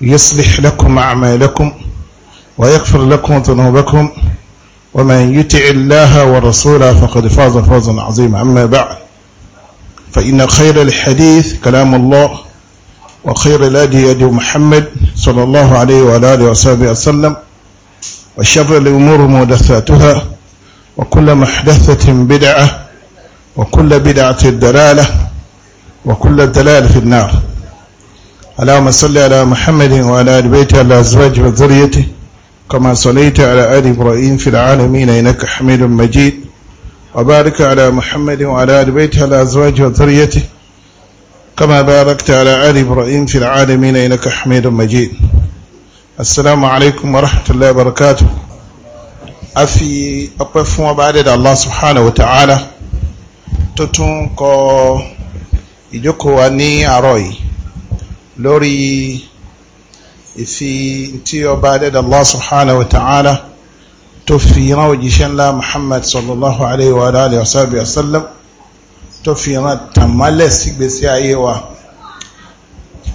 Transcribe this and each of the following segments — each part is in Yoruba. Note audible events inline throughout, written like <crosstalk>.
يصلح لكم أعمالكم ويغفر لكم ذنوبكم ومن يطع الله ورسوله فقد فاز فوزا عظيما أما بعد فإن خير الحديث كلام الله وخير الهدي هدي محمد صلى الله عليه وعلى آله وصحبه وسلم وشر الأمور محدثاتها وكل محدثة بدعة وكل بدعة دلالة وكل دلالة في النار اللهم صل على محمد وعلى آل بيته وعلى أزواجه وذريته كما صليت على آل إبراهيم في العالمين إنك حميد مجيد وبارك على محمد وعلى آل بيته وعلى أزواجه وذريته كما باركت على آل إبراهيم في العالمين إنك حميد مجيد السلام عليكم ورحمة الله وبركاته أفي أقفوا بعد الله سبحانه وتعالى تتنقى يجوكو أني أروي lórí ìfi tí ọba adẹ́dà Allah subhanahu wa ta'ala tó fi rán òjíṣẹ́ ńlá Muhammad sallallahu alaihi wa alihi wa sallam tó fi rán tàmálẹ̀ sígbésí ayé wa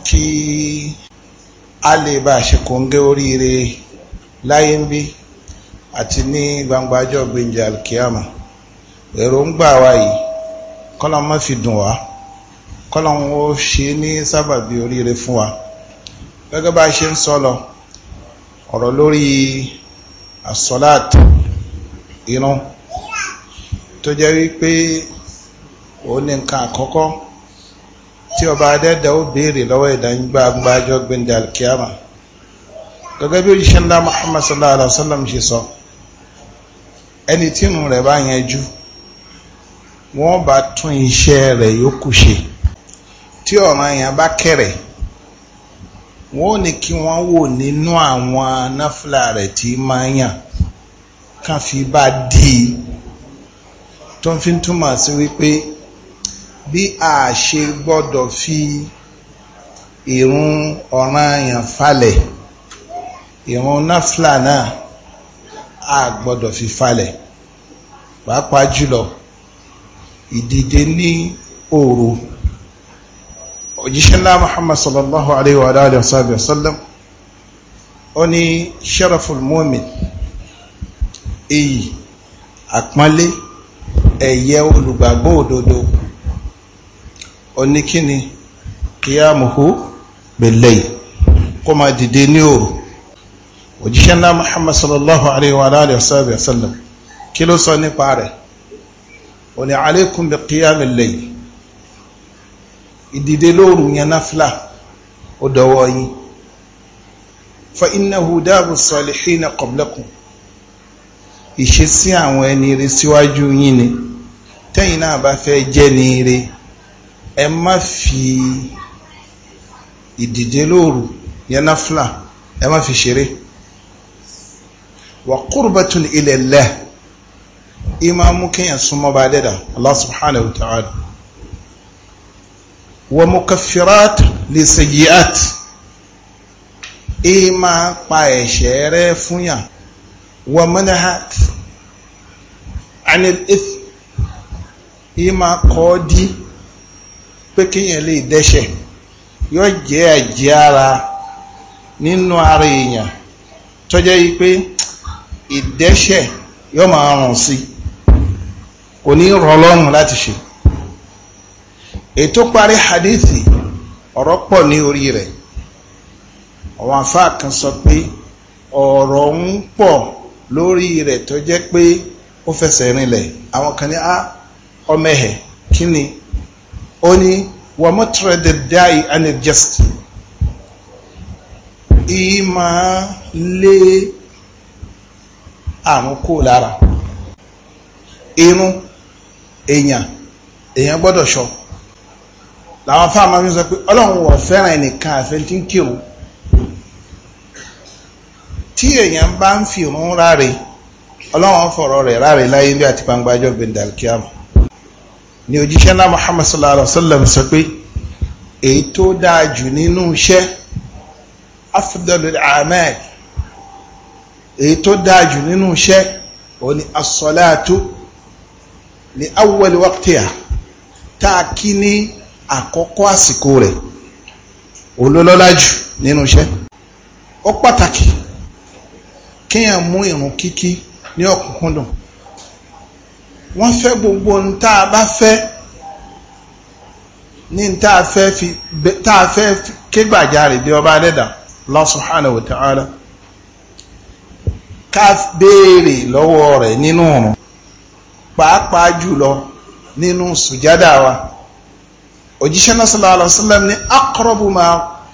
kí a lè bá ṣe kòǹgẹ́ oríire láyé ń bí àti ní gbangba ọjọ́ alkiyama èròǹgbà wa kọ́lọ́mọ́ fi dùn wá kọ́lọ̀un ó ṣe ní sábàbí oríire fún wa gẹ́gẹ́ bá ṣe ń sọ́lọ ọ̀rọ̀ lórí àsọ́láàtì irun tó jẹ́ wípé ó ní nǹkan àkọ́kọ́ tí ọba adẹ́dà ó béèrè lọ́wọ́ ìdánigbà gbájọ́ gbẹ̀ndẹ̀ alkiyama gẹ́gẹ́ bí òjíṣẹ́ ńlá Muhammad sallallahu alaihi wasallam ṣe sọ ẹni tí inú rẹ̀ bá yanjú wọ́n bá tún iṣẹ́ rẹ̀ yókù ṣe tí ọ̀ràn yẹn bá kẹ̀rẹ̀ wọ́n ò ní kí wọ́n wò nínú àwọn náfìlà rẹ̀ tí máa yàn kàn fi bá dì í tó ń fi túmọ̀ sí wípé bí a ṣe gbọ́dọ̀ fi ìrun ọ̀ràn yẹn falẹ̀ ìrun náfìlà náà a gbọ́dọ̀ fi falẹ̀ pàápàá jùlọ ìdìde ní òru òjíṣẹ́ ńlá muhammad sallallahu alayhi wa alayhi wa sallam sallam ó ní sharaful mu'min iyì àpọ́nlé ẹ̀yẹ olùgbàgbọ́ òdodo oníkíni qiyamuhu bil-layl kó máa dìde ní òru òjíṣẹ́ ńlá muhammad sallallahu alayhi wa alayhi wa sallam kí ló sọ nípa rẹ̀ ó ní alaykum bi qiyamil layl ìdìde lóòrù yẹn náfìlà ó dọwọ́ yín fa innahu dáàbò salihina qablakum ìṣesí àwọn ẹni rẹ síwájú yín ni tẹ́yìn náà bá fẹ́ jẹ́ ni rẹ ẹ má fi ìdìde lóòrù yẹn náfìlà ẹ má fi ṣeré wa qurbatun ila Allah ìmáa mú súnmọ́ bá dẹ́dà Allah subhanahu wa ta'ala wa mukaffirat li sayyi'at e máa pa ẹ̀ṣẹ̀ rẹ́ fúnyà wa manahat anil ith e máa kọ́ dí pé kíyàn lè dẹ́ṣẹ̀ yóò jẹ́ àjẹ́ ara nínú ara èèyàn tó jẹ́ pé ìdẹ́ṣẹ̀ yóò máa rùn sí kò ní rọlọ́rùn láti ṣe ètò parí hadithi ọ̀rọ̀ pọ̀ ní orí rẹ̀ àwọn àfáà kan sọ pé ọ̀rọ̀ ń pọ̀ lórí rẹ̀ tó jẹ́ pé ó fẹsẹ̀ rinlẹ̀ àwọn kan ní a ah, ọmọ ẹ̀hẹ̀ kí ni ó ní wọ́n mọ́tìrẹ́dẹ̀ dáì anẹ́jẹ́sì ìyí máa lé àrùn kó lára irun èèyàn èèyàn gbọ́dọ̀ ṣọ́ làwọn fáàmà fi sọ pé ọlọ́run wọ̀ fẹ́ràn ẹnìkan àfẹ́ntí ń kírun tí èèyàn bá ń fi òun ráre ọlọ́run fọ̀rọ̀ rẹ̀ ráre láyé bí àti gbangbájọ́ bendalkiam ni òjíṣẹ́ náà Muhammad sallallahu alaihi wa sallam sọ pé èyí tó dáa jù nínú iṣẹ́ afdalul amal èyí tó dáa jù nínú iṣẹ́ òun ni asọ́láàtú ní awwal waqtiha tá a kí ní àkọ́kọ́ àsìkò rẹ̀ olólọ́lá jù nínú iṣẹ́ ó pàtàkì kíyàn mú ìrun kíkí ní ọ̀kúnkúndùn wọ́n fẹ́ gbogbo ní tá a bá fẹ́ ní tá a fẹ́ fi tá a fẹ́ kégbàjarè bí ọba adẹ́dà Allah subhanahu wa ta'ala ká béèrè lọ́wọ́ rẹ̀ nínú ọ̀run pàápàá jùlọ nínú sùjádà wa. òjíṣẹ́ náà sallallahu alaihi wasallam ní aqrabu ma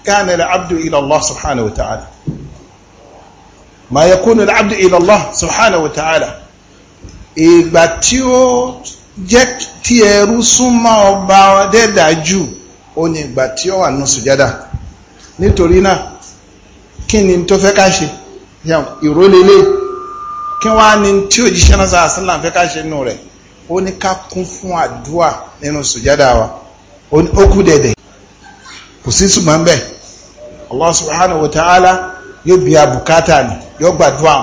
kana al-abdu ila Allah subhanahu wa ta'ala ma yakunu al-abdu ila Allah subhanahu wa ta'ala ìgbà tí ó jẹ́ tí ẹrú súnmọ́ ọba dẹ́dàájú ó ní ìgbà tí ó wà ní sùjádà nítorí náà kí ni tó fẹ́ ká ṣe ìrólélé kí wá ní tí òjíṣẹ́ náà sallallahu fẹ́ ká ṣe rẹ̀ ó ní ká kún fún àdúà nínú sùjádà wa ó dede, dẹ̀dẹ̀ kò sí ṣùgbọ́n bẹ́ẹ̀ Allah subhanahu wa ta'ala yóò bí abùkátà ni yóò gbàdúrà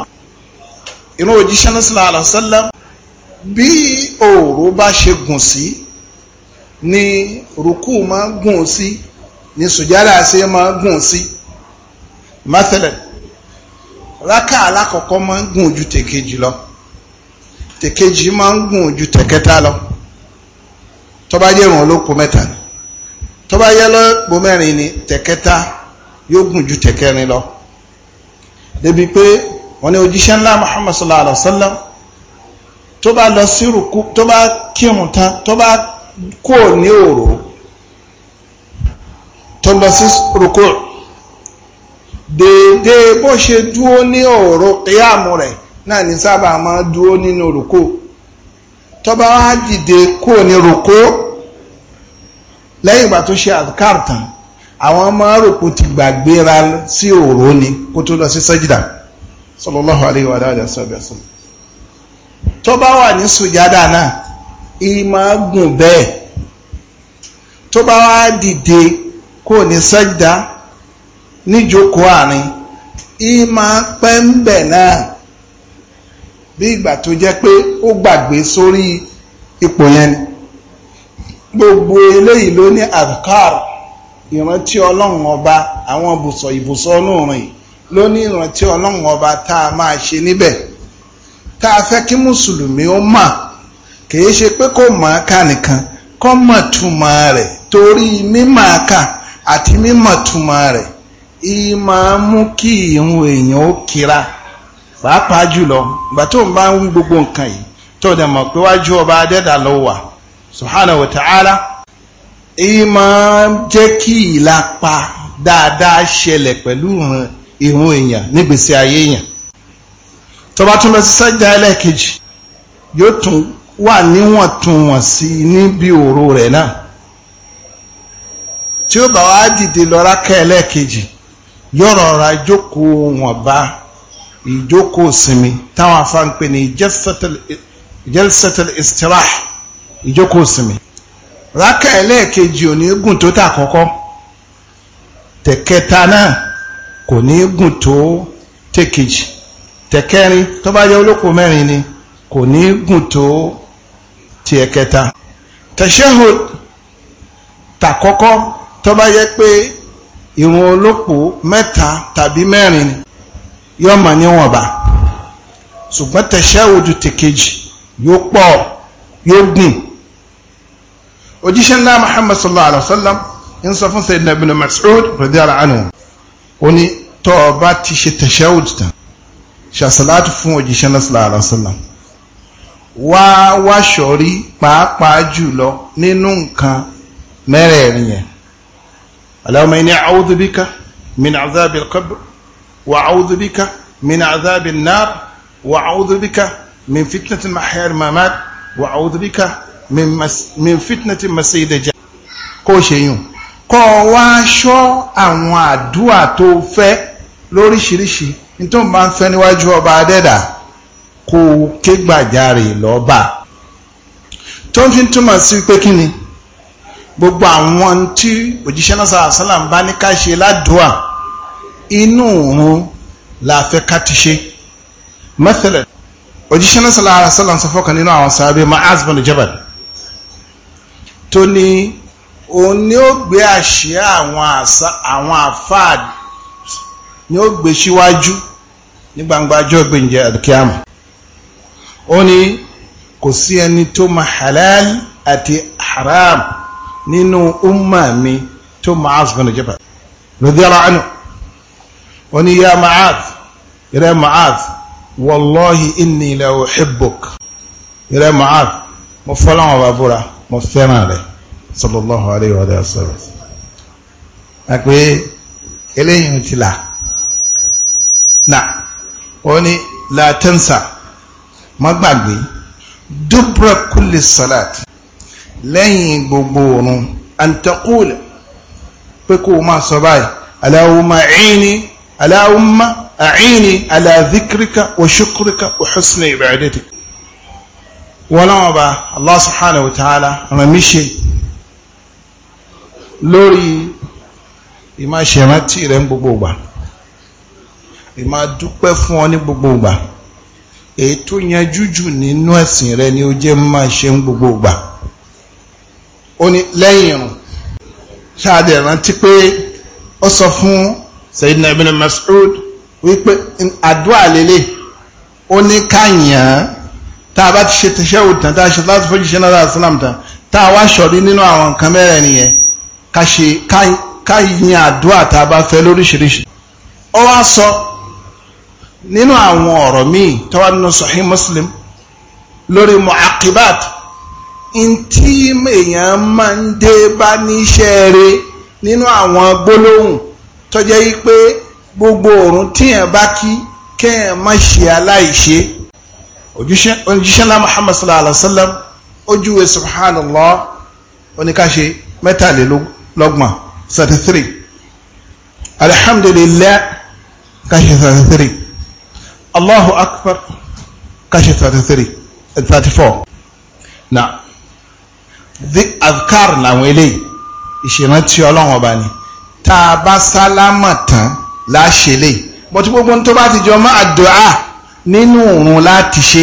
inú òjíṣẹ́ náà sallallahu alaihi wasallam bí òòró bá ṣe gùn sí ni rukú máa gùn sí ni sùjádà ṣe máa gùn sí mathalan rákà alákọ̀ọ́kọ́ máa ń gùn ju tèkejì lọ tèkejì máa gùn ju tẹ̀kẹta lọ tó bá jẹ́ ìrun olóko mẹ́ta ni tó yẹ lọ́pọ̀ mẹ́rin ni tẹ̀kẹta yóò gùn ju tẹ̀kẹrin lọ débi pé wọ́n ní òjíṣẹ́ ńlá Muhammad sallallahu alaihi wa sallam tó bá lọ sí rùkú tó bá kírun tán tó bá kò ní òrò tó lọ sí rùkú dèédé bó ṣe dúó ní òrò kíyàmù rẹ̀ náà ní sábà máa dúó nínú rùkú tó wá dìde kò ní rùkú lẹ́yìn ìgbà tó ṣe àkàr tán àwọn máa rò kó ti gbàgbéra sí òró ni kó tó lọ sí sẹ́jìdà sallallahu alayhi wa alayhi wa sallam tó bá wà ní sùjádà náà ìmọ̀ gùn bẹ́ẹ̀ tó bá wá dìde kò ní sẹ́jìdà níjókòó àárín ìmọ̀ pẹ́ náà bí ìgbà tó jẹ́ pé ó gbàgbé sórí ipò yẹn ni gbogbo eléyìí ló ní adkar ìrántí ọlọ́run ọba àwọn ibùsọ̀ ibùsọ̀ ọlọ́run ló ní ìrántí ọlọ́run ọba tá a máa ṣe níbẹ̀ tá a fẹ́ kí mùsùlùmí ó mà kìí ṣe pé kò mọ̀ ọ́ ká nìkan kọ́ mọ̀ túmọ̀ rẹ̀ torí mímọ̀ ká àti mímọ̀ túmọ̀ rẹ̀ ìyí máa mú kí ìhun èèyàn ó kira pàápàá jùlọ ìgbà tó ń bá ń gbogbo nǹkan yìí tó dẹ̀ mọ̀ pé wájú ọba adẹ́dà ló subhanahu wa ta'ala èyí máa jẹ́ kí ìlapa dáadáa ṣẹlẹ̀ pẹ̀lú ìrun èèyàn nígbèsí ayé èèyàn tó bá tún bẹ sẹ́jà ẹlẹ́ẹ̀kejì yóò tún wà níwọ̀ntúnwọ̀nsí níbi òru rẹ̀ náà tí ó bá wá dìde lọ́ra kẹ́ ẹlẹ́ẹ̀kejì yóò rọra jókòó wọ̀nba ìjókòó sinmi táwọn afáǹpẹ̀ ní jẹ́sẹ̀tẹ̀lẹ̀ ìstirah ìjókòó ìsinmi rákà ẹlẹ́ẹ̀kejì ò ní gùn tó tà kọ́kọ́ tẹ̀kẹta náà kò ní gùn tó tẹ̀kejì tẹ̀kẹrin tó bá jẹ́ olóko mẹ́rin ni kò ní gùn tó ti ẹ̀kẹta tashahud tà kọ́kọ́ tó bá jẹ́ pé ìwọ̀n olóko mẹ́ta tàbí mẹ́rin ni yóò mà níwọ̀nba ṣùgbọ́n tashahud tẹ̀kejì yóò pọ̀ yóò gùn òjíṣẹ́ ńlá muhammad sallallahu alayhi wa sallam ń sọ fún sayyidina ibn mas'ud radiyallahu anhu ó ní tọ́ ọ bá ti ṣe tashahud tán ṣàṣàlátù fún òjíṣẹ́ ńlá sallallahu alayhi wa sallam wá wá ṣọ̀rí pàápàá jùlọ nínú nǹkan mẹ́rẹ̀ẹ̀rin yẹn allahumma inni a'udhu bika min azabil qabr wa a'udhu min azabil nar wa a'udhu min fitnatil mahya wal wa a'udhu min fitnati masayida jẹ kó ṣe yùn kọ́ wá ṣọ́ àwọn àdúà tó fẹ́ lóríṣiríṣi ní tó bá ń fẹ́ níwájú ọba adẹ́dà kó ké gbàjarè lọ́ba tó ń fi túmọ̀ sí pé kí ni gbogbo àwọn tí òjíṣẹ́ náà sàrà sálà ń bá ní ká ṣe ládùúà inú òun la fẹ́ ká ti ṣe mẹ́tẹ̀lẹ̀ òjíṣẹ́ náà sàrà sálà ń sọ fọ́kàn nínú àwọn sàábé ma'az bin jabal tó ní òun ni ó gbé àṣẹ àwọn àfáà ni ó gbé síwájú ní gbangba ọjọ́ gbẹ̀ǹjẹ́ àdùkíyàmù ó ní kò sí ẹni tó ma halal àti haram nínú umma mi tó Mu'adh bin Jabal radiyallahu anhu ó ní ya Mu'adh ìrẹ́ Mu'adh wallahi inni la uhibbuk ìrẹ́ Mu'adh mo fọ́lọ́wọ́n bá búra mo fẹ́ràn rẹ̀ sallallahu alayhi wa sallam a pé eléyìí ti là na ó ní la tansa má gbàgbé dubra kulli salat lẹ́yìn gbogbo oorun an taqul pé kó o máa sọ báyìí Allahumma a'ini Allahumma a'ini ala dhikrika wa shukrika wọ́láwọ́ bá Allah subhanahu wa ta'ala ràn mí ṣe lórí ìmá ṣèrántí rẹ̀ ní gbogbo ìgbà ìmá dúpẹ́ fún ọ ní gbogbo ìgbà èyí tó yẹn jújù nínú ẹ̀sìn rẹ̀ ni ó jẹ́ máa ṣe ń gbogbo ìgbà ó ní lẹ́yìn irun ṣáàdì rántí pé ó sọ fún Sayyidina Ibn Mas'ud wípé àdúrà lélẹ̀ ó ní káyàn án tá a bá ti ṣe tẹ̀ṣẹ́ òtàn tá a ṣe láti fọ́jú ṣe náà sálàm tán tá a wá ṣọ̀rí nínú àwọn nǹkan mẹ́rẹ̀ nìyẹn ká ṣe ká yin àdúrà tá a bá fẹ́ lóríṣiríṣi. ó wá sọ nínú àwọn ọ̀rọ̀ míì tó wà nínú Sahih Muslim lórí muaqibat ntí èèyàn máa ń dé bá níṣẹ́ rẹ̀ nínú àwọn gbólóhùn tó jẹ́ pé gbogbo òrùn tíyàn bá kí kéèyàn má ṣe aláìṣe òjíṣẹ́ ńlá muhammad sallallahu alaihi wa sallam ojúwe subhanallah oníkàṣe mẹ́tàlélọ́gbọ̀n thirty three alhamdulillah kàṣe thirty three allahu akbar kàṣe thirty three thirty four na adhkar làwọn eléyìí ìṣèrántí ọlọ́run ọba ni tá a bá sálámà tán láṣẹlẹ̀ bọ́tú gbogbo tó bá ti jọ mọ́ àdúà nínú òun láti ṣe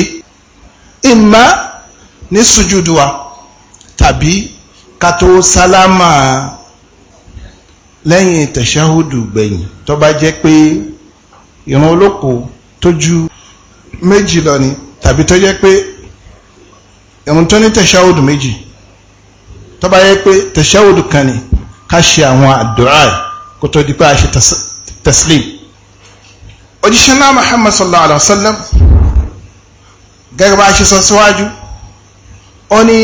ìmá ní sùjúdùwà tàbí kátó sálámà lẹ́yìn tẹ̀ṣáhùdù gbẹ̀yìn tó bá jẹ́ pé ìran olóko tó ju méjì lọ ni tàbí tó jẹ́ pé ìrun tó ní tẹ̀ṣáhùdù méjì tó bá jẹ́ pé tẹ̀ṣáhùdù kan ni ká ṣe àwọn àdúrà kó tó di pé a ṣe tẹ̀sílíìmù òjíṣẹ́ náà Muhammad sallallahu alaihi wasallam gẹ́gẹ́ bá ṣe sọ síwájú ó ní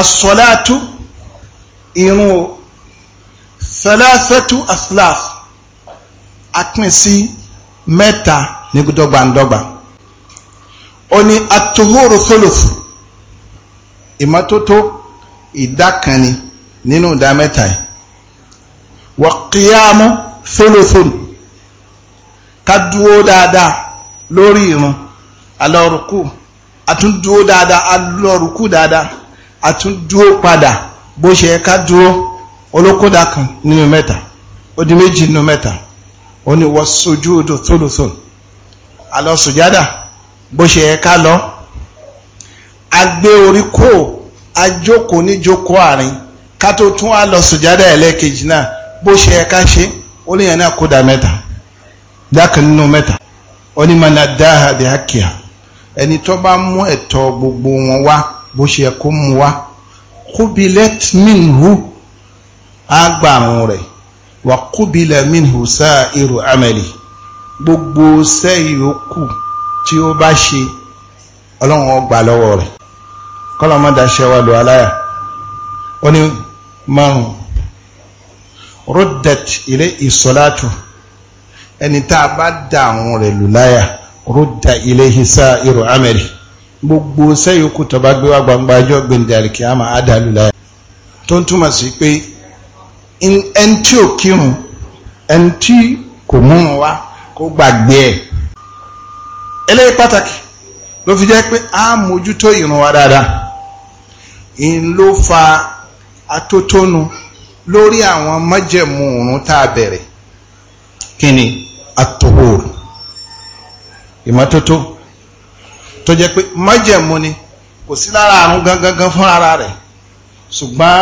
asọ́látú irun o thalathatu aslaf apin sí mẹ́ta ní dọ́gbandọ́gba ó ní atuhuru thulufu ìmọ́tótó ìdá kan ni nínú ìdá wa qiyamu thuluthun ká dúó dáadáa lórí ìrun alọ́rùkù àtúndúó dáadáa alọ́rùkù dáadáa àtúndúó padà bó ṣe ká dúó olókódà kan nínú mẹ́ta ó di méjì nínú mẹ́ta ó ní wọ́n sojú odò tólótó alọ́ sùjádà bó ṣe ká lọ agbé orí kó ajókòó níjókòó àárín ká tó tún á lọ náà bó ṣe ká ṣe ó níyàn náà kódà mẹ́ta dákan nínú mẹ́ta onímọ̀nà dáhà bí hákìá ẹni tó bá mú ẹ̀tọ́ gbogbo wọn wá bó ṣe kó mú wá kúbilẹ̀t mìnhù agbàrún rẹ̀ wà kúbilẹ̀ mìnhù sáà irú amẹ́lì gbogbo sẹ́yìókù tí ó bá ṣe ọlọ́run ọgbà lọ́wọ́ rẹ̀ kọ́lọ́mọ́dáṣẹ́ wà lọ aláyà ó ní márùn-ún rọ́dẹ̀t ilé ìsọ́látù ẹni tá a bá dá àwọn rẹ̀ lù láyà rúdà ilé hisa irò amẹ́rì gbogbo sẹ́yòkù tó bá gbé wá gbangba ọjọ́ gbẹ̀ndẹ̀ kíyámà á dá lù láyà tó ń túmọ̀ sí pé ẹni tí ò kírun ẹni tí kò múrun wá kó gbàgbé ẹ̀ eléyìí pàtàkì ló fi jẹ́ pé a mójútó ìrun wa dáadáa ìyẹn ló fa atótónu lórí àwọn májẹ̀mú òrùn tá a bẹ̀rẹ̀ kí ni atohor ìmọ́tótó tó jẹ́ pé májẹ̀mú ni kò sí lára àrùn gangan fún ara rẹ̀ ṣùgbọ́n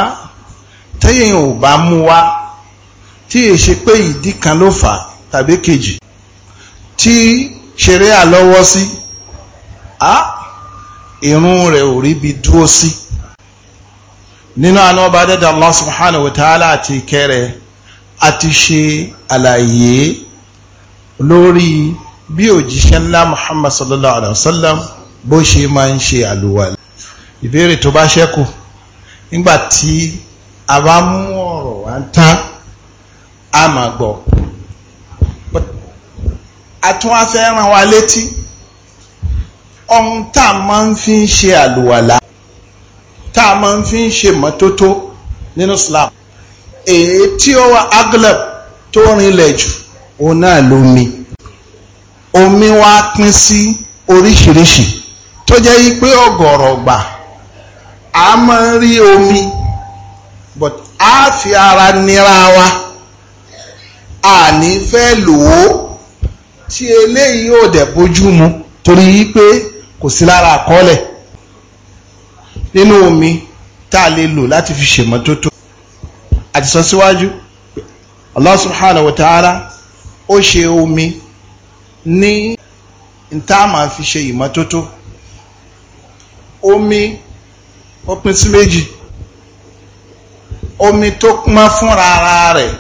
tẹ́yìn ò bá mú wá tí è ṣe pé ìdí kan ló fà tàbí kejì tí ṣeré àlọ́wọ́ sí á ìrun rẹ̀ ò rí bi dúró sí nínú àná ọba dẹ́dà Allah subhanahu wa ta'ala àti ìkẹrẹ àti ṣe àlàyé lórí bí òjíṣẹ́ ńlá Muhammad sallallahu alaihi wasallam bó ṣe máa ń ṣe àlùwàlá ìbéèrè tó bá ṣẹ́kù nígbàtí a bá mú ọ̀rọ̀ wá ń tán a máa gbọ́ àtún wá fẹ́ ràn létí ohun tá a máa ń fi ṣe àlùwàlá tá a máa ń fi ṣe mọ́tótó nínú Islam èyí tí ó wà aglab tó rinlẹ̀ jù òun náà lomi omi wá pín sí oríṣiríṣi tó jẹ́ yí pé ọ̀gọ̀rọ̀ gbà a máa rí omi but a fi ara nira wa a ní fẹ́ lò ó tí eléyìí ò dẹ̀ bójú mu torí pé kò sí lára àkọọ́lẹ̀ nínú omi tá a lè lò láti fi ṣèmọ́tótó àti sọ síwájú Allah subhanahu wa ta'ala ó ṣe omi ní ìtààmà fi ṣe ìmọ́tótó omi ó pín sí méjì omi tó pọ́n fúnra ara rẹ̀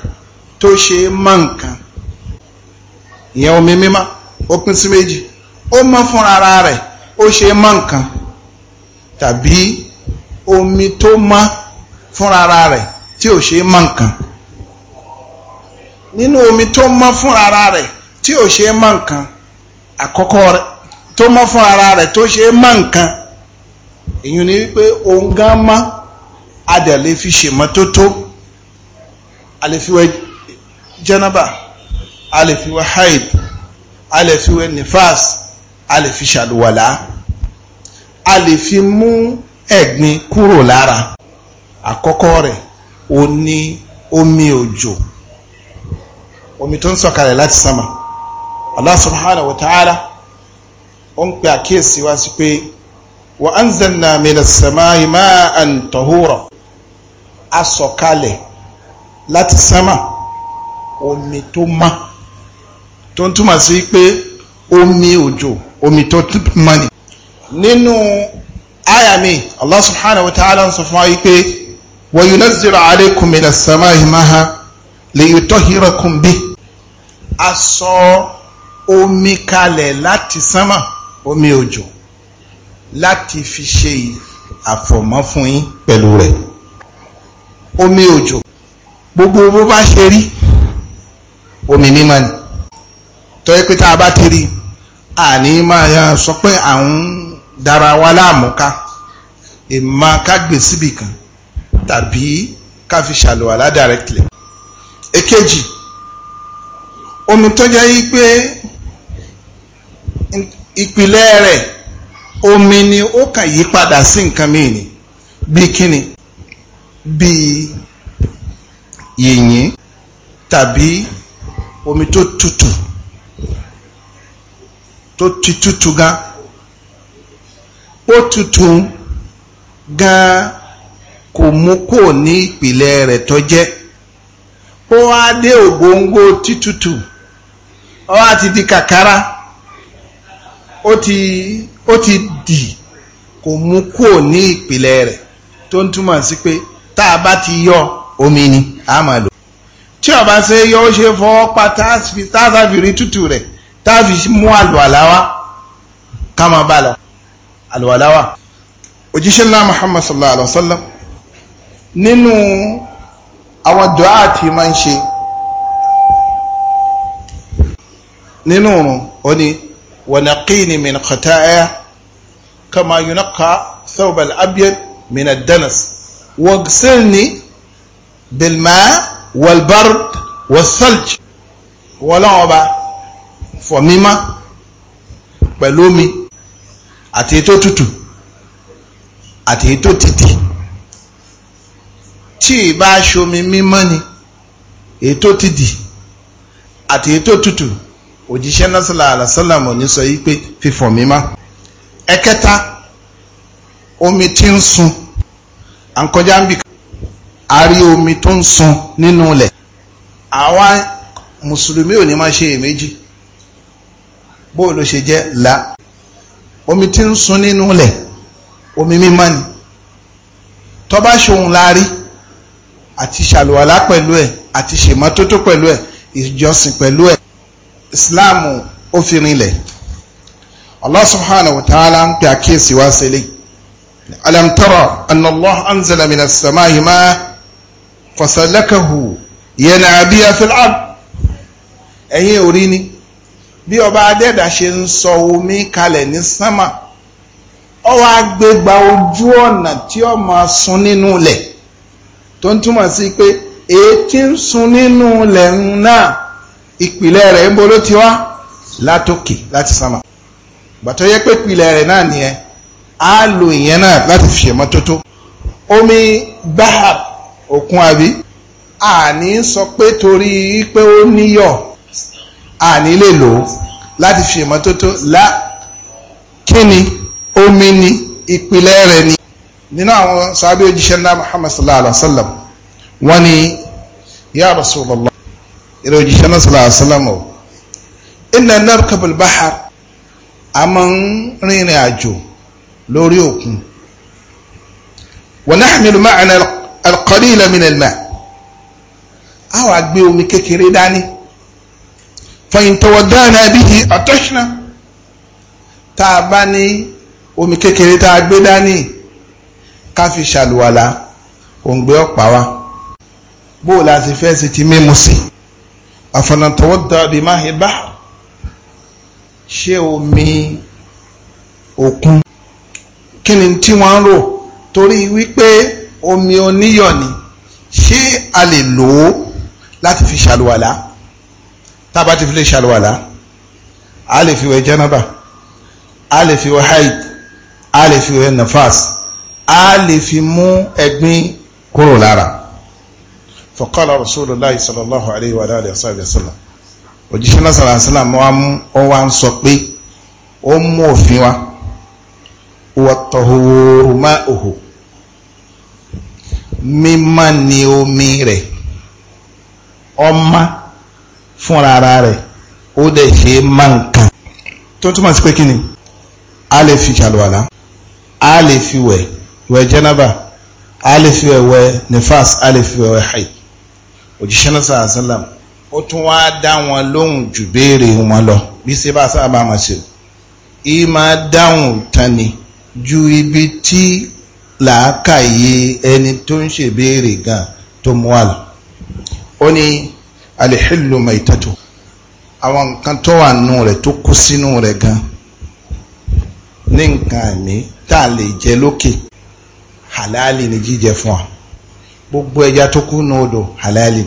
tó ṣe mọ́ nǹkan ìyẹn omi mímọ́ ó pín sí méjì ó mọ́ fúnra ara rẹ̀ ó ṣe mọ́ nǹkan tàbí omi tó mọ́ fúnra ara rẹ̀ tí ò ṣe mọ́ nǹkan. nínú omi tó mọ́ fún ara rẹ̀ tí ò ṣe é mọ́ nǹkan àkọ́kọ́ rẹ̀ tó mọ́ fún ara rẹ̀ tó ṣe é mọ́ nǹkan èyí ni wípé òun gan mọ́ adẹ̀ fi ṣèmọ́tótó a lè fi haid a nifas a ṣàlùwàlá a mú ẹ̀gbin kúrò lára àkọ́kọ́ rẹ̀ ó ní omi òjò omi tó ń sọ̀kalẹ̀ láti sánmà Allah subhanahu wa ta'ala ó ń pè àkíyèsí wá sí pé wa anzalna minas samai ma'an tahura a sọ̀kalẹ̀ láti sánmà omi tó má tó ń túmọ̀ sí pé omi òjò omi tó mọ́ ni nínú ayami Allah subhanahu ń sọ fún wa yí pé wa yunazzilu alaykum minas samai ma'a liyutahhirakum bihi a sọ omi kalẹ̀ láti sánmà omi òjò láti fi ṣe àfọ̀mọ́ fún yín pẹ̀lú rẹ̀ omi òjò gbogbo bó bá ṣe rí omi mímọ́ ni tọ́yẹ́ pé tá a bá ti rí àní máa sọ pé à ń dara wa láàmú ìmọ̀ ká gbé síbì tàbí ká fi ṣàlùwàlá directly èkejì omi tó jẹ́ yí pé ìpìlẹ̀ rẹ̀ omi ni ó kàn yí padà sí nǹkan míì ni bí kíni bí yìnyín tàbí omi tó tutù tó ti tutù gan ó tutù gan kò mú kò ní ìpìlẹ̀ rẹ̀ tó ó wá dé ògbóǹgbò títutù ó wá ti di kàkàrà ó ti ó dì kò mú kúò ní ìpìlẹ̀ rẹ̀ tó ń túmọ̀ sí pé tá a bá ti yọ omi ni a máa lò tí ó bá ṣe yọ ó ṣe fọwọ́ pa táàfì rí tútù rẹ̀ táàfì mú àlùwàláwá ká máa bá lọ àlùwàláwá òjíṣẹ́ ńlá Muhammad sallallahu alaihi wa sallam nínú àwọn dùá àti máa ń ṣe nínú òrùn ó ní wanaqini min khataya kama yunqa thawb al-abyad min ad-danas wagsilni bilma walbard wasalj wọlọ́wọ́ bá fọ̀ mímọ́ pẹ̀lú omi àti ètò tútù àti ètò títì tí ìbá aṣomi mímọ́ ni ètò títì àti ètò tútù òjíṣẹ́ násìlá àlàsálàmù ní sọ yí pé fífọ̀ mímá ẹ̀kẹta omi tí ń sun à ń kọjá ń bì a rí omi tó ń sun nínú ilẹ̀ àwa mùsùlùmí ò ní máa ṣe èméjì bó ló ṣe jẹ́ la omi tí ń sun nínú ilẹ̀ omi mímá ni tó bá ṣohun la rí àti ṣàlùwàlá pẹ̀lú ẹ̀ àti ṣèmọ́tótó pẹ̀lú ẹ̀ ìjọsìn pẹ̀lú ẹ̀ islam ó fi rinlẹ̀ allah subhanahu wa ta'ala ń pè àkíyèsí wá sílẹ̀ alam tara anna allah anzala min as-samaa'i ma fasalakahu yanabiya fil ard ẹ̀yin ò rí ni bí ọba adẹ́dà ṣe ń sọ omi kalẹ̀ ní sánmà ó wá ojú ọ̀nà tí ó máa sun nínú ilẹ̀ tó ń túmọ̀ sí pé èyí tí ń sun nínú ilẹ̀ náà ìpìlẹ̀ rẹ̀ ń bolo ti wá látòkè láti sánmà gbàtọ́ yẹ pé ìpìlẹ̀ rẹ̀ náà nìyẹn á lo ìyẹn náà láti fi ṣe mọ́tótó omi bahab òkun àbí àní sọ pé torí pé ó níyọ̀ àní lè lò ó láti fi ṣe mọ́tótó lá kíni omi ni ìpìlẹ̀ rẹ̀ ni nínú àwọn sábẹ́ òjíṣẹ́ ńlá Muhammad sallallahu alaihi wa sallam wọ́n ní ya Rasulullah ìrẹ òjíṣẹ́ náà sọlá àṣálàmù iná narkabul bahar a máa ń rìnrìn àjò lórí òkun wa nahmilu ma'ana al-qalila min al-ma' a wà gbé omi kékeré dání fa in tawadda'na bihi atashna tá a bá ní omi kékeré tá a gbé dání ká fi ṣàlùwàlà bó o la ti fẹ́ sí ti mímu sí àfọ̀nàtọ̀wọ́dà bímáhì bá ṣé omi òkun kí ni tí wọ́n ń rò torí wípé omi oníyọ̀ ni ṣé a lè lò ó láti fi ṣàlùwàlá tá a bá ti fi lè ṣàlùwàlá a lè fi wẹ̀ jẹ́nàbà a lè fi wẹ̀ haid a lè fi wẹ̀ nafas a lè fi mú ẹ̀gbin kúrò lára fọ̀kọ́lá rasulullah sallallahu alayhi wa alayhi wa sallam òjíṣẹ́ náà sallallahu alayhi wa sallam wọ́n wá ń sọ pé ó mú òfin wa wọ́tọ̀húrú má òhù mímá ni omi rẹ̀ ọmá fúnra rẹ̀ ó dẹ̀ ṣe má nǹkan tó túmọ̀ sí pé kí a lè fi ṣàlùwàlá a lè fi wẹ̀ wẹ̀ jẹ́nàbà a lè fi wẹ̀ wẹ̀ nifas a lè fi wẹ̀ wẹ̀ haid òjíṣẹ́ náà sàrà sálà ó tún wá dá wọn lóhùn jù béèrè wọn lọ bí ṣe bá sábà máa ṣe ìyí máa dáhùn tani ju ibi tí làákàyè ẹni tó ń ṣe béèrè gan tó mú wà ó ní alihillu maitatu àwọn nǹkan tó wà nù rẹ̀ tó kú sínú rẹ̀ gan ní nǹkan àmì tá a lè jẹ lókè halali ni jíjẹ fún wa gbogbo ẹja tó kú nínú odò halali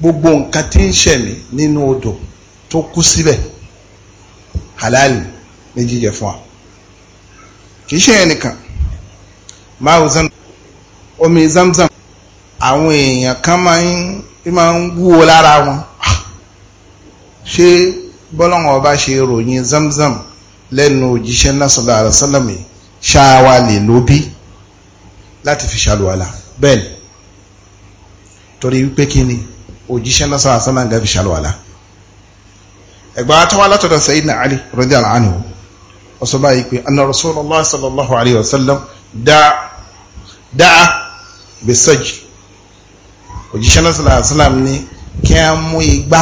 gbogbo nǹkan tí ń ṣẹ̀mí nínú odò tó kú síbẹ̀ halali ní jíjẹ fún wa kì í ṣe yẹn nìkan máa zam omi zamzam àwọn èèyàn kan máa ń máa ń wúwo lára wọn ṣé bọ́lọ́wọ́n ọba ṣe ròyìn zamzam lẹ́nu òjíṣẹ́ náà sallallahu alaihi wasallam ṣáà wa lè lóbi láti fi ṣàlùwàlà bẹ́ẹ̀ torí wípé kí ni òjíṣẹ́ náà sáà sánà gẹ́fì ṣàlùwàlá ẹgbà àtọwà látọ̀dọ̀ sayyidina ali radiyallahu anhu ọsọ báyìí pé anna rasulullah sallallahu alaihi wasallam dáa bí sẹ́jì òjíṣẹ́ náà sáà sánà ní kí a mú igbá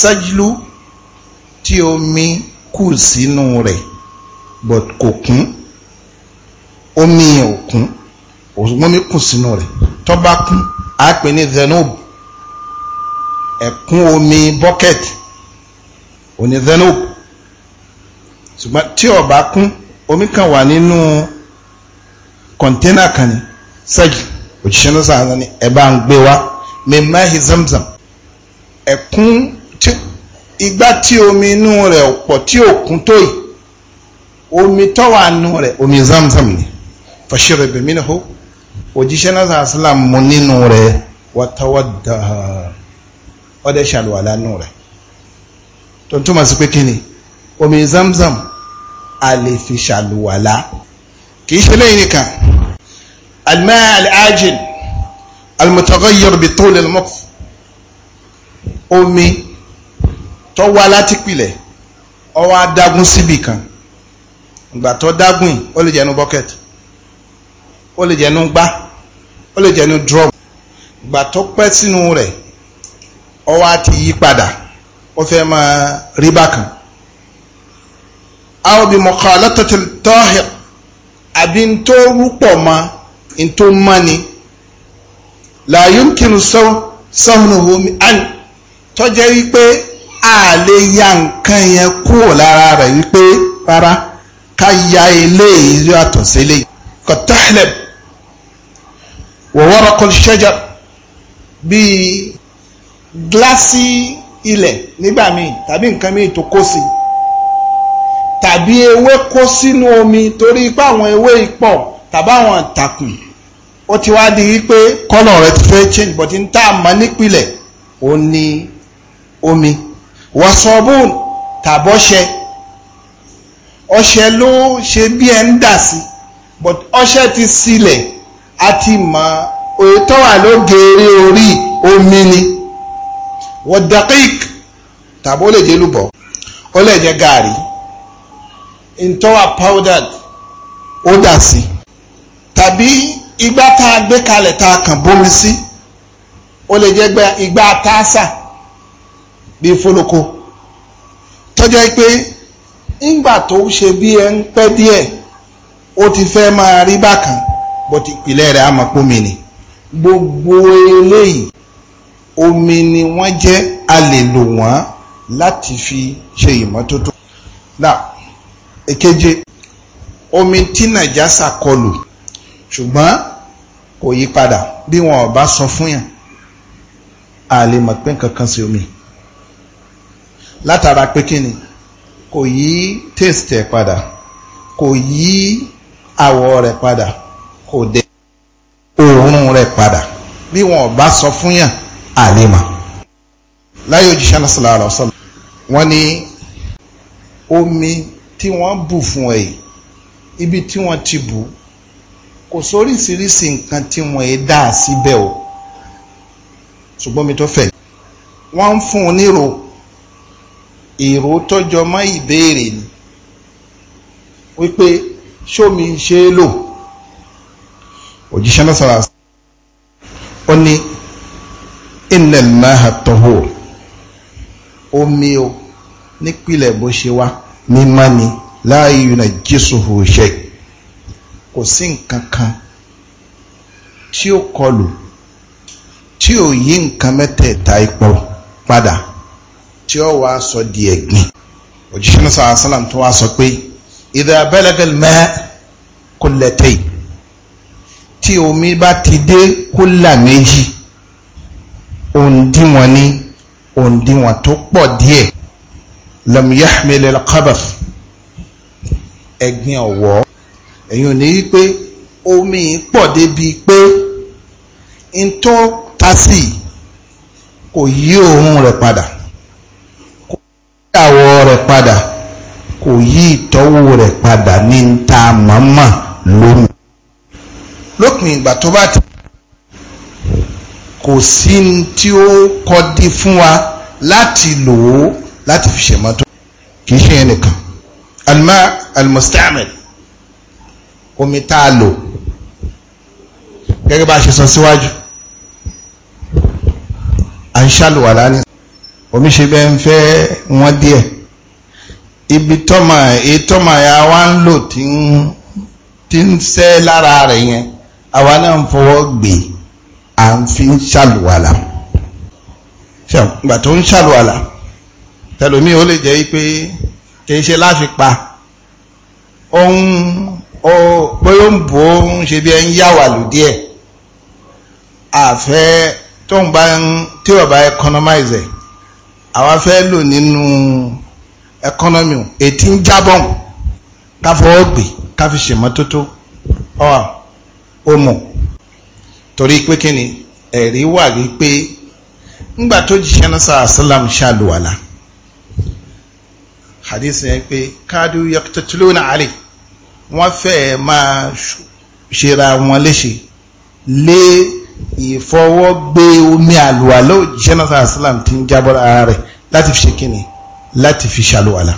sẹ́jìlú tí omi kù sínú rẹ̀ but kò kún omi òkun wọ́n mi kùn sínú rẹ̀ tó bá kún á pè ní zenob ẹ̀kún omi bucket òní zenob ṣùgbọ́n tí ó bá kún omi kan wà nínú kọ̀ńténà kan ní sẹ́jì òjíṣẹ́ náà sàánà ni ẹ bá ń gbé wá mímáhì zamzam ẹ̀kún tí igbá tí omi inú rẹ̀ pọ̀ tí ò kún tó yìí omi tó wà rẹ̀ omi zamzam ni fàṣírẹ̀ bẹ̀mí náà òjíṣẹ́ náà sàásílà mú nínú rẹ̀ wọ́tọ́wọ́dà ọdẹ ṣàlùwàlá nù rẹ̀ tó ń túmọ̀ sí pé kí ni omi zamzam a lè fi ṣàlùwàlá kì í ṣe lẹ́yìn nìkan alimẹ́ alájìn alimọ̀tọ́gọ́ yorùbá tó lè mọ́ omi tó wá láti pilẹ̀ ó adágún síbì kan ìgbà tó dágún ó lè jẹ́ inú bọ́kẹ́tì ó lè jẹnu gbá ó lè jẹnu drop gbà tó pẹ́ sínú rẹ̀ ọwọ́ á ti yí padà ó fẹ́ máa rí bákan. àwọn bí mukhalatati tahir àbí ń tó rúpọ̀ mọ́ ń tó mọ́ ni la yumkinu sahnuhu an tọ́jẹ́ wípé a lè ya nǹkan yẹn kúrò lára rẹ̀ wípé rárá ká ya eléyìí yàtọ̀ sí eléyìí wọ̀wọ́rọ̀kọ̀lù ṣẹ́jọ́ bíi gíláàsì ilẹ̀ nígbà míì tàbí nǹkan míì tó kó sí tàbí ewé kó sínú omi torí pé àwọn ewé ipọ̀ tàbí àwọn àtàkùn ó ti wá di wípé kọ́nà rẹ̀ ti fẹ́ change but n tá a mọ̀ nípìnlẹ̀ ó ní omi wọ́sọ̀bùn tàbọ́ṣẹ ọṣẹ ló ṣe bí ẹ ń dà sí but ọṣẹ ti sílẹ̀. Si a ti mọ̀ òótọ́ wà lógeere orí omi ni wọ́dàkík tàbí ó lè jẹ́ lùbọ̀ ó lè jẹ́ gàrí ntọ́wà powdered ó dà sí tàbí igbá tá a gbé kalẹ̀ tá a kàn bómi sí ó lè jẹ́ igbá tásà bíi fólókó tọ́jọ́ pé ńgbà tó ṣe bí ẹ ń pẹ́ díẹ̀ ó ti fẹ́ máa rí bákan bó ti rẹ̀ àmọ́ pómi ni gbogbo eléyìí omi ni wọ́n jẹ́ a lè lò wọ́n láti fi ṣe ìmọ́tótó. now èkeje omi tí nàjásà kọlù ṣùgbọ́n kò yí padà bí wọn ò bá sọ fún yàn a lè mọ̀ pé nǹkan sí omi látara pé kí ni kò yí taste ẹ̀ padà kò yí àwọ̀ rẹ̀ padà kò dé òórùn rẹ̀ padà bí wọn bá sọ fún yàn àlema láyé òjíṣẹ́ náà sallallahu alaihi wasallam wọ́n ní omi tí wọ́n bù fún ẹ̀ ibi tí wọ́n ti bù kò sóríṣiríṣi nǹkan tí wọ́n ẹ̀ dá síbẹ̀ o ṣùgbọ́n mi tó fẹ̀ wọ́n ń fún un níro èrò tọ́jọ́ mọ́ ìbéèrè ni wípé ṣómi ṣe é lò òjíṣẹ́ náà sọ̀rọ̀ ó ní innal maha tahur omi o nípìlẹ̀ bó ṣe wá mímọ́ ni la yunajjisuhu shay kò sí nǹkan kan tí ó kọlù tí ò yí nǹkan mẹ́tẹ̀ẹ̀ta ipò padà tí ó wàá sọ di ẹ̀gbin òjíṣẹ́ náà sọ̀rọ̀ àṣàlàm tó wàá sọ pé idha balagal ma'a kullatayn tí omi bá ti dé kúlà méjì òǹdíwọ̀n ní òǹdíwọ̀n tó pọ̀ díẹ̀ lam yahmil al-qabath ẹ̀gbin ọ̀wọ́ èyàn ní wípé omi pọ̀ débi pé n tó ta sí kò yí òórùn rẹ̀ padà kò yí àwọ̀ rẹ̀ padà kò yí ìtọ́wò rẹ̀ padà ní ta màmá lómi lópin ìgbà tó bá ti kò sí tí ó kọ́dí fún wa láti lò ó láti fi ṣe kì í ṣe yẹn nìkan alma almustamil omi tá a lò gẹ́gẹ́ bá a ṣe sọ síwájú à ń ṣàlùwàlá ní omi ṣe bẹ́ẹ̀ ń fẹ́ wọ́n díẹ̀ ibi tọ́mà èyí tọ́mà ya wá ń lò tí ń sẹ́ lára rẹ̀ yẹn àwa náà ń fọwọ́ gbé à ń fi ń ṣàlùwàlà ìgbà tó ń ṣàlùwàlà tẹlomi ó lè jẹ́ pé kìí ṣe láti pa ohun bóyá ń bò ó ń ṣe bí ẹ ń yàwà lòdì ẹ̀ àfẹ́ tó ń bá ń tí ọba economize ẹ̀ àwa fẹ́ lò nínú economy ètí ń jábọ̀ ká fọwọ́ gbé ká fi ṣèmọ́tótó ọ̀hún. ó mọ̀ torí pé kí ni ẹ̀rí wà wípé ńgbà tó jíṣẹ́ náà ṣàlùwàlà hadith yẹn pé káàdù àlè wọ́n fẹ́ máa ṣera wọn léṣe lé ìfọwọ́gbé ara rẹ̀ láti fi ṣe kí fi ṣàlùwàlà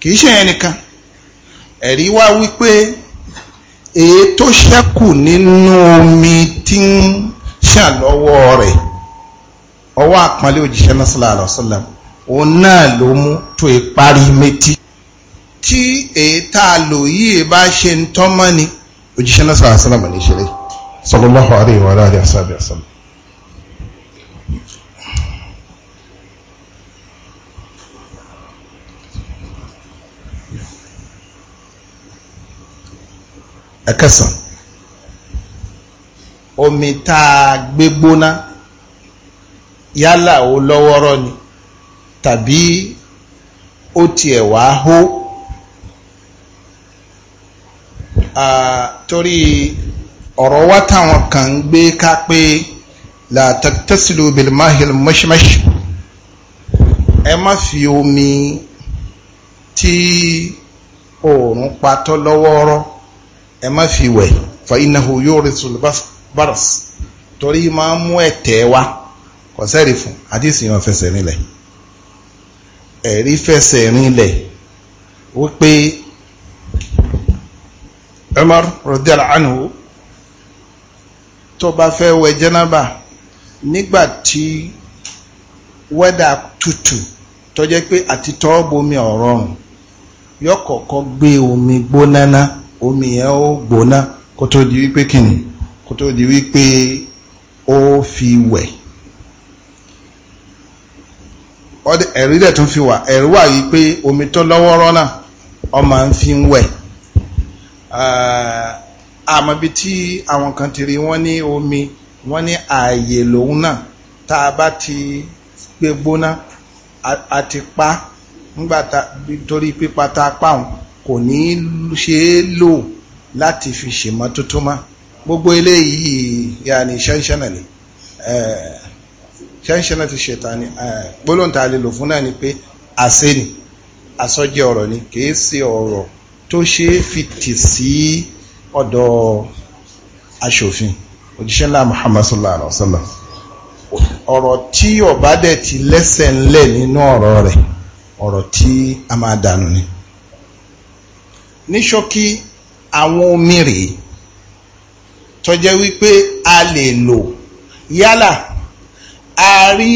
kì í ṣe ẹnìkan ẹ̀rí èyí tó ṣẹ́kù nínú omi tí ń ṣàlọ́wọ́ rẹ̀ ọwọ́ àpọ́nlé òjíṣẹ́ náà sallallahu alaihi wasallam òun náà ló mú tó ìparí méjì tí èyí tá a lò yìí bá ṣe ń tọ́mọ́ ni òjíṣẹ́ náà sallallahu alaihi wasallam ní ṣeré sallallahu alaihi wa alihi wasallam ẹ̀kẹsàn omi tá a gbé gbóná yálà ó lọ́wọ́rọ́ ni tàbí ó tiẹ̀ wá hó torí ọ̀rọ̀ wá táwọn kan ń gbé ká pé la taktasilu bil mahil mashmash ẹ má fi omi tí oòrùn pa tó lọ́wọ́rọ́ ẹ má fi wẹ̀ fa innahu yurisul baras torí máa mú ẹ̀tẹ̀ wá kò sẹ́rì fún àdìsí yẹn fẹsẹ̀ rinlẹ̀ ẹ̀rí fẹsẹ̀ rinlẹ̀ wípé Umar radiyallahu anhu tó bá fẹ́ wẹ̀ jẹ́nàbà nígbà tí wẹ́dà tutù tó jẹ́ pé àti tọ́ bomi ọ̀rọ̀rùn yóò kọ́kọ́ gbé omi gbónáná omi yẹn ó gbóná kó tó di wípé kìnnì kó tó di wípé ó fi wẹ̀ ẹ̀rí dẹ̀ tún fi wà ẹ̀rí wà yìí pé omi tó lọ́wọ́rọ́ náà ó ń fi ń wẹ̀ àmọ́ bí tí àwọn kan ti rí wọ́n ní omi wọ́n ní ààyè lòun náà tá a bá ti gbégbóná àti pa nígbà tá torí pípa tá a pa òun kò ní ṣe é lò láti fi ṣèmọ́tótó má gbogbo eléyìí yà ní ṣẹ́ńṣẹ́nà ni ṣẹ́ńṣẹ́nà ti ṣètà ni gbólóǹtà lè lò fún náà ni pé àṣẹ ni àsọjẹ ọ̀rọ̀ ni kìí ṣe ọ̀rọ̀ tó ṣe é fi tì sí ọ̀dọ̀ aṣòfin òjíṣẹ́ ńlá Muhammad sallallahu ọ̀rọ̀ tí ọ̀bá dẹ̀ ti lẹ́sẹ̀ ńlẹ̀ nínú ọ̀rọ̀ rẹ̀ ọ̀rọ̀ tí a máa dànù ni ní ṣókí àwọn omi rèé tó wípé a lè lò yálà a rí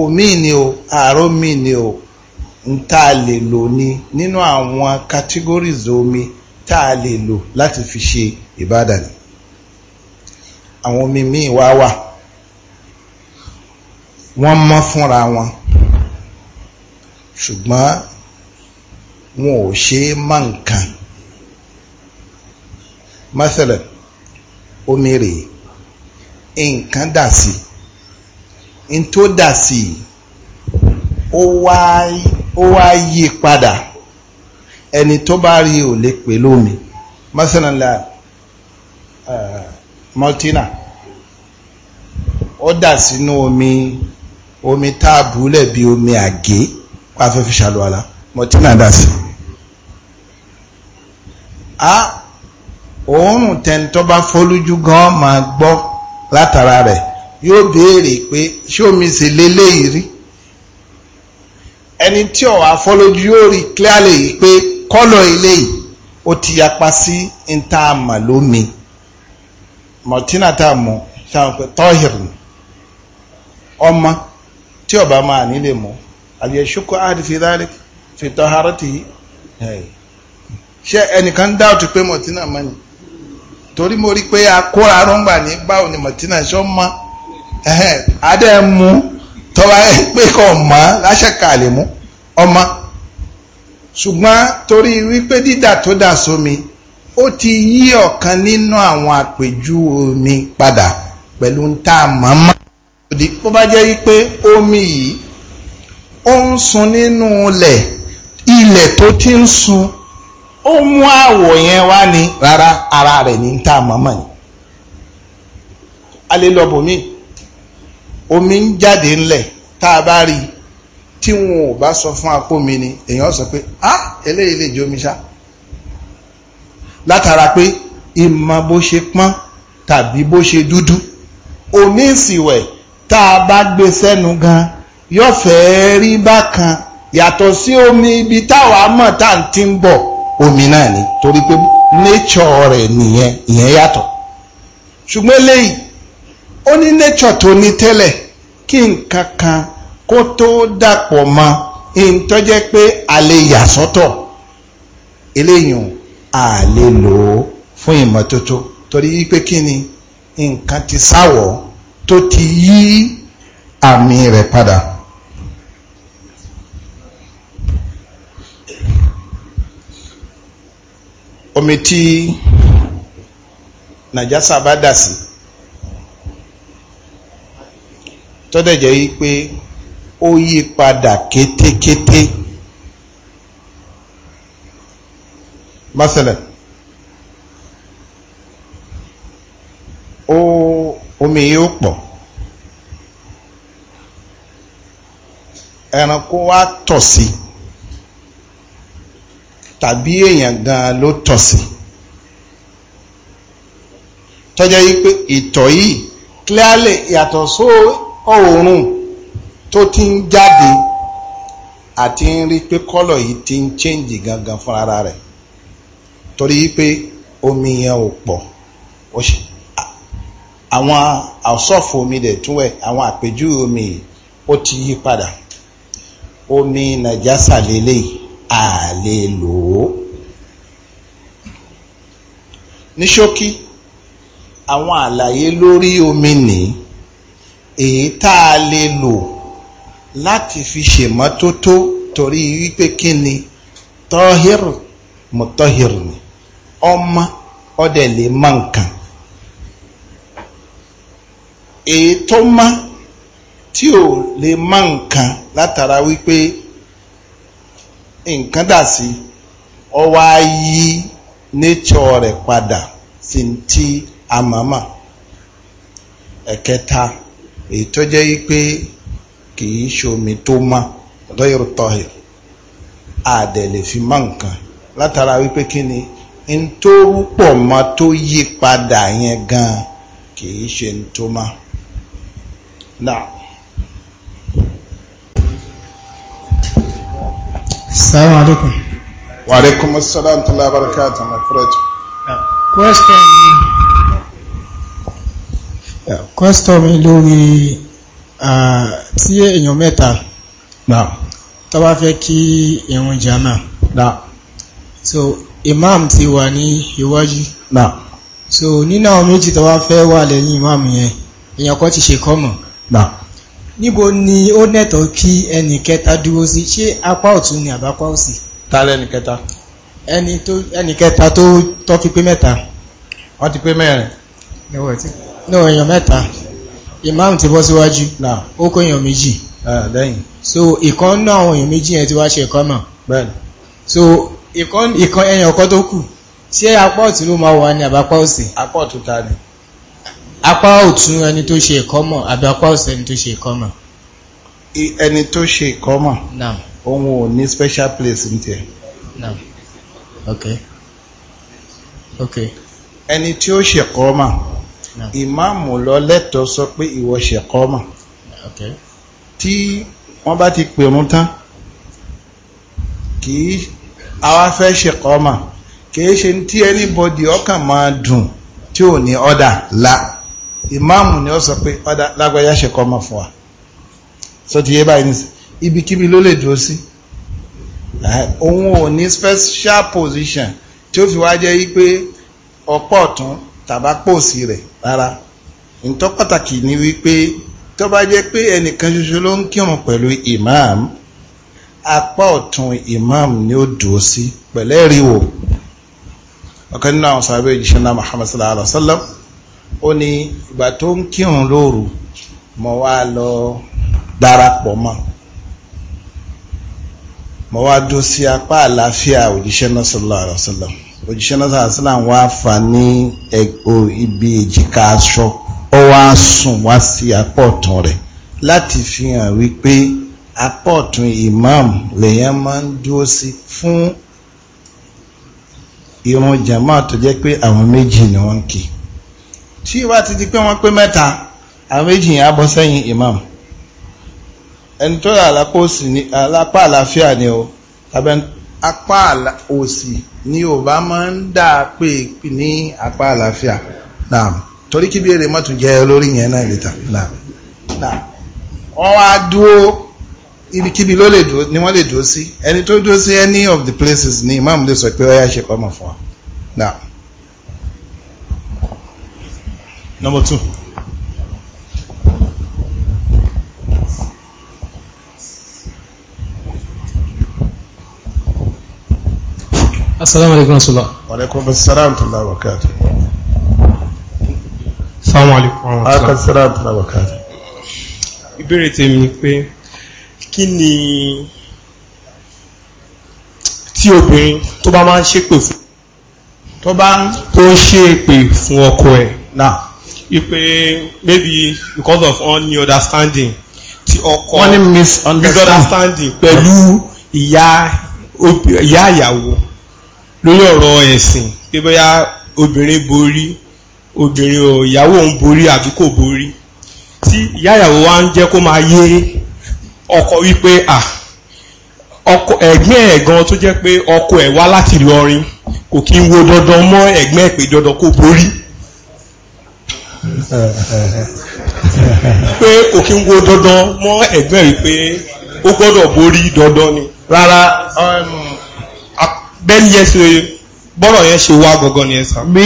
omi ni o àárọ̀ mi ni o n tá a lè lò ní nínú àwọn categories omi tá a lè lò láti fi ṣe ìbádàn àwọn omi míì wá wà wọ́n mọ́ fúnra wọn ṣùgbọ́n wọn ò ṣe é má nǹkan mọ́sẹ̀lẹ̀ omi rèé nǹkan dà sí n tó dà sí ó wá yí padà ẹni tó bá rí ò lè pè lómi mọ́sẹ̀lẹ̀ la maltina ó dà sínú omi omi táàbù lẹ̀ bí omi àgé pàfẹ́ fi ṣàlùwàlà maltina dà sí a òórùn tẹ̀ntọ́ bá fọ́lójú gan máa gbọ́ látara rẹ̀ yóò béèrè pé ṣómi sì lélẹ́yìí rí ẹni tí ọ̀ afọ́lójú yóò rí clearly yìí pé kọ́lọ̀ eléyìí ó ti yapa sí ntaama lómi mọ̀tínà tá a mọ̀ ṣáà pé tọ́hìrì ọmọ tí ọba máa nílé mọ́ àbí ẹ̀ṣọ́kọ́ àdìfẹ́ dálẹ́ fi tọ́hárọ́tì yìí. ṣé ẹnìkan dáàtù pé mọ̀tínà mọ́ ni torí mo rí pé akóra rọ́ngbà ní báwo ni mọ̀tínà ṣọ́ mọ́ adé mu tọ́ba pé kò mọ́ láṣẹ̀ka lè mú ọmọ ṣùgbọ́n torí wípé dídà tó dà sómi ó ti yí ọ̀kan nínú àwọn àpèjú omi padà pẹ̀lú ń tá a mọ̀ọ́mọ́ òdì bó bá jẹ́ wípé omi yìí ó ń sun nínú ilẹ̀ ilẹ̀ tó ti ń sun ó mú àwọ̀ yẹn wá ní rárá ara rẹ̀ ní tá a mọ̀mọ́ ni a lè lọ bòmí omi ń jáde ńlẹ̀ tá a bá rí tí wọn ò bá sọ fún apó mi ni èèyàn sọ pé ah eléyìí lè jó mi ṣá látara pé ìmọ̀ bó ṣe pọ́n tàbí bó ṣe dúdú omi ìsìwẹ̀ tá a bá gbé sẹ́nu gan yóò fẹ́ẹ́ rí bákan yàtọ̀ sí omi ibi táwa mọ̀ tá à ń ti ń bọ̀ omi náà ni torí pé nature rẹ̀ nìyẹn ìyẹn yàtọ̀ ṣùgbọ́n eléyìí ó ní nature tó ní tẹ́lẹ̀ kí nǹkan kan kó tó dàpọ̀ mọ́ ìtọ́jẹ́ pé a lè yà sọ́tọ̀ eléyìí a lè lò ó fún ìmọ́tótó torí wípé kí ni nǹkan ti sáwọ̀ tó ti yí àmì rẹ̀ padà. omi tí nàjásà bá dà sí tọ́dẹ̀ jẹ́ yí pé ó yí padà kétékété masalan ó omi yóò pọ̀ ẹranko wa tọ̀ sí i. tàbí èèyàn gan ló tọ̀sí tọ́jẹ́ yí yìí pé ìtọ̀ yìí clearly yàtọ̀ só òórùn tó ti ń jáde àti ń rí pé kọ́lọ̀ yìí ti ń change gangan fúnra rẹ̀ torí pé omi yẹn ò pọ̀ àwọn àsọ̀fò omi dẹ̀ tún wẹ̀ àwọn àpèjú omi ó ti yí padà omi nàìjásà lélẹ́yìí a lè lò ó. ní ṣókí àwọn àlàyé lórí omi nìí èyí tá a lè lò láti fi ṣèmọ́tótó torí wípé kí ni tọ́hìr mọ̀tọ́hìr ni ọmọ ọdẹ lè mọ nǹkan èyí tó mọ́ tí ò lè mọ nǹkan látara wípé nǹkan dà sí ọ wá yí nature rẹ̀ padà sí ti àmàmà ẹ̀kẹta èyí tó jẹ́ wípé kì í ṣomi tó má lọ́yọ̀rọ̀ tọ́hì àdẹ̀ lè fi má nǹkan látara wípé kí ni n tó rúpọ̀ mọ́ tó yí padà yẹn gan kì í ṣe n tó má. Now. Assalamu alaikum. Wa alaikum assalam tó lábàrúkà tó mọ̀ fúrẹ́jù. Question mi. Question mi lórí tí èèyàn mẹ́ta tó bá fẹ́ kí ìrun jàmá. So imam ti wà ní iwájú. So nínú àwọn méjì tó bá fẹ́ wà lẹ́yìn imam yẹn, èèyàn kọ́ ti ṣe kọ́mọ̀ níbo ni ó nẹ̀tọ́ kí ẹnì kẹta dúró sí ṣé apá ọ̀tún ni àbápá òsì. ta lẹ́nì kẹta. ẹnì kẹta tó tọ́ pé mẹ́ta. wọ́n ti pé mẹ́rin. no èèyàn mẹ́ta imam ti bọ́ síwájú ó kó èèyàn méjì. so ìkan náà àwọn èèyàn méjì yẹn ti wá ṣe ẹ̀kọ́ mọ̀. so ìkan èèyàn kan tó kù ṣé apá ọ̀tún ló máa wà ní àbápá òsì. apá ọ̀tún ta ni. apá ọ̀tún ẹni tó ṣe ìkọ́mọ̀ àbí apá ọ̀sẹ̀ ẹni tó ṣe ìkọ́mọ̀ ẹni tó ṣe ìkọ́mọ̀ òun ò ní special place ní tiẹ̀ Ok ok. ẹni tí ó ṣe ìkọ́mọ̀ ìmáàmù lọ lẹ́tọ̀ọ́ sọ pé ìwọ ṣe ìkọ́mọ̀ Ok. tí wọ́n bá ti pèrún tán kì í àwa fẹ́ ṣe ìkọ́mọ̀ kì í ṣe tí anybody ọkàn máa dùn tí ò ní order la. ìmáàmù ni ó sọ pé ọ̀dà lágbájá ṣe kọ́ ọmọ fún wa sọ ti yé báyìí nísìnyí ibikíbi ló lè dúró sí òun ò ní special position tí ó fi wá jẹ́ wípé ọ̀pọ̀ ọ̀tún tàbá pòsì rẹ̀ rárá ntọ́ pàtàkì ni wípé tó bá jẹ́ pé ẹnìkan ṣoṣo ló ń kírun pẹ̀lú imam apá ọ̀tún imam ni ó dúró sí pẹ̀lẹ́rìí wò ọ̀kan nínú àwọn sábẹ́ òjíṣẹ́ náà Muhammad sallallahu alaihi wa sallam ó ní ìgbà tó ń kírun lóru mo wá lọ darapọ̀ mọ́ mo wá dún sí apá àlàáfíà òjíṣẹ́ náà sallallahu alaihi wasallam òjíṣẹ́ náà sallallahu alaihi wá fà ní ibi èjìká aṣọ ó wá sùn wá sí apá ọ̀tún rẹ̀ láti fi hàn wípé apá ọ̀tún imam lèèyàn máa ń dúró sí fún irun jama tó jẹ́ pé àwọn méjì ni wọ́n ń kí tí ìwà ti di pé wọ́n pé mẹ́ta àwọn méjì yẹn á bọ́ sẹ́yìn imam ẹni tó yà alápá àlàáfíà ni o tàbí apá òsì ni Yorùbá máa ń dà pé ní apá àlàáfíà náà torí kí bí èrè mọ́tún jẹ́ olórí yẹn náà lẹ́ta náà wọ́n wá dúró ibikíbi ló lè dúró ni wọ́n lè dúró sí ẹni tó dúró sí any of the places ni imam lè sọ pé ó yá ṣe kọ́mọ̀ fún wa náà. number two. asalaamu aleykum asalaam. waaleykum asalaam tula wakati. salaamu aleykum. aka salaam tula wakati. ìbéèrè tèmi ni pé kí ni tí obìnrin tó bá máa ń ṣépè fún tó bá tó ń ṣépè fún ọkọ ẹ̀ náà wípé maybe because of ununderstanding ti ọkọ wọ́n ní misunderstanding pẹ̀lú ìyá ìyá ìyàwó lórí ọ̀rọ̀ ẹ̀sìn pé bóyá obìnrin borí obìnrin ò ìyàwó òun borí àbí kò borí tí ìyá ìyàwó wa ń jẹ́ kó máa yé ọkọ wípé à ọkọ ẹ̀gbẹ́ ẹ̀ gan tó jẹ́ pé ọkọ ẹ̀ wá láti Ìlọrin kò kí ń wo dandan mọ́ ẹ̀gbẹ́ ẹ̀ pé dandan kó borí pé kò kí ń wo dandan mọ́ ẹ̀gbẹ́ rí pé ó gbọ́dọ̀ borí dandan ni rárá um, bẹ́ẹ̀ yẹ ṣe bọ́rọ̀ yẹn ṣe wá gangan ni ẹ sá. bí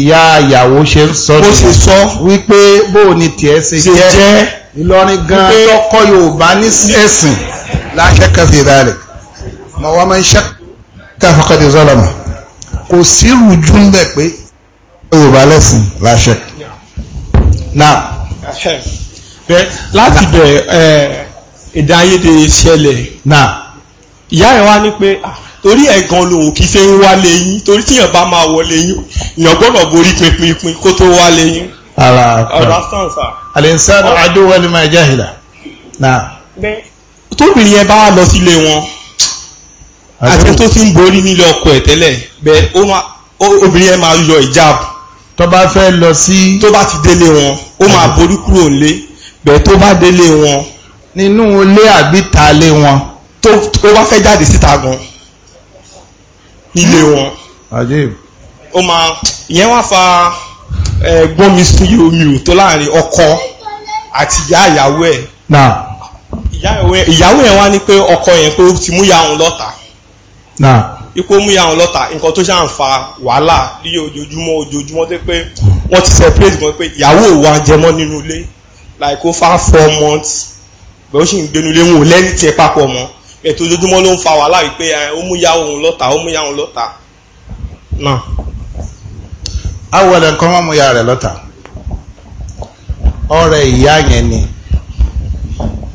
ìyá ìyàwó ṣe ń sọ bó ṣe sọ wípé bó o ní tiẹ̀ ṣe jẹ́ Ìlọrin gan lọ́kọ́ Yorùbá ní ẹ̀sìn láṣẹ kẹfì rẹ̀ mọ̀ wá máa ń ṣe kò sí rújú Yorùbá lẹ́sìn láṣẹ. now láti bẹ̀ èdè ayédè ṣẹlẹ̀. now ìyá ẹ̀ wá ní pé torí ẹ̀gan lòun kì í ṣe ń wá lẹ́yìn torí tíyàn bá máa wọ lẹ́yìn èèyàn gbọ́dọ̀ borí pinpin kó tó wá lẹ́yìn. ara kan alinsanu aduwa ni máa jahila. tóbìnrin yẹn bá wà lọ sílé wọn àti tó ti ń borí nílé ọkọ ẹ̀ tẹ́lẹ̀ bẹ́ẹ̀ obìnrin yẹn máa yọ ìjáàbù tó bá fẹ́ lọ sí. tó bá ti délé wọn ó máa borí kúrò nílé bẹ́ẹ̀ tó bá délé wọn. nínú ilé àbí ta lé wọn. tó ó wá fẹ́ jáde síta gan ilé wọn. ó máa ìyẹn wá fa ẹ̀gbọ́n mi sún yìí omi ò tó láàrin ọkọ àti ìyá ìyàwó ẹ̀. ìyàwó ẹ̀ wá ní pé ọkọ yẹn pé ó ti mú ya òun lọ́ta ipò mú yàwọn lọ́ta nǹkan tó ṣáà ń fa wàhálà ní ojoojúmọ́ ojoojúmọ́ tó pé wọ́n ti separate gan pé ìyàwó òwò àjẹmọ́ nínú ilé like over four months bẹ́ẹ̀ ó sì ń gbénu ilé wọn ò lẹ́ni tiẹ̀ papọ̀ mọ́ ètò ojoojúmọ́ ló ń fa wàhálà wípé ó mú yàwó òun lọ́ta ó mú yàwọn lọ́ta náà. awọlẹ̀ nǹkan mọ́mú ya rẹ̀ lọ́ta ọ̀rẹ́ ìyá yẹn ni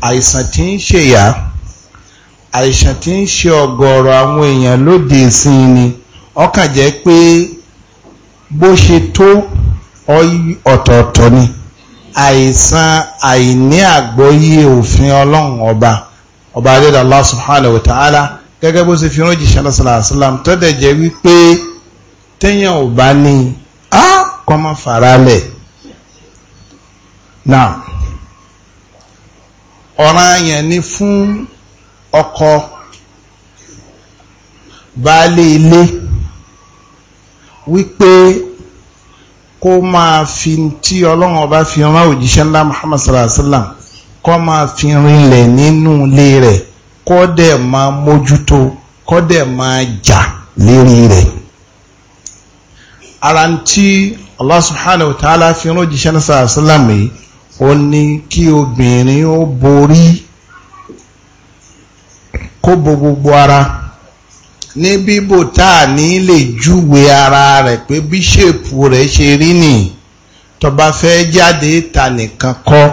àìsàn tí ń ṣèyà. àìsàn tí ń ṣe ọ̀gọ̀ọ̀rọ̀ àwọn èèyàn lóde ìsìn ni ọkàn jẹ́ pé bó ṣe tó ọtọọtọ ni àìsàn àìní àgbọ́yé òfin ọlọrun ọba ọba adéda Allah subhanahu wa ta'ala gẹ́gẹ́ bó ṣe fi rán jìṣẹ́ lọ́sọ̀lá àṣàlám tó dẹ̀ wípé téèyàn ò bá ní á kọ́ mọ́ faralẹ̀ náà ọ̀ranyàn ni fún ọkọ baálé ilé wípé kó máa fi tí ọlọ́run ọba fi ọmọ òjíṣẹ́ ńlá muhammad sallallahu alaihi wasallam kó máa fi rinlẹ̀ nínú ilé rẹ̀ kó dẹ̀ máa mójútó kó dẹ̀ máa jà lérí rẹ̀ ara tí allah subhanahu wa ta'ala fi rán òjíṣẹ́ ńlá sallallahu alaihi wasallam yìí ó ní kí obìnrin ó borí kó bo gbogbo ara ní bíbò tá à ní lè júwe ara rẹ̀ pé bíṣèpù rẹ̀ ṣe rí nìyí tó bá fẹ́ jáde ta nìkan kọ́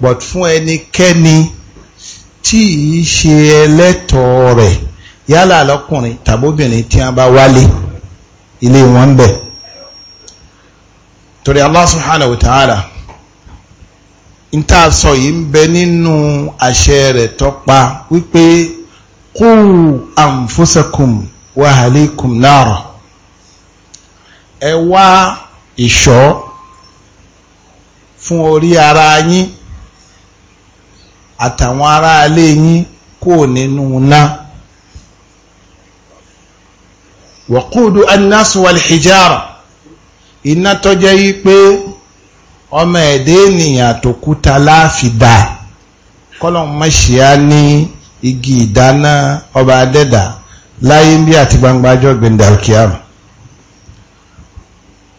but fún ẹnikẹ́ni tí ì ṣe ẹlẹ́tọ̀ọ́ rẹ̀ yálà lọ́kùnrin tàbóbìnrin tí wọ́n bá wálé ilé wọn bẹ̀ torí Allah subhanahu wa ta'ala n ta sọ yìí ń bẹ nínú àṣẹ rẹ̀ tó wípé qu anfusakum wa ahlikum nara ẹ wá ìṣọ́ fún orí ara yín àtàwọn ará ilé yín kò nínú ná waqudu annasu wal iná tọ́jẹ́ yí pé ọmọ ẹ̀dẹ́ ènìyàn àtòkúta láàfidà kọ́lọ̀ mọ́ṣíá ní igi ìdáná ọba adẹ́dà láyé ń bí àti gbangba ajọ́ gbendalkiam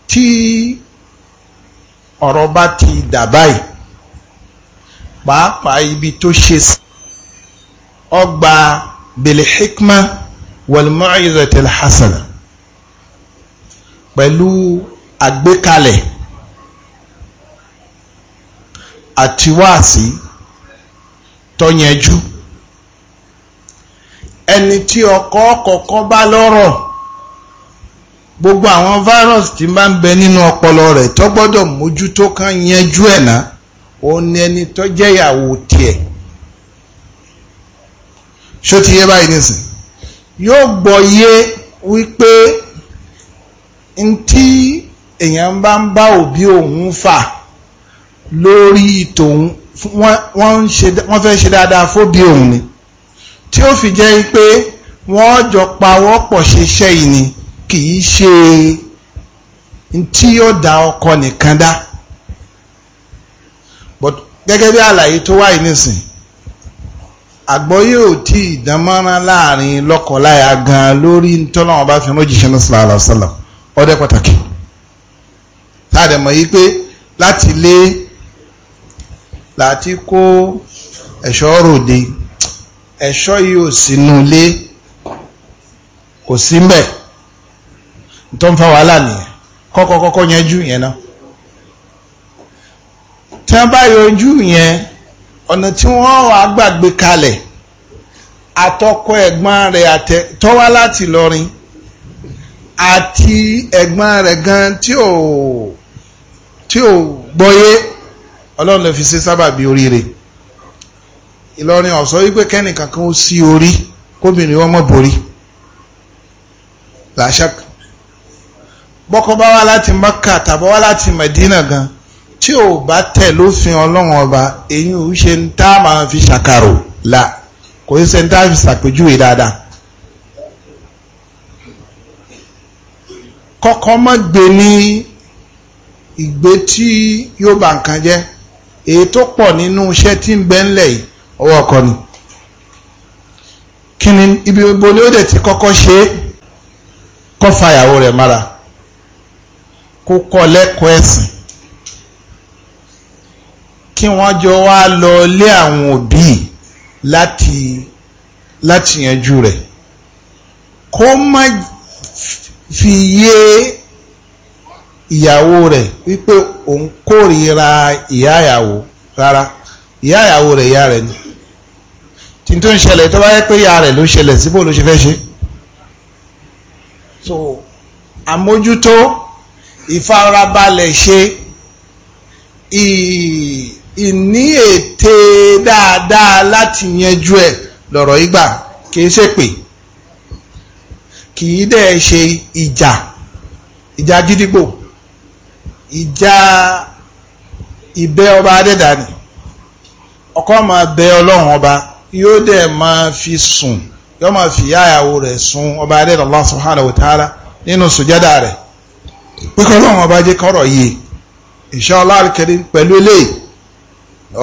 tí ọ̀rọ̀ bá ti dà báyìí pàápàá ibi tó ṣe ọgbà bilhikma walmu'izatil hasana pẹ̀lú àgbékalẹ̀ àti wáàsí tó yẹjú. ẹni tí ọkọ kọ́kọ́ bá lọ́rọ̀ gbogbo àwọn virus tí máa ń bẹ nínú ọpọlọ rẹ̀ tó gbọ́dọ̀ mójútó kan yanjú ẹ̀ náà òun ni ẹni tó jẹ́ ìyàwó tiẹ̀ ṣó ti yé báyìí nísìn yóò gbọ́ yé wípé ntí èèyàn bá ń bá òbí òun fà lórí tòun wọ́n fẹ́ ṣe dáadáa fóbi òun ni. tí ó fi jẹ́ pé wọ́n jọ pawọ́pọ̀ ṣeṣẹ́ yìí ni kì í ṣe tí yóò da ọkọ nìkan dá but gẹ́gẹ́ bí àlàyé tó wáyé nísìn àgbọ̀ yóò tí ìdánmọ́rán láàrin lọ́kọ̀láyà gan lórí tọ́lọ́wọ́n bá fi ránjíṣẹ́ ní sàlá àlọ́sàlá ọdẹ pàtàkì táàdẹ̀mọ̀ yìí pé láti lé láti kó ẹ̀ṣọ́ ròde ẹ̀ṣọ́ yìí ò sínú ilé kò sí mbẹ̀ tó ń fa wàhálà nìyẹn kọ́kọ́kọ́kọ́ yanjú yẹn náà tí wọ́n bá yanjú yẹn ọ̀nà tí wọ́n wà gbàgbé kalẹ̀ àtọkọ ẹ̀gbọ́n rẹ̀ àtẹ tó wá láti lọrin àti ẹ̀gbọ́n rẹ̀ gan tí ò tí ò gbọ́yé ọlọ́run ló fi ṣe sábàbí oríire. Ìlọrin ọ̀sọ́ wípé kẹ́nìkan kan ó sí orí kóbìnrin wọn mọ̀ borí làṣà bọ́kọ bá wá láti Mẹ́kà tàbọ̀ wá láti Mẹ̀dínà gan tí ò bá tẹ̀ lófin Ọlọ́run ọba èyí ò ṣe ń tá máa fi ṣàkàrò là kò ń ṣe ń tá fi ṣàpèjúwe dáadáa. kọ́kọ́ má gbé ní ìgbé tí yóò bà nǹkan jẹ́ èyí tó pọ̀ nínú iṣẹ́ tí ń bẹ yìí ọwọ́ ọkọ ni kí ni ibi gbogbo ni ó dẹ̀ ti kọ́kọ́ ṣe é kó fa ìyàwó rẹ̀ mára kó kọ́ lẹ́kọ̀ọ́ ẹ̀sìn kí wọ́n jọ wá lọ lé àwọn òbí láti láti yanjú rẹ̀ kó má fi yé ìyàwó rẹ̀ wípé òun kórìíra ìyá ìyàwó rárá ìyá ìyàwó rẹ̀ ìyá rẹ̀ ni tí n tó ń ṣẹlẹ̀ tó bá yẹ pé ìyá rẹ̀ ló ṣẹlẹ̀ síbò ló ṣe fẹ́ ṣe so àmójútó ìfarabalẹ̀ ṣe ìní ète dáadáa láti yanjú ẹ̀ lọ̀rọ̀ ìgbà kìí ṣèpè kìí dẹ̀ ṣe ìjà ìjà gídígbò ìjà ìbẹ́ ọba adẹ́dàá ni ọkọ máa bẹ ọlọ́run ọba yóò dẹ̀ máa fi sùn yóò máa fi yáyàwó rẹ̀ sun ọba adé Allah subhanahu wa ta'ala nínú sùjádà rẹ̀ pẹ́kọ́ lọ́wọ́n ọba jẹ́ kọ́rọ̀ yìí inshallah al-karim pẹ̀lú ilé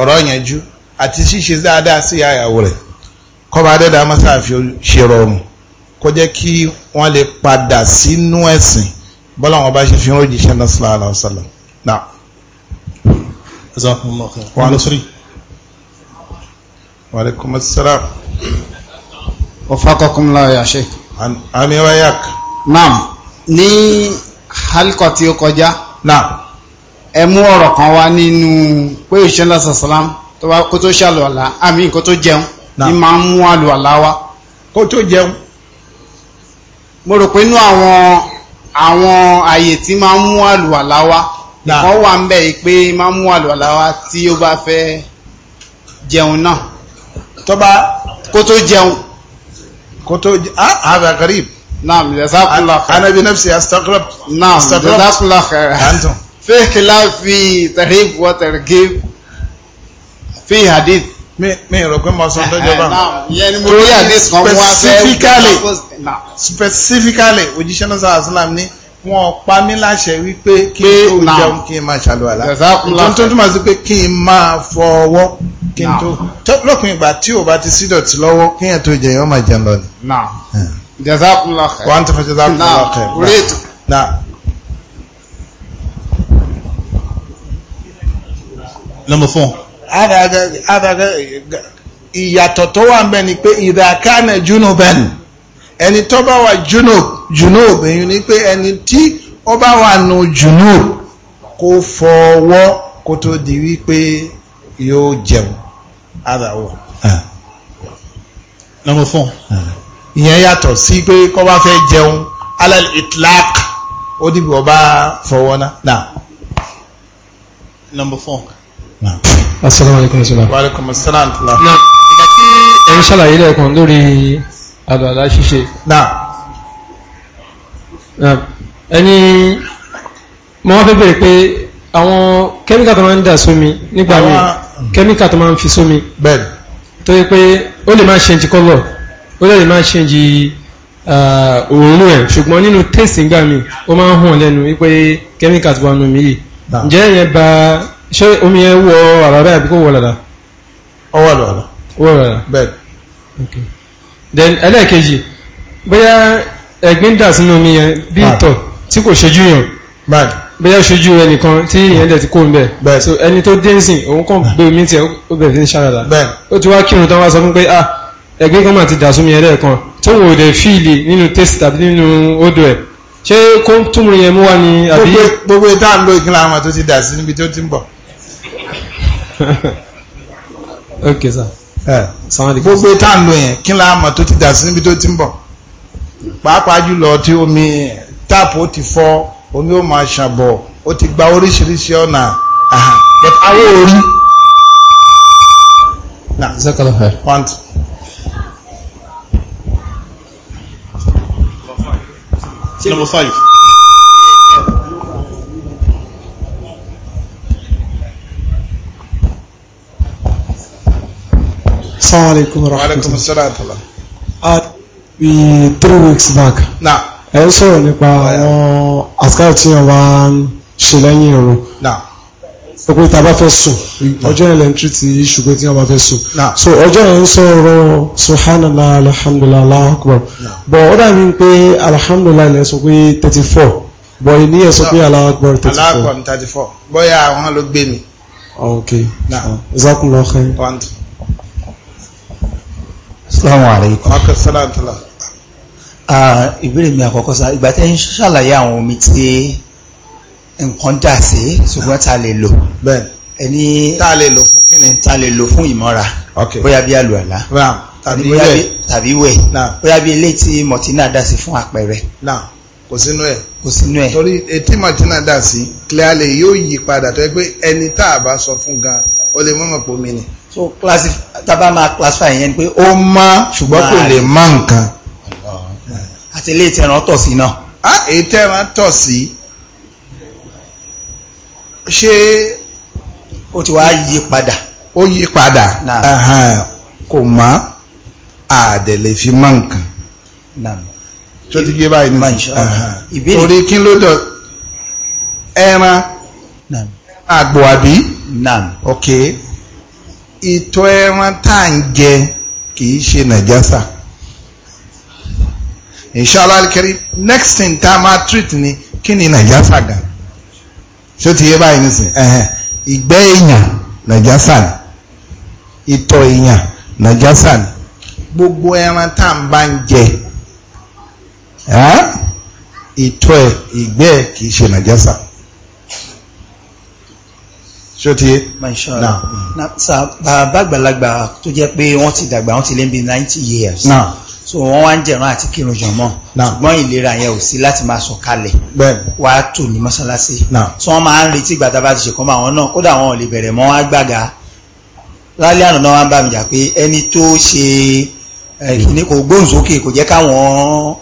ọ̀rọ̀ yẹnjú àti ṣíṣe dáadáa sí yáyàwó rẹ̀ kọ́ba adé dá mọ́sá fi ṣe rọrùn kó jẹ́ kí wọ́n lè padà sínú ẹ̀sìn bọ́lá wọn bá ṣe fi ń rojì ṣẹ́ńdá sallallahu alaihi wasallam náà. Waalaikum assalam. Wafakakum الله ya sheikh. Ami wa yak. Naam. Ní halkọ̀ tí ó kọjá. Naam. Ẹ mú ọ̀rọ̀ kan wá nínú pé ìṣẹ́lá sàsàlám tó bá kó tó ṣàlùwàlá àmì kó tó jẹun ní máa ń mú àlùwàlá wá. Kó tó jẹun. Mo rò pé inú àwọn àwọn àyè tí máa ń mú àlùwàlá wá. Ìkan wà ń bẹ̀ pé máa ń mú àlùwàlá wá tí ó bá fẹ́ jẹun náà tọ́ba kó tó jẹun kó tó jẹun ah hada garib naam jazakallah khair ana bi nafsi astaghrab naam jazakallah khair antum fi khilaf fi tarhib wa targhib fi hadith mi mi rò pé mo sọ lọ́jọ́ bá specifically specifically òjíṣẹ́ náà sọ àṣìlám ní wọn pa mí láṣẹ wípé kí n tó jẹun kí n máa ṣàlùwàlá ìtọ́jú tó túmọ̀ sí kí n máa fọwọ́ kí n tó lọ́kùn ìgbà tí ò bá ti sí dọ̀tí lọ́wọ́ kí yẹn tó jẹ yọ máa jẹun lọ ni. náà jazakumullah khair wọ́n ti fẹ́ jazakumullah khair náà orí ètò. náà. lọ́mọ fún ọ. ìyàtọ̀ tó wà ń bẹ ni pé ìdàkánẹ̀ júnú bẹ́ẹ̀ ẹni tó bá wà júnú jùnú obìnrin ni pé ẹni tí ó bá wà nù jùnú kó fọwọ́ kó tó di wípé yóò jẹun àdàwọ̀. Ah. number four. Ah. ìyẹn yàtọ̀ sí pé kọ́ bá fẹ́ jẹun alal itlaq ó dìbò ọba fọwọ́ náà. number four. asalaamualeykum salaam. waaleykum salaam. ìgbà tí ẹ̀yin ṣàlàyé lẹ́ẹ̀kan lórí àlùwàlá ṣíṣe. ẹni mo wá fẹ́ bèrè pé àwọn kẹ́míkà tó máa ń dà sómi nígbà míì kẹ́míkà tó máa ń fi sómi bẹ́ẹ̀ni tó yẹ pé ó lè máa ṣẹ́ǹjì kọ́lọ̀ ó lè máa ṣẹ́ǹjì uh, òórùn ẹ̀ ṣùgbọ́n nínú tèsì ń gbà mí ó máa ń hàn lẹ́nu wípé kẹ́míkà tó wà nù yìí ǹjẹ́ ìyẹn ba ṣé omi yẹn wọ àràrà àbí kò wọ dàda. ọwọ́ okay then ẹlẹ́ẹ̀kejì bóyá ẹ̀gbín dà sínú omi yẹn bí ìtọ̀ tí bẹ́ẹ̀ ṣojú ẹnìkan tí ìyẹn dẹ̀ ti kó ń bẹ̀. bẹ́ẹ̀ so ẹni tó dé nsìn òun kàn gbé omi tiẹ̀ ó bẹ̀rẹ̀ ní ṣàràdà. bẹ́ẹ̀ ó ti wá kírun tán wá sọ fún pé ah ẹgbẹ́ kan máa ti dà sómi ẹ̀rẹ́ kan tó wò dẹ̀ fíìlì nínú tẹ́sì tàbí nínú odò ẹ̀ ṣé kó túmùrù yẹn mú wá ni àbí. gbogbo ìta ń lo ìkìlá àwọn tó ti dà sí níbi tó ti ń bọ̀. <laughs> ok sir. gbogbo ìta ń lo yẹn kílá àmọ̀ tó ti dà sí níbi tó ti ń bọ̀ pàápàá jùlọ tí omi táàpù ó ti fọ́ omi ó máa ṣàbọ̀ ó ti gba oríṣiríṣi ọ̀nà but awó orí. Number five. Assalamu alaikum warahmatullahi. Wa alaikum assalam. Uh, we three weeks back. Now ẹ ń sọ̀rọ̀ nípa àwọn àsìkò tí wọ́n wá ń ṣe lẹ́yìn ìrun pé tá a bá fẹ́ sùn ọjọ́ yẹn lẹ́ńtì ti ṣùgbọ́n tí wọ́n bá fẹ́ sùn so ọjọ́ yẹn ń sọ̀rọ̀ subhanallah alhamdulillah allahu akbar bọ̀ ó dàbí pé alhamdulillah ilẹ̀ sọ pé thirty four bọ̀ ìní ẹ̀ sọ pé allahu akbar thirty four allahu akbar thirty four bóyá àwọn ló gbé mi. Ah, ok ah, jazakumullahu khair. salaamaleykum. wa rahmatulahi ìbéèrè mi àkọ́kọ́ sá ìgbà tẹ́ ń ṣàlàyé àwọn omi tí nǹkan dà sí ṣùgbọ́n ta lè lò ẹni ta lè lò fún kíni ta lè lò fún ìmọ́ra bóyá bí àlùwàlá tàbí wẹ̀ bóyá bí ilé tí mọ̀tínà dà sí fún àpẹẹrẹ kò sínú ẹ̀ kò sínú ẹ̀ torí etí mọ̀tínà dà sí clearly yóò yí padà tó yẹ pé ẹni tá a bá sọ fún gan o lè mọ́mọ̀ pò mí ni. so tá a bá máa classify yẹn ni pé ó mọ́ ṣùgbọ́n kò lè mọ nǹkan àti ilé ìtẹ̀ràn tọ̀ sí náà. á ìtẹ̀ràn tọ̀ sí ṣé ó ti wá yí padà. ó yí padà kò mọ́ àdẹ̀lẹ̀ fi mọ́ nǹkan tó ti gbé báyìí ní torí kí ló dọ̀ ẹran àgbò àbí ok ìtọ̀ ẹran tá à ń jẹ kì í ṣe nàjásà inshallah alikiri next thing tá a treat ni kí ni nàìjásà gan ṣó ti yé báyìí nísìn ìgbẹ́ èèyàn nàìjásà ni ìtọ̀ èèyàn nàìjásà ni gbogbo ẹran tá à ń bá ń jẹ ìtọ̀ ẹ̀ ìgbẹ́ ẹ̀ kì í ṣe nàìjásà ṣó ti yé. na sa bàbá àgbàlagbà tó jẹ́ pé wọ́n ti dàgbà wọ́n ti lé ní ninety years. Now so wọ́n wá ń jẹ̀rán àti kírun jọ̀mọ́ ṣùgbọ́n ìlera yẹn ò sí láti máa sọ kalẹ̀ wá tò ní mọ́ṣáláṣí so wọ́n máa ń retí ìgbà tá a bá ti ṣèkọ́ mọ́ àwọn náà kódà wọn ò lè bẹ̀rẹ̀ mọ́ wá gbàgà lálẹ́ àná náà wọ́n bá mi jà pé ẹni tó ṣe ẹ̀kíní kò gbóhùn sókè kò jẹ́ káwọn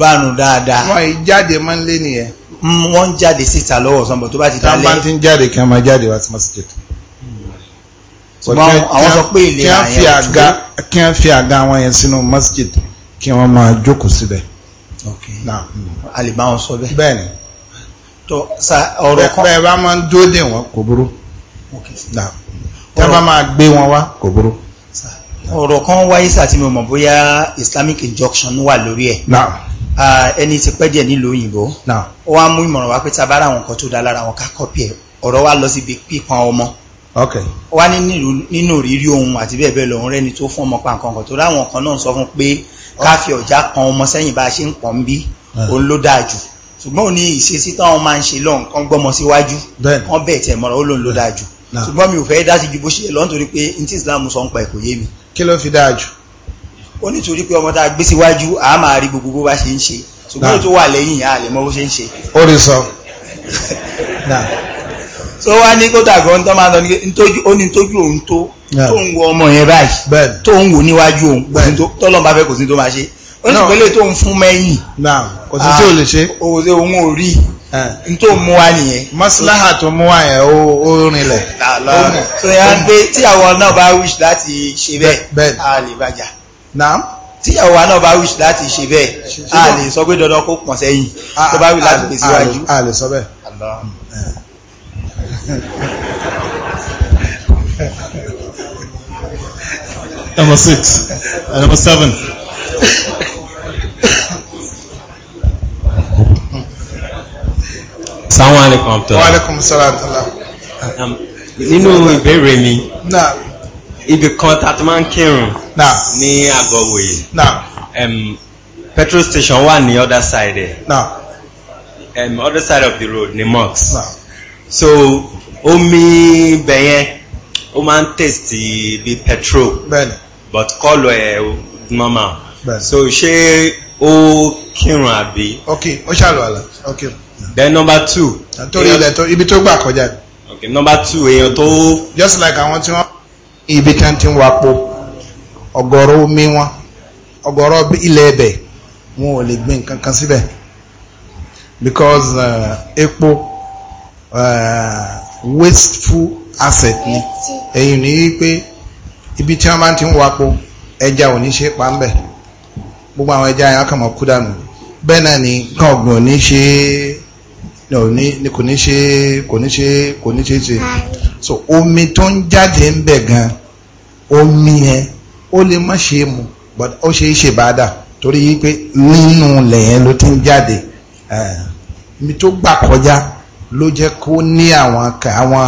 bánu dáadáa. wọ́n yìí jáde máa ń lé nìyẹn. Mm, wọ́n ń jáde síta lọ́wọ́ sọ́nbọ̀ tó bá ti dálé. tá a bá ti ń jáde kí wọ́n máa jáde wá sí mọ́ṣáláṣí ṣùgbọ́n àwọn sọ pé ìlera yẹn ò kí wọ́n fi àga wọn yẹn sínú masjid kí wọ́n máa jókòó síbẹ̀. a lè bá wọn sọ bẹ́ẹ̀. bẹ́ẹ̀ni tó sa ọ̀rọ̀ kan bẹ́ẹ̀ bá máa ń dúró dè wọ́n kò burú tẹ́ bá máa gbé wọn wá kò burú. ọ̀rọ̀ kan wáyé sàtí mi mọ̀ bóyá islamic injunction wà lórí ẹ̀ ẹni tí pẹ́ díẹ̀ nílùú òyìnbó ó wá mú ìmọ̀ràn wá pé tá a bá ra àwọn nǹkan tó dá lára àwọn ká kọ́pì ẹ̀ ọ̀rọ̀ wá lọ síbi pípọn ọmọ wá ní nínú rírí ohun àti bẹ́ẹ̀ bẹ́ẹ̀ lọ́hún rẹ́ni tó fún ọmọ pa nǹkan kan tó ráwọn kan náà sọ fún pé káfí ọ̀já kan ọmọ sẹ́yìn bá a ṣe ń pọ̀ ń bí eh. òun ló dáa jù ṣùgbọ́n ò ní ìṣesí táwọn máa ń ṣe lọ́n kan gbọ́mọ síwájú kan bẹ́ẹ̀ tẹ̀ mọ́ra ó lóun ló eh. dáa jù ṣùgbọ́n mi ò fẹ́ dá sí ju bó ṣe lọ nítorí pé n tí Islam sọ ń pa ẹ̀kọ́ yé mi. kí ló fi dáa jù. ó nítorí pé ọmọ tá a gbé síwájú àá máa rí gbogbo bó bá ṣe ń ṣe ṣùgbọ́n tó wà lẹ́yìn àlẹ́ mọ́ bó ṣe ń ṣe. ó rí sọ. <laughs> so wá ní kódà gan tán máa lọ ní ó ní tójú òun tó tó ń wo ọmọ yẹn báyìí tó ń wò níwájú òun tọ́lọ́ bá fẹ́ kò sí tó máa ṣe ó ní ìpínlẹ̀ tó ń fún mẹ́yìn kò sí ah, tí ò lè ṣe òwòdé òun ò rí eh. n tó mú wa nìyẹn. mọ́síláhà tó mú wa yẹn ó rinlẹ̀. Ah, so yà ń gbé tíyàwó náà bá wish láti ṣe bẹ́ẹ̀ a lè bàjá. naam tíyàwó náà bá wish láti ṣe bẹ́ẹ̀ a lè sọ pé dandan kó pọ̀n sẹ́yìn ah, tó bá wish láti pèsè iwájú. a lè sọ bẹ́ẹ̀. <laughs> number six uh, number seven salamu alaikum abdul wa alaikum salam tala um, nínú ìbéèrè mi ibi kan tá a ti máa ń kírun ní àgọ́ wòye um, petrol station wà ní other side ẹ̀ um, other side of the road ní mosque so omi ibẹ̀ yẹn ó máa ń tèsì bí petrol bẹ́ẹ̀ni but kọ́lọ̀ ẹ̀ normal bẹ́ẹ̀ni so ṣé ó kírun àbí. ok ó ṣàlùwàlà ok. then number two. torí ilẹ̀ tó ibi tó gbà kọjá. ok number two èèyàn tó. just like àwọn tí wọ́n. ibi tí wọ́n ti ń wapo ọ̀gọ̀rọ̀ omi wọn ọ̀gọ̀rọ̀ ilẹ̀ ẹ̀bẹ̀ wọn ò lè gbé nǹkan kan síbẹ̀ because uh, epo. Uh, wasteful asset ni ẹ̀yìn ní wípé ibi tí wọ́n máa ti ń wapo ẹja ò ní ṣe pa ń bẹ̀ gbogbo àwọn ẹja yẹn kàn mọ́ kú dànù bẹ́ẹ̀ náà ni nǹkan ọ̀gbìn ò ní ṣe kò ní ṣe kò ní ṣe kò ní ṣe ṣe so omi tó ń jáde ń bẹ̀ gan omi yẹn ó lè má ṣe mu but ó ṣe é ṣe bàdà torí wípé nínú ilẹ̀ ló ti ń jáde ibi tó gbà kọjá ló jẹ́ kó ní àwọn àwọn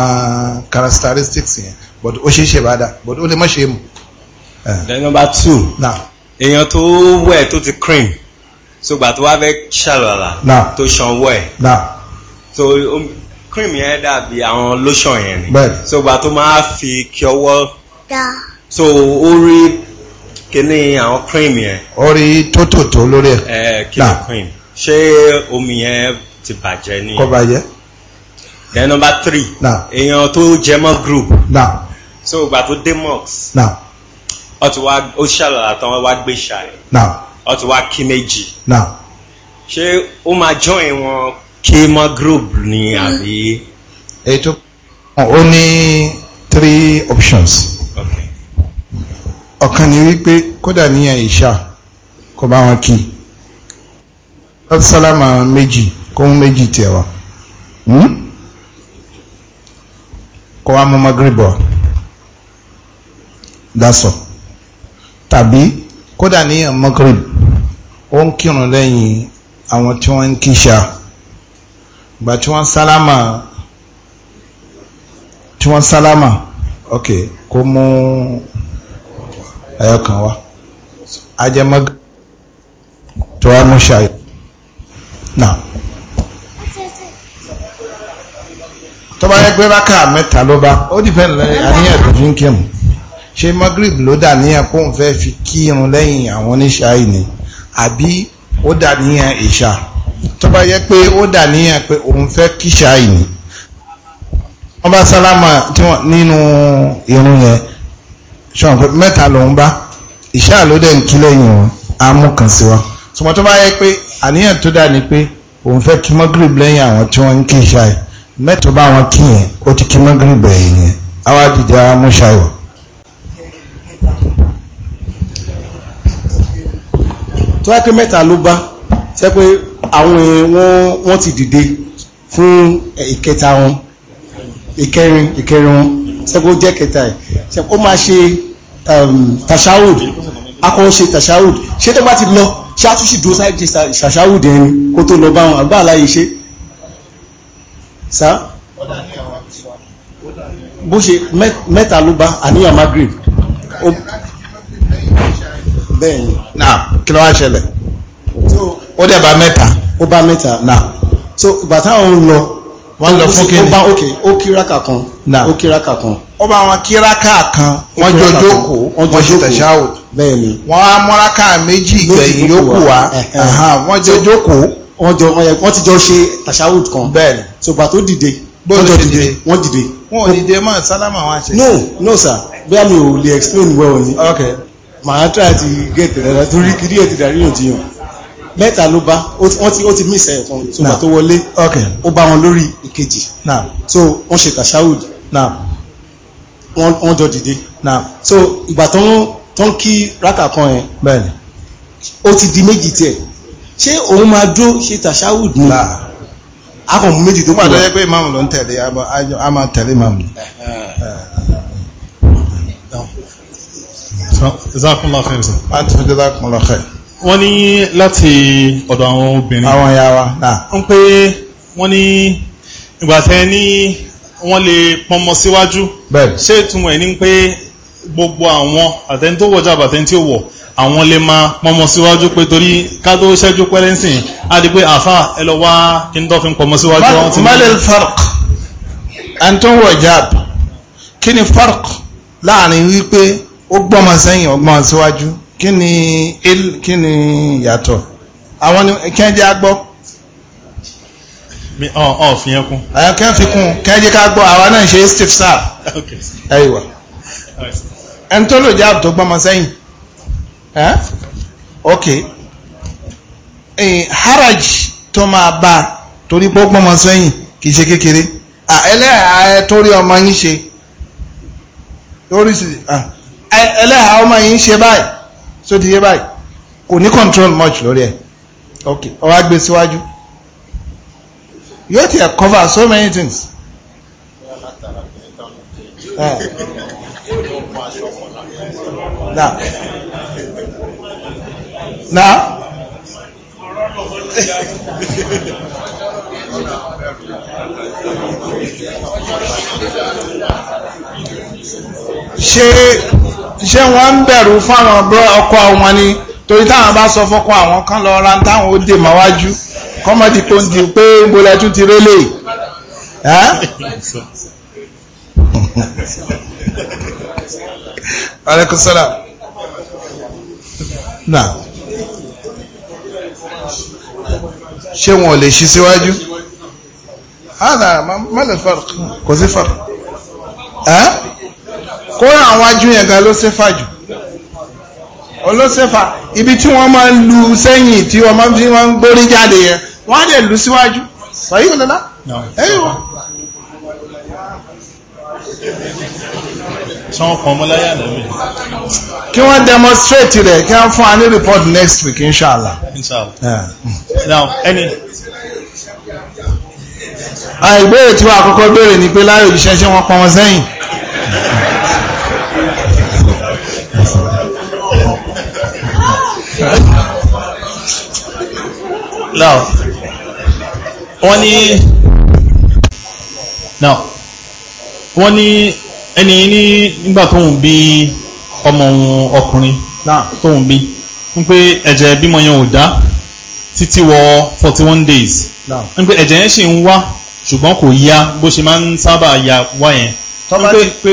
characteristics yẹn but ó ṣe é ṣe bá dà but ó lè má ṣe mú. Eh. then number two èèyàn tó wẹ̀ tó ti cream sọgbà tó wá fẹ́ ṣàlọ́lá tó ṣanwó ẹ̀ so um, cream yẹn dàbí àwọn lotion yẹn ni sọgbà tó máa fi kí ọwọ́ so ó rí kíní àwọn cream yẹn. ó rí tótòtó lórí ẹ̀. ẹ eh, kíní cream ṣé omi yẹn ti bàjẹ́ ni. kò bàjẹ́ then number three èèyàn tó jẹ mọ́ group so ìgbà tó dé mosque ó ti wá ó ṣàlàyé tán wá gbé ṣàlẹ̀ ó ti wá kí méjì ṣé ó máa join wọn kí mọ́ group ni mm. àbí. ètò ó ní three options ọ̀kan ni wípé kódà ní àìṣà kò bá wọn kí lọ́sálámà méjì kóhun méjì tiẹ̀ wá. Hmm? kó wá mú magrib wá dasọ tàbí kódà ní magrib ó ń kírun lẹ́yìn àwọn tí wọ́n ń kíṣà gbà tí wọ́n sálámà tí wọ́n sálámà ok kó mú ẹyọkàn wá ajẹmọ́gà tó wá mú ṣàyẹ̀ náà. bá yẹ pé rákà mẹ́ta ló bá ó dìpẹ́ àníyàn tó fi ń kírun ṣe magrib ló dà níyàn kó n fẹ́ fi kírun lẹ́yìn àwọn oníṣà ìní àbí ó dà níyàn ìṣà tó bá yẹ pé ó dà níyàn pé òun fẹ́ kíṣà ìní wọ́n bá sálámà nínú irun yẹn ṣọ́n pé mẹ́ta lòun bá ìṣà ló dẹ̀ ń kí lẹ́yìn wọn á mú kan sí wa tó bá yẹ pé àníyàn tó dà ní pé òun fẹ́ kí magrib lẹ́yìn àwọn tí wọ́n ń kíṣà ìní mẹ́tò bá wọn kí yẹn ó ti kí mọ́gírìbẹ̀ yẹn àwa dìde amúṣayọ̀. tó yẹ pé mẹ́ta ló bá ṣe pé àwọn wọ́n ti dìde fún ìkẹta wọn ìkẹrin ìkẹrin wọn ṣe pé ó jẹ́ kẹta ẹ̀ ṣe pé ó máa ṣe um, tashahud akọ́wọ́ ṣe tashahud ṣé tó bá ti lọ ṣáàtúnṣì dúró sáà ṣe tashahud ẹni kó tó lọ bá wọn àgbà aláyé ṣe. sir? bó ṣe mẹ́ta ló bá àníyàn magrib bẹ́ẹ̀ni náà kí ló wá ṣẹlẹ̀ ó dẹ̀ bá mẹ́ta ó bá mẹ́ta náà so ìgbà táwọn ń lọ wọ́n lọ fún kí ni ó kíraka kan ó kíraka kan ó bá wọn kíraka kan wọ́n jọ jókòó wọ́n ṣe tẹ̀síáwò bẹ́ẹ̀ni wọ́n á múraka méjì gbẹ̀yìn yókù wá wọ́n jọ jókòó wọ́n jọ wọ́n ti jọ ṣe tashahud kan bẹ́ẹ̀ni ṣùgbà tó dìde wọ́n jọ dìde wọ́n dìde. wọn ò dìde máa sálámà wọn àṣẹ. no no sir bí àmì ò lè explain well ni. ok màá try to get dada torí kiri ètò ìdáríyànjiyàn mẹ́ta ló bá wọ́n ti ó ti miss ẹ̀ kan ṣùgbà tó wọlé ok ó bá wọn lórí ìkejì. na so wọ́n ṣe tashahud. na wọ́n jọ dìde. na so ìgbà tó ń kí rákà kan yẹn. bẹ́ẹ̀ni ó ti di méjì tiẹ̀ ṣé òun máa dúró ṣe tàṣáwùd ní akọ̀mù méjì tó pàdé pé ìmáàmù ló ń tẹ̀lé a máa tẹ̀lé ìmáàmù wọ́n ní láti ọ̀dọ̀ àwọn obìnrin àwọn ìyá wa ń pé wọ́n ní ìgbàtẹ́ ní wọ́n lè pọnmọ síwájú ṣé ìtumọ̀ ẹ̀ ní pé gbogbo àwọn àtẹni tó wọ̀ jábà àtẹni tí ó wọ̀ àwọn lè máa pọmọ síwájú pé torí ká tó ṣẹ́jú pẹ́lẹ́sìn á di pé àfà ẹ lọ wá kí n tó fi pọmọ síwájú wọn ti. malil farq ẹni tó wọ̀ jábà kí ni farq láàrin wípé ó gbọ́mọ sẹ́yìn ọgbọ́n síwájú kí ni kí ni ìyàtọ̀ àwọn ni kẹ́ńjẹ́ á gbọ́ ọ̀ fi yẹn kún. àyànkẹ́ fi kún kẹ́jẹ́ ká gbọ́ àwa náà ṣe steve sarr. ẹ̀yìnwá ẹni tó lò jáàbù tó gbọ́mọ sẹ́yìn ok haraj tó máa bá torí pé ó gbọ́mọ sẹ́yìn kì í ṣe kékeré ẹlẹ́hàá tó rí ọmọ yín ṣe ẹlẹ́hàá ọmọ yín ṣe báyìí só yé báyìí kò ní control much lórí ẹ̀ ok ó wá gbé síwájú yóò ti cover so many things. na na ṣe ṣe wọ́n ń bẹ̀rù fáwọn ọkọ wọn ni torí táwọn bá sọ fọ́kọ àwọn kan lọ ra táwọn ó dè máwájú kọ́mọ̀dì tó ń di pé gbolẹ̀ tún ti rélé Alaikum náà ṣé wọn lè ṣí síwájú mọ́lẹ̀ kò sí kóra àwọn ajú yẹn jù olóṣèfà ibi tí wọ́n máa ń lu sẹ́yìn tí wọ́n máa ń gbórí jáde yẹn wọ́n á síwájú lọ́la sọ́n pọ̀ mọ́láyà lẹ́wẹ̀. kí wọ́n demonstrate rẹ̀ kí wọ́n fún wa report next week inshallah. inshallah. Yeah. now any. àìgbéèrè ah, tí wọ́n àkọ́kọ́ béèrè ni pé láyé òjíṣẹ́ ṣé wọ́n pọ́n wọn sẹ́yìn. now wọ́n ní now wọ́n ní ẹni ní nígbà tóun bí ọmọ òun ọkùnrin náà tóun bí ń pé ẹ̀jẹ̀ bímọ yẹn ò dá títí wọ forty one days ń pé ẹ̀jẹ̀ yẹn sì ń wá ṣùgbọ́n kò yá bó ṣe máa ń sábà ya wá yẹn. tọ́ba ti pé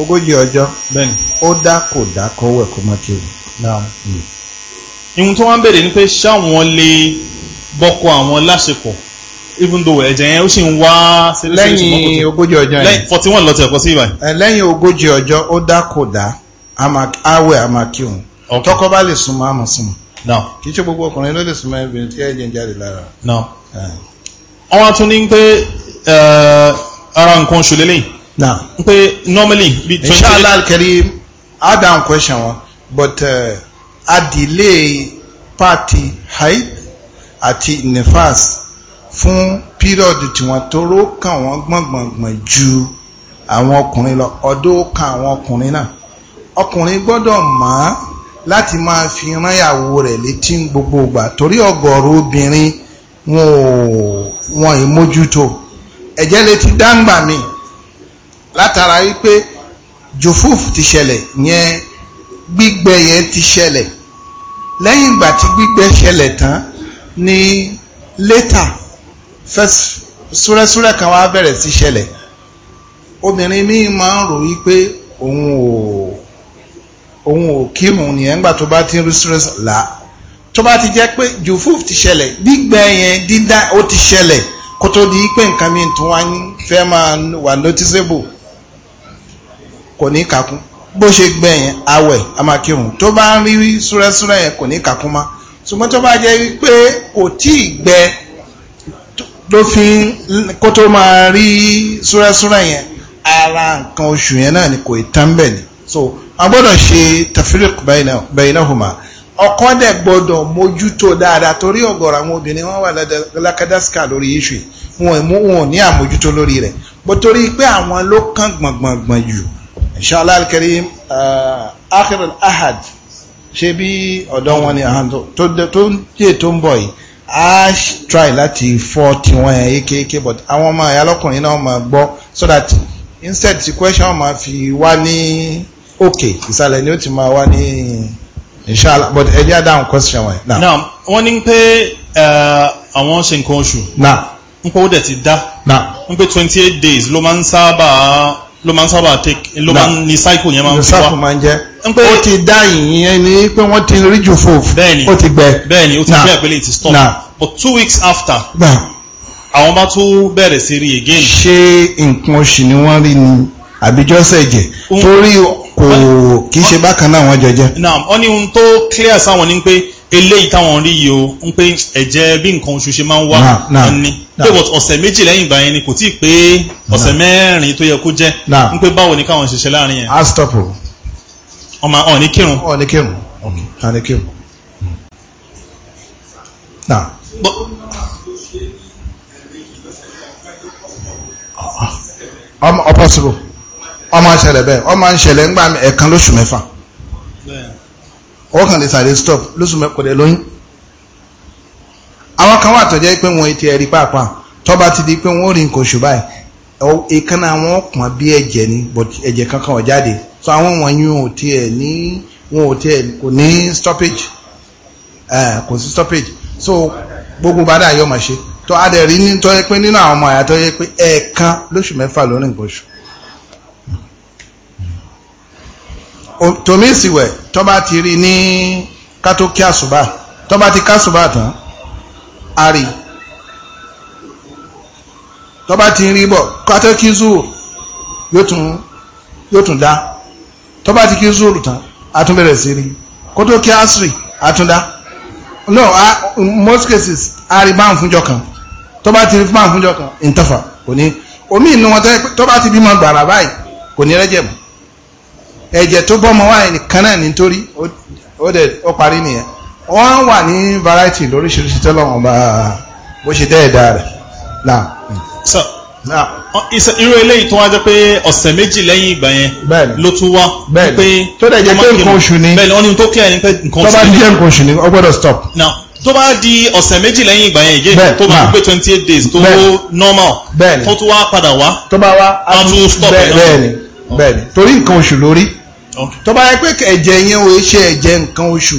ogójì ọjọ́ ó dá kò dá kọ́wọ́ ẹ̀kọ́ mọ́ kí o. ìhun tó wá ń bèrè ni pé ṣáwọn lè bọ́kọ àwọn láṣepọ̀ even though ẹ̀jẹ̀ yẹn ó sì ń wá. lẹ́yìn ogójì ọjọ́ yẹn forty one lọ́tẹ̀ ẹ̀kọ́ sí ibà. lẹ́yìn ogójì ọjọ́ ó dá kò dá àwẹ̀ àmàkíhun tọkọ bá lè súnmọ́ àmọ́ súnmọ́. kì í ṣe gbogbo ọkùnrin ló lè súnmọ́ ẹbìnrin tí ẹ̀jẹ̀ ń jáde lára. ọwọ́n tún ní pé ara nǹkan oṣù lélẹ́yìn. pé normally bí twenty. inshallah karim add down question wọn but uh, a delay party hype àti nefas fún pírọ̀dù tí wọ́n toró kàn wọ́n gbọ̀ngbọ̀ngbọ̀n ju àwọn ọkùnrin lọ ọdún kan àwọn ọkùnrin náà ọkùnrin gbọ́dọ̀ mọ̀ á láti máa fi rányàwó rẹ̀ létí gbogbo ìgbà torí ọ̀gọ̀rọ̀ obìnrin wọn ò wọn ì mójútó ẹ̀jẹ̀ létí dáńgbà mi látara wípé jòfúfù ti ṣẹlẹ̀ yẹn gbígbẹ yẹn ti ṣẹlẹ̀ lẹ́yìn ìgbà tí gbígbẹ ṣẹlẹ̀ tán ni létà first súrẹ́súrẹ́ kan wá bẹ̀rẹ̀ sí ṣẹlẹ̀ obìnrin míì máa ń rò wípé òun ò òun ò kírun nìyẹn nígbà tó bá ti ń rí súrẹ́súrẹ́ là tó bá ti jẹ́ pé jùfúf ti ṣẹlẹ̀ gbígbẹ́ yẹn dídá ó ti ṣẹlẹ̀ kó tó di pé nǹkan mi tó wá ń fẹ́ máa wà noticeable kò ní kakún bó ṣe gbẹ́ yẹn awẹ̀ a máa kírun tó bá ń rí súrẹ́súrẹ́ yẹn kò ní kakún mọ́ ṣùgbọ́n tó bá jẹ́ wípé kò tí ì ló fi kó tó máa rí súrásúrá yẹn ara nǹkan oṣù yẹn náà ni kò tán bẹ́ẹ̀ ni so a gbọ́dọ̀ ṣe tafiriq bainahuma ọkọ dẹ̀ gbọ́dọ̀ mójútó dáadáa torí ọ̀gọ̀rọ̀ àwọn obìnrin wọn wà lákàdásíkà lórí iṣu wọn ò ní àmójútó lórí rẹ̀ bó torí pé àwọn ló kàn gbọ̀ngbọ̀ngbọ̀n jù inshallah al-karim uh, akhir al-ahad ṣe bí ọ̀dọ́ wọn ni tó ń jẹ́ tó ń bọ̀ yìí a try láti fọ́ tiwọn yẹn yékéyéké but àwọn ọmọ ẹ̀yà lọ́kùnrin náà máa gbọ́ so that instead ti question máa fi wá ní òkè ìsàlẹ̀ ni ó ti máa wá ní inshallah but ẹ jẹ́ àdáhùn question wọn. now wọ́n ní pé àwọn ṣe nǹkan oṣù. now n kò dẹ̀ ti dá. now n pé twenty eight days ló máa ń sábà ló máa ń sábà take ló máa ń ní cycle yẹn máa ń fi wá ní cycle máa ń jẹ́ ó ti dá ìyẹn ni pé wọ́n ti rí jù fòf bẹ́ẹ̀ni ó ti gbẹ bẹ́ẹ̀ni ó ti gbẹ pé lè ti stop nah. but two weeks after àwọn bá tún bẹ̀rẹ̀ sí rí again. ṣé nǹkan oṣù ni wọ́n rí ni àbíjọ́sẹ̀ ẹ̀jẹ̀ torí kò kì í ṣe bákan náà wọ́n jọ jẹ́. now wọ́n ní ohun tó clear sáwọn ni pé eléyìí táwọn rí yìí o ń pé ẹ̀jẹ̀ bí nǹkan oṣù ṣe máa ń wá ní pé ọ̀sẹ̀ méjì lẹ́yìn ìgbà yẹn ni kò tí ì pé ọ̀sẹ̀ mẹ́rin tó yẹ kó jẹ́ ń pé báwo ni káwọn ṣiṣẹ́ láàrin yẹn. astopo. ọmọ ọ̀ní kírun. ọ̀ní kírun ọ̀ní kírun. ọmọ ọpọ ọmọ ń ṣẹlẹ̀ bẹ́ẹ̀ ọmọ ń ṣẹlẹ̀ ńgbà lóṣù mẹ́fà ọkàn lè sáré stop lóṣù mẹ́kọ̀dẹ̀ lóyún àwọn kan wà tó jẹ́ pé wọ́n ti ẹ̀rí pàápàá tó bá ti di pé wọ́n rí nǹkan oṣù báyìí èékánná wọn pọ̀n bí ẹ̀jẹ̀ ni but ẹ̀jẹ̀ kankan ò so àwọn wọ̀nyí ò tiẹ̀ ní wọn ò tiẹ̀ kò ní stoppage kò sí stoppage so gbogbo bàdà yóò máa ṣe tó adẹ̀rí ní tó yẹ pé nínú àwọn ọmọ àyà tó yẹ pé ẹ̀ẹ̀kan lóṣù mẹ́fà ló nǹkan oṣù tòmí ìsìwẹ̀ tọ́ba ti rí ní kátó kí àṣùbà tọ́ba ti kásùbà tán a rí tọ́ba ti rí bọ̀ kátó kí zuru yóò tún dá tọ́ba ti kí zuru tán a tún bẹ̀rẹ̀ sí rí kótó kí asiri a tún dá no a most cases a rí báwọn fúnjọ kan tọ́ba ti rí báwọn fúnjọ kan ìntàfà kò ní omi ìnú wọn tọ́ba ti bímọ gbàrà báyìí kò ní rẹ́jẹ̀ ẹ̀jẹ̀ tó bọ́mọ wá nìkan náà nítorí ó dẹ̀ ó parí nìyẹn wọ́n wà ní variety lóríṣiríṣi tọ́lọ́wọ́n bá bó ṣe dẹ́ ẹ̀dá rẹ̀ náà. sọ irú eléyìí tó wá jẹ́ pé ọ̀sẹ̀ méjì lẹ́yìn ìgbà yẹn ló tún wá pé tó dẹ̀ jẹ́ pé nǹkan oṣù ni bẹ́ẹ̀ ni wọ́n ní tó kílẹ̀ ni pé nǹkan oṣù ni tó bá jẹ́ nǹkan oṣù ni ó gbọ́dọ̀ stop. now tó bá di ọ̀sẹ̀ méjì lẹ́yìn ìgbà yẹn yé tó bá pé twenty eight days tó normal tó tún wá padà wá tó bá wá á tún stop ẹ̀ náà. bẹ́ẹ̀ ni bẹ́ẹ̀ ni torí nǹkan oṣù lórí tó bá yẹ pé ẹ̀jẹ̀ yẹn ò ṣe ẹ̀jẹ̀ nǹkan oṣù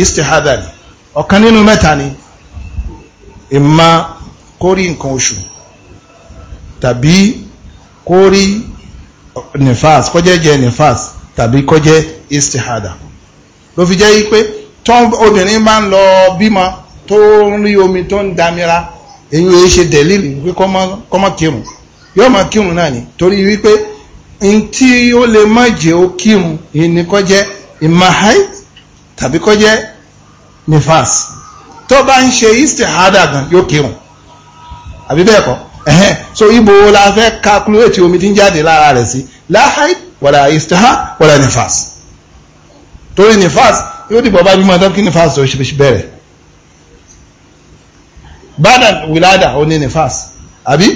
istihada ni ọ̀kan nínú mẹ́ta ni ìmá kórí nǹkan oṣù tàbí kórí nifas kọjẹ́ jẹ nifas tàbí kọjẹ́ istihada ló fi jẹ́ pé obìnrin bá ń lọ bímọ tó ń rí omi tó ń damira èyí ò ṣe dẹ̀lìlì wípé kọ́mọ kírun yóò kírun náà ni torí wípé ntí ó lè má jẹ́ ó kírun ìní kó jẹ́ ìmáháì tàbí kó jẹ́ nifas tó bá ń ṣe istihada gan yóò kírun àbí bẹ́ẹ̀ kọ́ ẹ̀hẹ́n so ibo la fẹ́ calculate omi tí ń jáde lára rẹ̀ sí láhàì wàlà istiha wàlà nifas torí nifas yóò dìbò bá bímọ tó kí nifas tó ṣe bẹ̀rẹ̀ badan wilada ó ní nifas àbí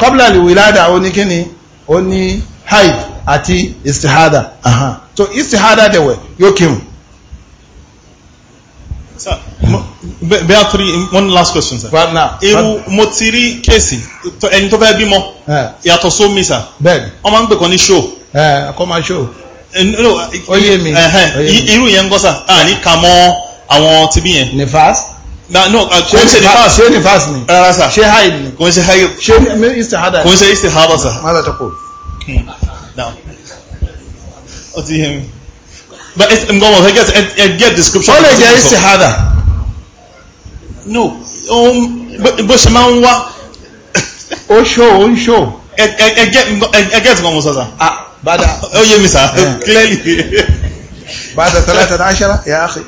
kọ́bílà lè wilada ó ní kíni ó ní haid àti istihada aha so istihada dẹ̀wẹ̀ yóò kírun. sir bí a torí one last question sir. right now irú mo ti rí kéèsì ẹni tó fẹ́ bímọ eh. yàtọ̀ sómi sir. bẹ́ẹ̀ni wọ́n máa ń pè kàn ní show. ẹ eh, kọ́ máa show. Eh, oyè mi irú yẹn ń gọ́ sà á ní ka mọ́ àwọn tibí yẹn. nifas. na no uh, kò ń ṣe nifas. ṣé nifas ni. rárá sà ṣé haid ni. kò ń ṣe haid. ṣé istihada. kò ń ṣe istihada sà. má Hmm. now o ti yẹ mi but nǹkan wọ̀n fẹ́ get ẹ get description. ó lè jẹ́ istihada. no um, bó ṣe máa ń wá. ó ṣó ó ń ṣó. ẹ ẹ get nǹkan wọ̀n sọ̀sà. ah bada. ó yé mi sá eh. clearly. bada tẹ́lẹ̀tẹ̀ náà ṣẹlá yà á fi.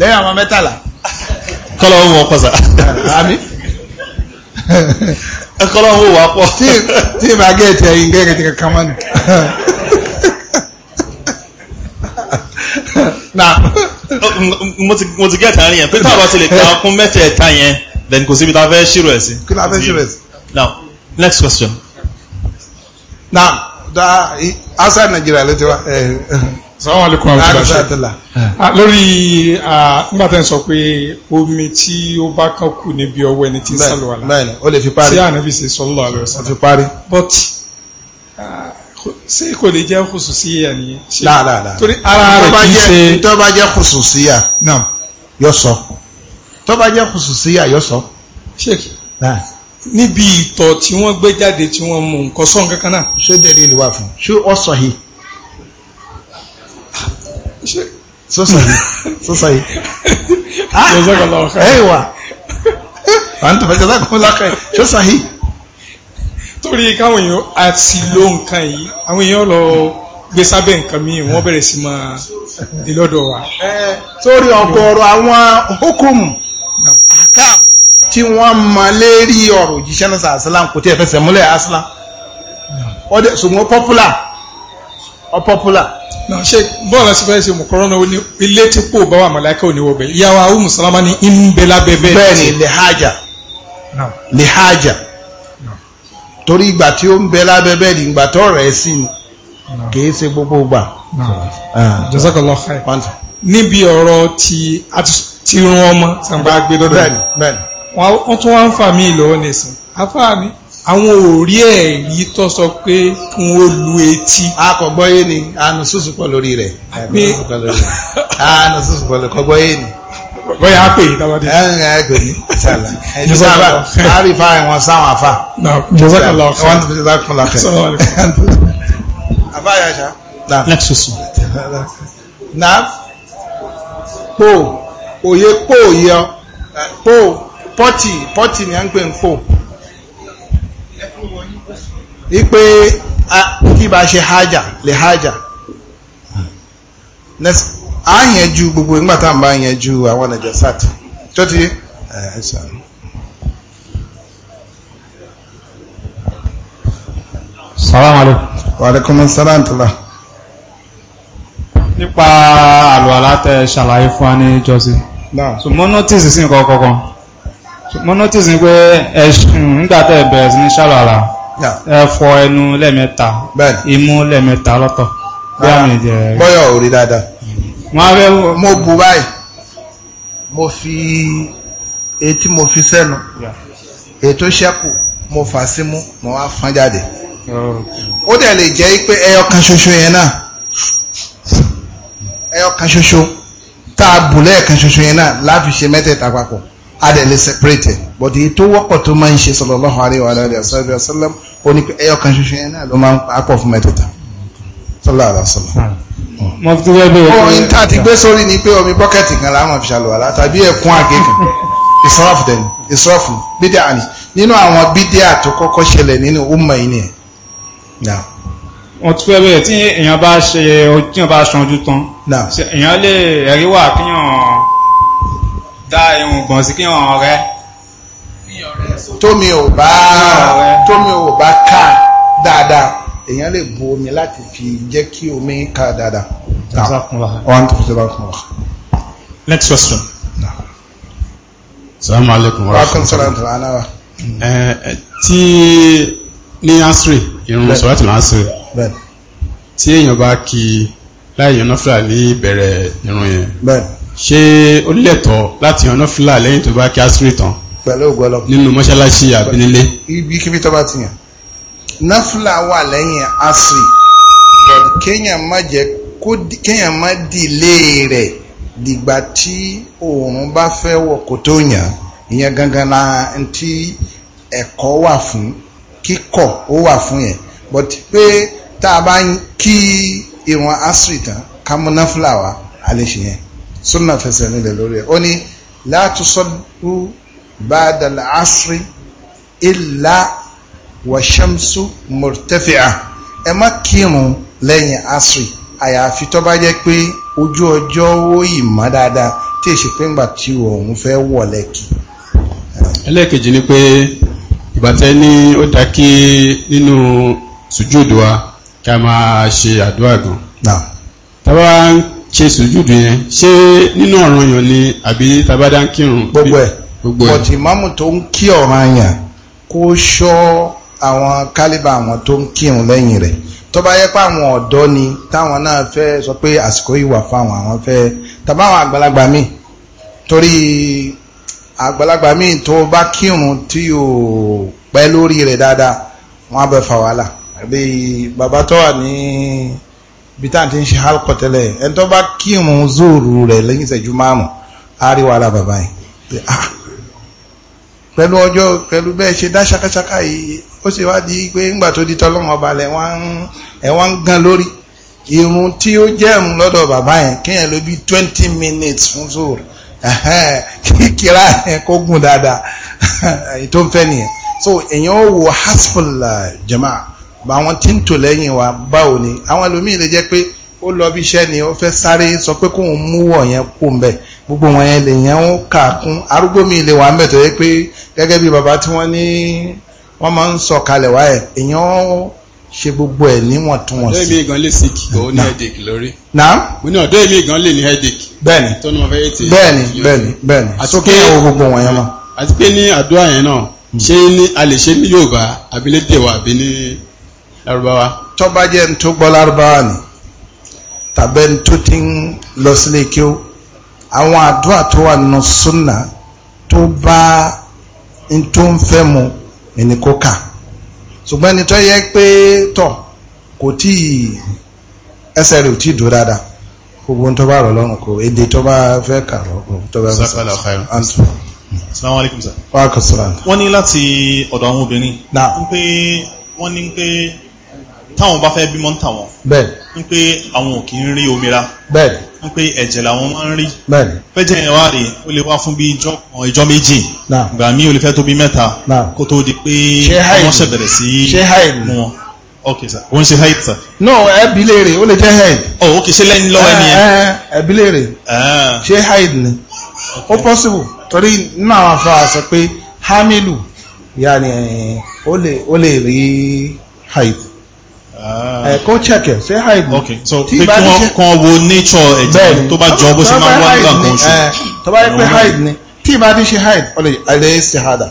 lẹ́yìn àwọn mẹ́tàlá. kọ́lọ̀ ó mú ọ kọ́ sá. àmì ẹkọ́lọ́ wò wá pọ̀. tí ìbá gẹ̀ẹ́tì ẹ̀yìn gẹ̀ẹ́tì kankan mọ́ ni. mo ti gẹ̀ẹ́tì àárín yẹn pé táwọn ti lè ta ọkùn mẹ́tẹ̀ẹ̀ta yẹn then kò síbi tá a fẹ́ ṣírò ẹ̀ sí. kí ló fẹ́ ṣírò ẹ̀ sí. now next question. now the outside Nigeria ló ti wá sàwọn àlekún àbúrò lórí ah, nígbà tẹ́ ń sọ pé omi tí ó bá kàn kù níbi ọwọ́ ẹni tí ń sàlùwàlà tí ànábì ṣe sallallahu alaihi wasallam but ah, ṣé kò lè jẹ́ khususiyya nìyẹn. láàlá torí ara rẹ̀ kì í ṣe. tó bá jẹ́ khususiyya yóò sọ tó bá jẹ́ khususiyya yóò sọ. sheik níbi ìtọ̀ tí wọ́n gbé jáde tí wọ́n mú nǹkan sọ̀n kankan náà. ṣé dẹ́rẹ́ ìlú wà fún ṣé ọ̀sán yìí sosai sosai aiwa an tafi jaza kuma lakai sosai torí káwọn èèyàn àti lo nǹkan yìí àwọn èèyàn lọ gbé sábẹ́ nǹkan míì wọ́n bẹ̀rẹ̀ sí máa dé lọ́dọ̀ wa. Eh, torí ọ̀gọ̀ọ̀rọ̀ àwọn hukum akam tí wọ́n mọ lérí ọ̀rọ̀ òjíṣẹ́ náà sàásìlám kò tí ẹ fẹsẹ̀ múlẹ̀ aslam ọdẹ ṣùgbọ́n popular ọ popular náà ṣe bọ́ọ̀lù ẹ̀sìn fẹ́ẹ́ ṣe mọ̀ kọ́rọ́nà ó ní ilé tí kò bá wà mọ̀láìkà ò ní wọ̀ bẹ́ẹ̀ ìyàwó àwọn mùsùlùmá ní ń bẹ lábẹ́ bẹ́ẹ̀. bẹ́ẹ̀ni lihaja lihaja torí ìgbà tí ó ń bẹ lábẹ́ bẹ́ẹ̀ ni ìgbà tó rẹ̀ sí ni kì ṣe gbogbo gbà. Ah. jazakallah khair níbi ọ̀rọ̀ ti rún ọmọ sàǹgbà gbẹdọ́dọ̀ wọ́n tún wá ń fà mí ìlọ́wọ́ nìsín afáàní àwọn òrí ẹ̀rí tó sọ pé kí wọ́n lu etí. a kò gbọ́ yé ni àánú sùsù pọ̀ lórí rẹ̀ àánú sùsù pọ̀ lórí kò gbọ́ yé ni. bóyá pè é tábàdé. ẹ ẹ ẹ kò ní sàlà ẹ jẹ sábà kárí fa ẹ̀wọ̀n sáwọn afa. jazakallah khair wọn ti fi jazakallah khair. àbá yà sá. next sùsù. na po Oye po yọ eh, po pọ́tì pọ́tì ni à ń pè ń po. a kí bá ṣe haja lè haja. a yẹnjú gbogbo ìgbàtà bá yẹnjú àwọn nàìjẹsàtì tó ti sàlámàlú wàlékúnmọ́ sàlámàtàlá nípa àlùwàlá tẹ ṣàlàyé fún wa ní jọ́sí so mo notice sí nǹkan kọ̀ọ̀kan mo notice ní pé ẹ̀ṣùn nígbà tẹ́ bẹ̀rẹ̀ sí ní ẹfọ ẹnu lẹ́mẹ́ta imú lẹ́mẹ́ta lọ́tọ̀ bí ah, àmì ìjẹ̀rẹ̀ bọ́yọ̀ orí dáadáa mo bù báyìí mo fi etí mo fi sẹ́nu ètò ṣẹ́kù mo fà sí mú mo wá fán jáde oh. ó dẹ̀ lè jẹ́ pé ẹyọ kan ṣoṣo yẹn náà ẹyọ kan ṣoṣo tá a bù lẹ́ẹ̀kan ṣoṣo yẹn náà láfi ṣe mẹ́tẹ̀ẹ̀ta papọ̀ adẹ̀ lè separate but èyí tó wọ́pọ̀ tó máa ń ṣe sallallahu alaihi wa alihi wasallam ó ní pé ẹyọ kan ṣoṣo yẹn náà ló máa ń pàápọ̀ fún mẹ́tẹ̀ẹ̀ta sallallahu alaihi wasallam. Ah. mo ti wẹ́ bẹ̀rẹ̀ pé. oyin tá a ti gbé sórí ni pé omi bọ́kẹ́tì kan la máa fi ṣàlùwàlá tàbí ẹ̀kún àgékàn <laughs> israf dẹni israf bídíà ni nínú àwọn umma yìí nìyẹn wọ́n tún fẹ́ bẹ̀rẹ̀ tí èèyàn bá ṣe ojú tí èèyàn bá ṣanjú tán èèyàn lè ẹ̀rí kíyàn dá irun gbọ̀n sí kí ọ̀ràn rẹ. tómi ò bá tómi ò bá ká dáadáa èèyàn lè bu omi láti fi jẹ́ kí omi ká dáadáa. next question. salamu alaikum wa rahmatulah. Eh, eh, tí ní asiri irun sọ̀rọ̀tì lásìrì tí èèyàn bá kí láì yọ̀nà fúlà ní ìbẹ̀rẹ̀ irun yẹn ṣé ó lẹ́tọ̀ọ́ láti yan náfìlà lẹ́yìn tó bá kí asiri tán pẹ̀lú ògbọ́lọ nínú mọ́ṣáláṣí àbínilé. ibi kíbi tó bá ti yàn náfìlà wà lẹ́yìn asiri but kéèyàn má jẹ́ kéèyàn má dìlé rẹ̀ dìgbà tí oòrùn bá fẹ́ wọ̀ kó tó yàn ìyẹn gangan la ti ẹ̀kọ́ wà fún kíkọ̀ ó wà fún yẹn but pé tá a bá kí ìrun asiri tán ká mú náfìlà wá a lè ṣe yẹn súnà fẹsẹ̀ nílẹ̀ lórí ẹ̀ ó ní látúsọ́dú bàdàlà asri ìlà wàṣẹ́mṣú mọ̀tẹ́fìà ẹ má kírun lẹ́yìn asri àyàfi tó bá jẹ́ pé ojú ọjọ́ ó yìí mọ́ dáadáa tí èsì pé ńgbà tí òun fẹ́ wọ̀ lẹ́kì. ẹlẹ́ẹ̀kejì ni pé ìbátẹ́ ní ó dá kí nínú sùjúdù kí a máa ṣe àdúrà gan. tá a bá ṣe sùjúdù yẹn ṣé nínú ọ̀ràn yàn ni àbí tabadá ń kírun. gbogbo ẹ bọ̀tì mọ́mù tó ń kí ọ̀ràn yàn kó ṣọ́ àwọn kálíbà àwọn tó ń kírun lẹ́yìn rẹ̀ tó bá yẹ pé àwọn ọ̀dọ́ ni táwọn náà fẹ́ sọ pé àsìkò yìí wà fáwọn àwọn fẹ́ tàbáwọn àgbàlagbà míì torí àgbàlagbà míì tó bá kírun tí yóò pẹ́ lórí rẹ̀ dáadáa wọ́n á bẹ fà wàhálà àbí bàbá ní bí tá à ń ti ń ṣe halkọ tẹ́lẹ̀ ẹni tó bá kírun zóòrù rẹ̀ lẹ́yìn ìṣẹ́jú márùn á rí wàhálà bàbá yìí pẹ̀lú ọjọ́ pẹ̀lú bẹ́ẹ̀ ṣe dá ṣakáṣaká yìí ó sì wá di pé ńgbà tó di tọ́lọ́mọ balẹ̀ ẹ̀wọ̀n ń gan lórí irun tí ó jẹ́ ìrun bàbá yẹn kéèyàn ló bí twenty minutes fún zóòrù kíkìrá yẹn kó gùn dáadáa <laughs> èyí tó ń fẹ́ nìyẹn so èèyàn ó wo hasbullah uh, jama'a bá wọn tí ń tò lẹ́yìn wa báwo ni àwọn ẹlòmíì lè jẹ́ pé ó lọ bí iṣẹ́ ni ó fẹ́ sáré sọ pé kóun mú wọ̀ yẹn kó ń bẹ̀ gbogbo wọn yẹn lè yẹn ń kà kún arúgbó mi lè wà ń bẹ̀ yẹ pé gẹ́gẹ́ bí bàbá tí wọ́n ní wọ́n máa ń sọ kalẹ̀ wá ẹ̀ èèyàn ṣe gbogbo ẹ̀ níwọ̀ntúnwọ̀nsì. ọ̀dọ́ èmi gan lè sick kò ní headache lórí. Na? mo ní ọ̀dọ́ èmi gan lè ní headache. bẹ́ẹ̀ni bẹ́ẹ̀ni bẹ́ẹ̀ni bẹ́ẹ̀ni àtúkẹ́ ìyàwó gbogbo wọn yẹn mọ́. àti pé ní àdúrà yẹn náà hmm. ṣé a lè ṣe ní Yorùbá àbí lédè wa àbí ní Lárúbáwá tó bá jẹ́ ní tó gbọ́ Lárúbáwá ni tàbẹ́ ní tó ti ń lọ sílé kí ó àwọn àdúrà tó wà nínú súnà tó bá ní tó ń fẹ́ mu ẹni kó kà ṣùgbọ́n ẹni tó yẹ pé tọ̀ kò tí ì ẹsẹ̀ rẹ̀ ò tí ì dúró dáadáa gbogbo ń tó bá rọ̀ lọ́rùn kò èdè tó bá fẹ́ kà lọ́rùn tó bá fẹ́ kà lọ́rùn. sir. Wọ́n ní láti ọ̀dọ̀ àwọn obìnrin. Náà. Wọ́n ní pé táwọn bá fẹ́ bímọ ń tà wọ́n. bẹ́ẹ̀. ń pé àwọn ò kì í rí omi ra. bẹ́ẹ̀. ń pé ẹ̀jẹ̀ làwọn máa ń rí. bẹ́ẹ̀. fẹ́jẹ̀ yẹn wá rèé ó lè wá fún bí ijọ́ méjì. náà mí ó lè fẹ́ tó bí mẹ́ta. kó tó di pé wọ́n ṣe bẹ̀rẹ̀ sí í. wọn. ok sir wọ́n ṣe haid sir. no ẹbí léèrè ó lè jẹ́ haid. oh ok ṣé lẹ́yìn lọ́wọ́ ẹni yẹn. Eh, eh, ẹbí léèrè ah. ṣé haid ni ó possible torí nínú àwọn afárá sọ pé hamilu yaani ó lè rí haid ẹ̀kọ́ ah. eh, chẹ̀kẹ̀ ṣé àìbù. ok so pé kí wọ́n kan wo nature ẹ̀jẹ̀ tó bá jọ bó ṣe máa wá nígbà kan oṣù. Eh, tó bá yẹ pé hide ni tí ìbá ti ṣe hide ọlẹ́ alẹ́ istihada.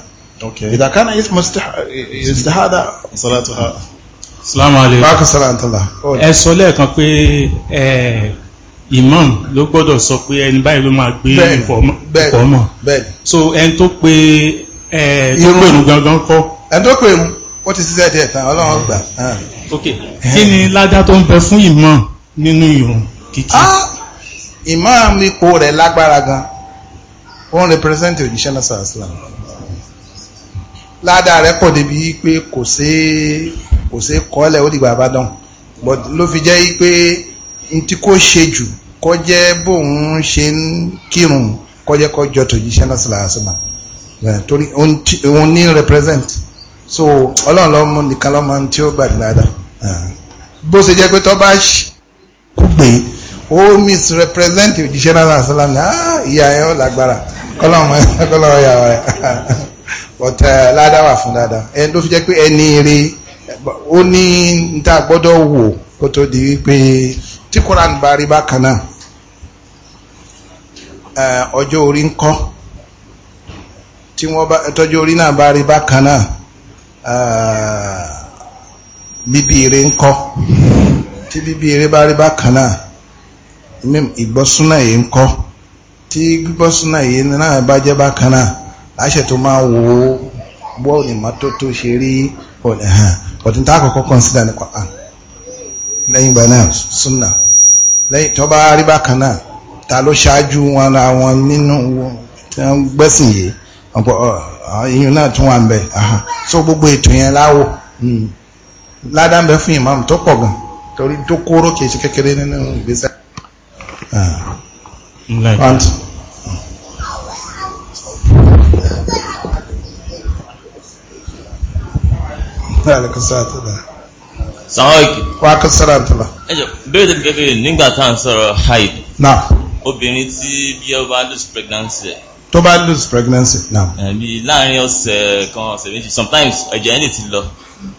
ok ìdàkánná ismu istihada. salatu ha. salamu alaykum. bákan salaam tala. Oh. ẹ sọ lẹ́ẹ̀kan pé eh, imam ló gbọ́dọ̀ sọ pé ẹni báyìí ló máa gbé ìfọ̀mọ̀ so ẹni tó pe ẹni tó pè ní gangan kọ́. ẹni tó pè ní wọ́n ti ṣiṣẹ́ díẹ̀ tán ọlọ́run gbà. Ah kí ni ládá tó ń bẹ fún ìmọ̀ nínú ìrun kíkí. Ah, ìmọ̀ mi kò rẹ̀ lágbára gan ó ń represent òjíṣẹ́ náà sàásìlá ládá rẹ̀ pọ̀ débi pé kò sí kò sí kọ́lẹ̀ ó dìgbà àbádàn but ló fi jẹ́ pé n tí kò ṣe jù kọ́ jẹ́ bóun ṣe ń kírun kọ́ jẹ́ kọ́ jọ tòjíṣẹ́ náà sàásìlá eh, torí òun ní represent so ọlọ́run lọ́mọ nìkan lọ́mọ tí ó gbàdúrà dáa. bó ṣe jẹ́ pé tó bá kú gbé ó misrepresent òjíṣẹ́ náà sálám ní ah, ìyá ẹ̀ ọ́ lágbára kọ́lọ́mọ kọ́lọ́mọ yà but eh, ládàá wà fún dáadáa ẹni tó fi jẹ́ pé ẹni rí ó ní níta gbọ́dọ̀ wò kó tó di wípé tí Quran bá rí bákan náà eh, ọjọ́ orí bíbí ire ń kọ́ tí bíbí ire bá rí bákan náà ìgbọ́súnà yìí ń kọ́ tí gbígbọ́súnà yìí náà bá jẹ́ bákan náà láṣẹ tó máa wò ó bọ́ ìmọ́tótó ṣe rí ọ̀lẹ̀ hàn ọ̀tún tá àkọ́kọ́ consider ní pàpà lẹ́yìn ìgbà náà súnà lẹ́yìn tó bá rí bákan náà ta ló ṣáájú wọn ra wọn nínú tí wọ́n gbẹ́sìn yìí ọ̀pọ̀ ìyún náà tún wà ń bẹ̀ so gbogbo ètò yẹn láwò. Hmm ládàá ń bẹ fún ìmáàmù tó pọ̀ gan torí tó kóró kìí ṣe kékeré nínú ìgbésẹ̀. sàwọ́ọ̀kì. wà á kọ́ sára àtàlà. ẹ jọ béèrè gẹ́gẹ́ nígbà tá à ń sọ̀rọ̀ haid. na. obìnrin tí bí ó bá lose pregnancy. tó bá lose pregnancy na. ẹ̀bi láàrin ọ̀sẹ̀ kan ọ̀sẹ̀ méjì sometimes ẹ̀jẹ̀ ẹni ti lọ.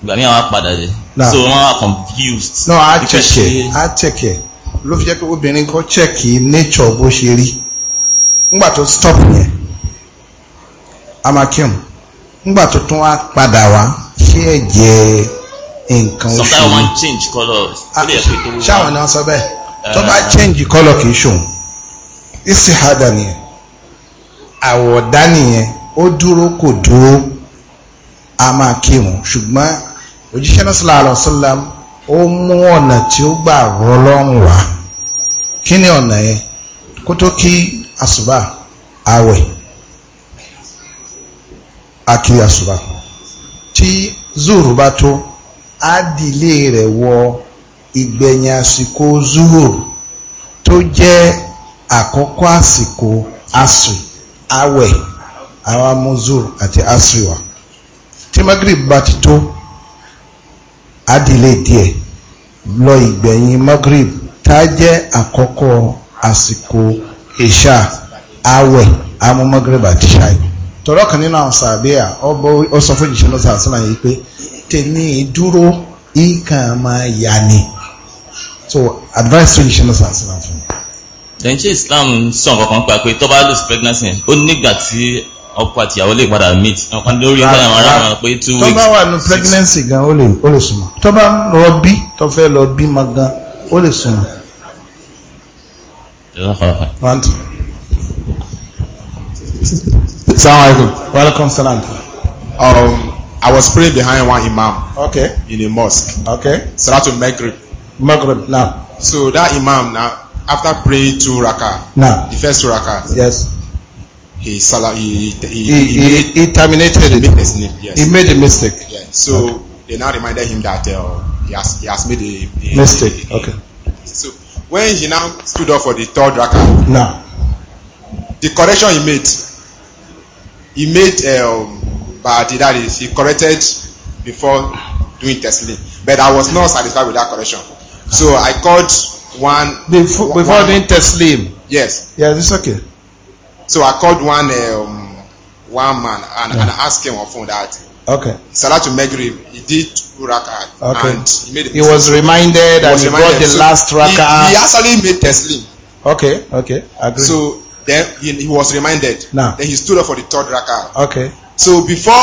gbà mí àwọn apàdà dé so wọ́n wà confused. no a cheke a cheke ló fi jẹ́ pé obìnrin kan chẹ̀kì nature bó ṣe rí ngbà tó stop yẹn amakem ngbà tó tún wá padà wá ṣé nǹkan oṣù. sometimes wan change colour. Ah, ṣáwọn náà sọ bẹ́ẹ̀ eh. tó bá change colour kì í ṣòun ìsìhádà nìyẹn àwọ̀dá nìyẹn ó dúró kò dúró. a máa kírun ṣùgbọ́n òjíṣẹ́ náà sallallahu alaihi wasallam ó mú ọ̀nà tí ó gbà rọ lọ́rùn wá kí ni ọ̀nà yẹn kó tó kí àsùbà àwẹ̀ àkí àsùbà tí zuru bá tó á dìlé rẹ̀ wọ ìgbẹ̀yìn àsìkò zuru tó jẹ́ àkọ́kọ́ àsìkò asri àwẹ̀ àwọn amúzù àti asri tí magrib bá ti tó adìlé díẹ̀ lọ ìgbẹ̀yìn magrib tá a jẹ́ àkọ́kọ́ àsìkò ìṣá àwẹ̀ amú magrib àti ṣáì tọ̀rọ̀ kan nínú àwọn sàbíà ó sọ fún ìṣẹ́ lọ́sà àṣìlá yìí pé tèmi dúró ìkàn máa yà ni so advice fún ìṣẹ́ lọ́sà àṣìlá fún mi. lẹ́yìn Islam sọ̀rọ̀ kan pa pé tó bá pregnancy ó nígbà tí ọkọ àtìyàwó lè padà meet ọkàn lórí ọkọ àwọn wọn pé two weeks. tó bá wà ní pregnancy gan ó lè ó lè súnmọ́ tó bá lọ bí tó fẹ́ lọ bí ma gan ó lè súnmọ́. salaam welcome salam. Um, I was praying behind one imam. Okay. In a mosque. Okay. Salatu Maghrib. Maghrib now. So that imam now after praying two raka. Now. The first two raka. Yes he salary he he, he, he, he, made, he terminated he made it. Name, yes. He made a mistake. Yeah. So okay. they now reminded him that uh, he has he has made a, a mistake. A, okay. So when he now stood up for the third rakah, uh, now the correction he made, he made um, but that is he corrected before doing testing, but I was not satisfied with that correction. So I called one before, before one, doing testing. Yes. Yeah, it's okay. So I called one um, one man and, yeah. and asked him for that. Okay. Salah Salatul Maghrib, he did two rak'ah. Okay. And he made He was reminded and he brought the so last rak'ah. He, he actually made Teslim. Okay, okay, agree. So then he, he was reminded. Now. Then he stood up for the third rak'ah. Okay. So before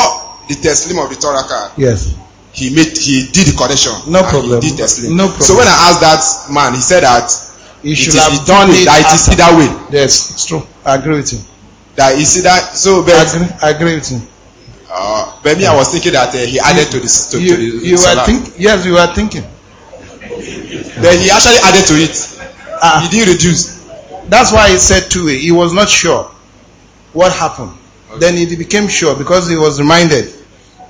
the Teslim of the third rak'ah. Yes. He made, he did the correction. No problem. He did Teslim. No problem. So when I asked that man, he said that It should it have done it. That it is either way. Yes, it's true. I agree with you. That is either so. But I agree, I agree with you. Uh, but me, I was thinking that uh, he added you, to this to, you, to the. You were thinking. Yes, you were thinking. Then he actually added to it. Uh, he didn't reduce. That's why he said two way. He was not sure what happened. Okay. Then he became sure because he was reminded.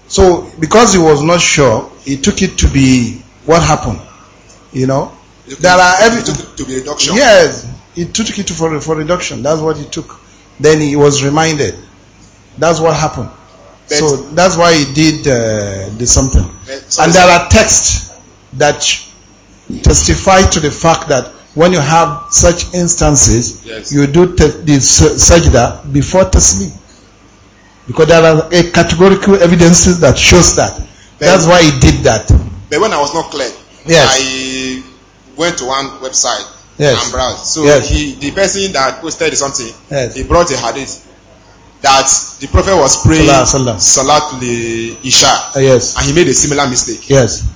So because he was not sure, he took it to be what happened. You know, there are every took to be reduction. Yes, he took it for for reduction. That's what he took. Then he was reminded. That's what happened. But, so that's why he did uh, did something. But, and there are texts that testify to the fact that when you have such instances, yes. you do the sajda before taslim. Because there are a categorical evidences that shows that. But, that's why he did that. But when I was not clear, yes. I went to one website yes. and browsed. So yes. he, the person that posted something, yes. he brought a hadith that the prophet was praying Salah, Salah. Salat Isha. Uh, yes. And he made a similar mistake. Yes.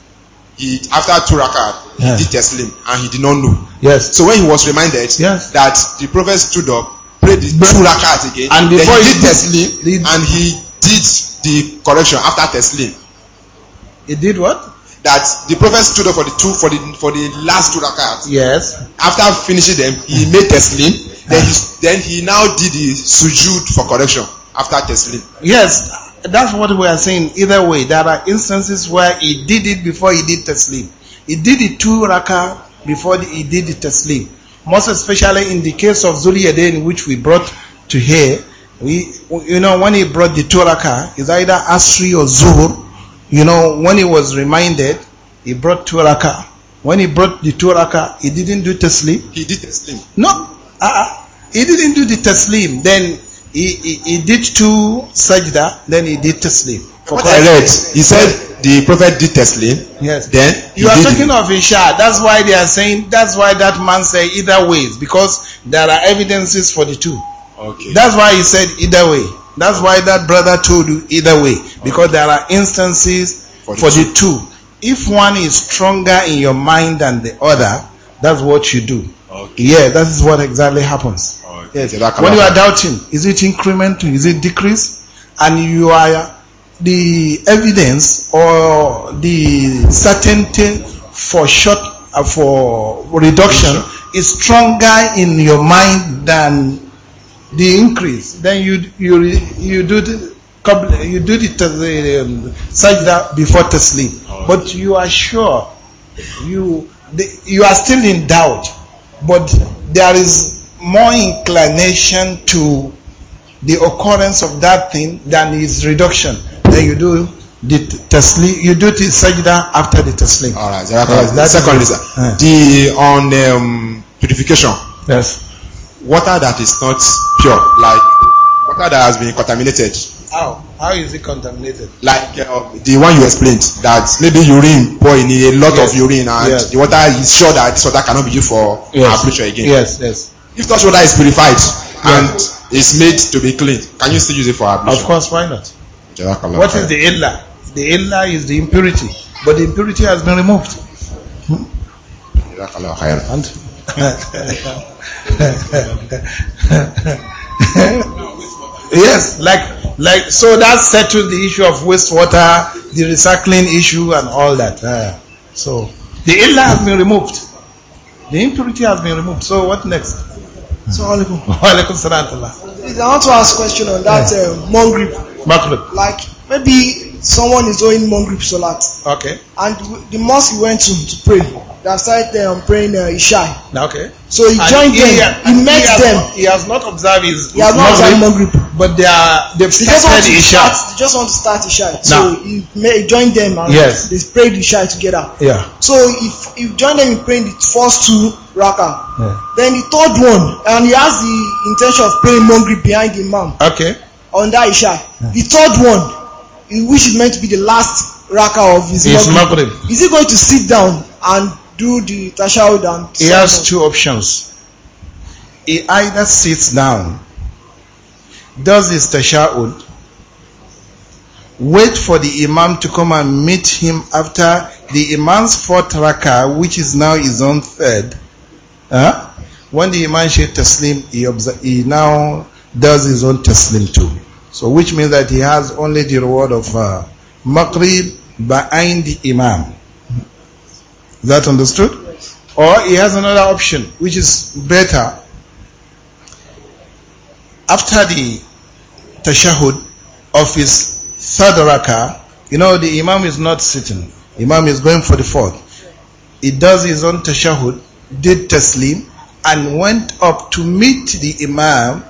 He, after two rakat, yeah. he did Teslim and he did not know. Yes. So when he was reminded yes. that the prophet stood up, prayed the two rakat again, and before he did Teslim, and he did the correction after Teslim. He did what? that the prophet stood up for the two for the for the last two rakats. Yes. After finishing them, he made teslim. Then he then he now did the sujud for correction after teslim. Yes, that's what we are saying. Either way, there are instances where he did it before he did taslim. He did the two rakat before he did the taslim. Most especially in the case of Zuliyadin, which we brought to here, we, you know, when he brought the two rakat, it's either Asri or Zuhur, You know, when he was reminded, he brought two rakah. When he brought the two rakah, he didn't do taslim. He did taslim. No, uh, he didn't do the taslim. Then he, he, he did two sajda, then he did taslim. What I read, he said the prophet did taslim. Yes. Then you are talking it. of Isha. That's why they are saying. That's why that man said either ways because there are evidences for the two. Okay. That's why he said either way. That's why that brother told you either way, because there are instances for the, for the two. two. If one is stronger in your mind than the other, that's what you do. Okay. Yeah, that is what exactly happens. Okay. Yes. When you are doubting, is it incrementing? Is it decrease? And you are the evidence or the certainty for short uh, for reduction is stronger in your mind than the increase, then you you you do the you do the um, sajda before taslim, right. Oh, but you are sure you the, you are still in doubt, but there is more inclination to the occurrence of that thing than its reduction. Then you do the taslim, you do the sajda after the taslim. All right, so that, yes, that secondly, the on um, purification. Yes water that is not pure, like water that has been contaminated. How? How is it contaminated? Like uh, the one you explained, that maybe urine pour in a lot yes. of urine and yes. the water is sure that this water cannot be used for yes. ablution again. Yes, yes. If such water is purified yes. and is made to be clean, can you still use it for ablution? Of course, why not? What is the illa? The illa is the impurity, but the impurity has been removed. Hmm? <laughs> yes, like like so that settles the issue of wastewater, the recycling issue, and all that. Uh, so the illa has been removed, the impurity has been removed. So what next? So <laughs> I want to ask a question on that yeah. uh, mongrel. Like maybe someone is doing mongrel Salat. Okay. And the mosque he went to to pray, they side started um, praying uh, Isha. Okay. So he joined he, them, he, he met he them. Not, he has not observed his He has not observed Maghrib. But they are, They they started Isha. Start, they just want to start Isha. So he, may, he joined them and yes. they prayed Isha together. Yeah. So if you join them in praying the first two raka, yeah. then the third one, and he has the intention of praying mongrel behind the Imam. Okay. Under that Isha. Yeah. The third one, which is meant to be the last raka of his, his maghrib. Is he going to sit down and do the tashahud and? He has two options. He either sits down, does his tashahud, wait for the imam to come and meet him after the imam's fourth raka, which is now his own third. Huh? When the imam says taslim, he, he now does his own taslim too. So which means that he has only the reward of uh, Maqrib behind the Imam. Is that understood? Or he has another option, which is better. After the tashahud of his third rakah, you know the Imam is not sitting. Imam is going for the fourth. He does his own tashahud, did taslim, and went up to meet the Imam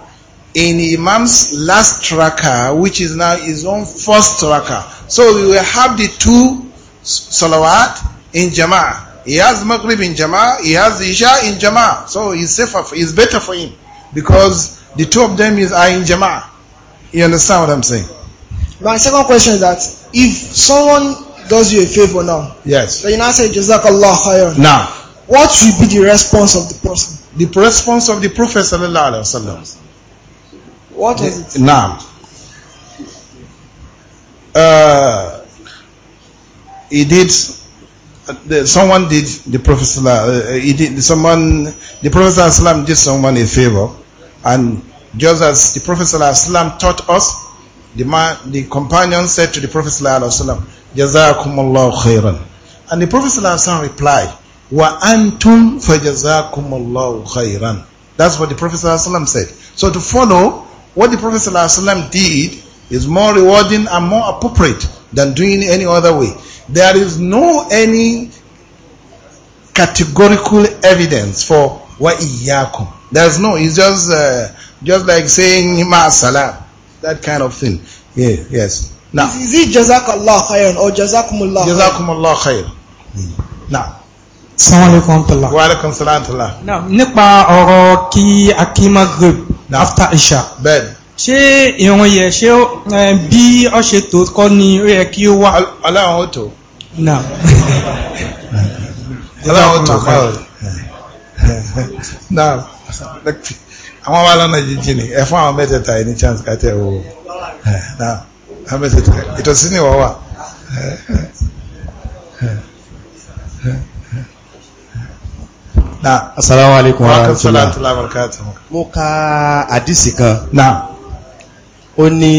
in Imam's last rakah, which is now his own first rakah. So we will have the two salawat in jama'ah. He has Maghrib in jama'ah, he has Isha in jama'ah. So it's safer, for, it's better for him because the two of them is, are in jama'ah. You understand what I'm saying? My second question is that if someone does you a favor now, yes, then you now say Jazakallah khair. Now, what should be the response of the person? The response of the Prophet sallallahu alaihi wasallam. What is it? Eh, naam. Uh, he did. someone did the Prophet. Uh, he did someone. The Prophet did someone a favor, and just as the Prophet taught us, the man, the companion said to the Prophet "Jazakumullah khairan," and the Prophet replied, "Wa antum fajazakumullah khairan." That's what the Prophet said. So to follow What the Prophet ﷺ did is more rewarding and more appropriate than doing any other way. There is no any categorical evidence for wa iyyakum. There's no, it's just uh, just like saying ma salam, that kind of thing. Yeah, yes. Now, is, is it jazakallah khairan or jazakumullah? Jazakumullah khair. Hmm. Now, sanwó-alẹ́kọ̀ọ́ntọ́lá. wàhálẹ́kọ̀ọ́ntọ́lá. nípa ọ̀rọ̀ kí akimaghrib after isha. bẹ́ẹ̀ni. ṣé ìrun yẹ ṣé bí ọ ṣe tó kọ́ ni ó yẹ kí ó wá. ọlọ́run ó tó. na <laughs> ọlọ́run ó tó báwo na <laughs> àwọn wa lọ́nà jíjìn ni ẹ fún àwọn mẹ́tẹ̀ẹ̀ta ẹni chance kàtẹ́ o na àwọn mẹ́tẹ̀ẹ̀ta ìtòsí ni wọ́n wà. <laughs> na assalamu alaikum wa rahmatullahi wa barakatuh mo ka àdìsí kan na o ni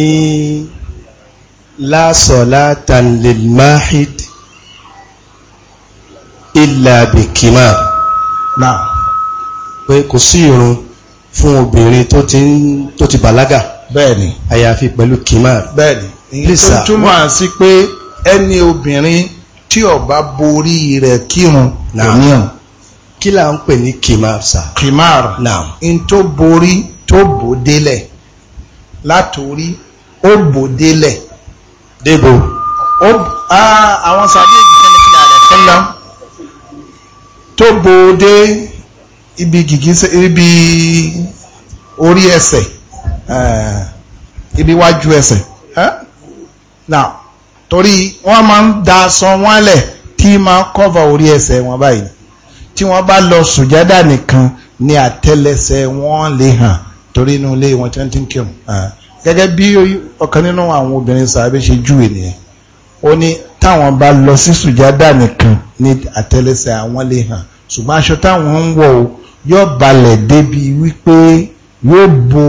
la salatan lil mahid illa kima. na pé kò sí ìrun fún obìnrin tó ti bàlágà bẹ́ẹ̀ni àyàfi pẹ̀lú kima bẹ́ẹ̀ni èyí tó túmọ̀ sí pé ẹni obìnrin tí ó bá borí rẹ̀ kírun kò níhun kí là ń pè ní kimar sa. kimar naam n tó borí tó bò délẹ̀ látòrí ó bò délẹ̀. débo. ó àwọn sàbí èyí fẹ́ni fi àlẹ́ fọ́nà tó bò dé ibi gìgísẹ̀ ibi orí ẹsẹ̀ eh, ibi wájú ẹsẹ̀ now torí wọ́n máa ń da aṣọ wọn lẹ̀ tí máa kọ́va orí ẹsẹ̀ wọn báyìí tí wọ́n bá lọ sùjádà nìkan ni àtẹ́lẹsẹ̀ wọ́n lè hàn torí inú ilé wọn tí wọ́n ti ń kírun ah, gẹ́gẹ́ bí ọ̀kan nínú àwọn obìnrin sàbẹ̀ ṣe júwe nìyẹn ó ní táwọn bá lọ sí sùjádà nìkan ni àtẹ́lẹsẹ̀ àwọn lè hàn ṣùgbọ́n aṣọ táwọn ń wọ̀ o yóò balẹ̀ débi wípé yóò bo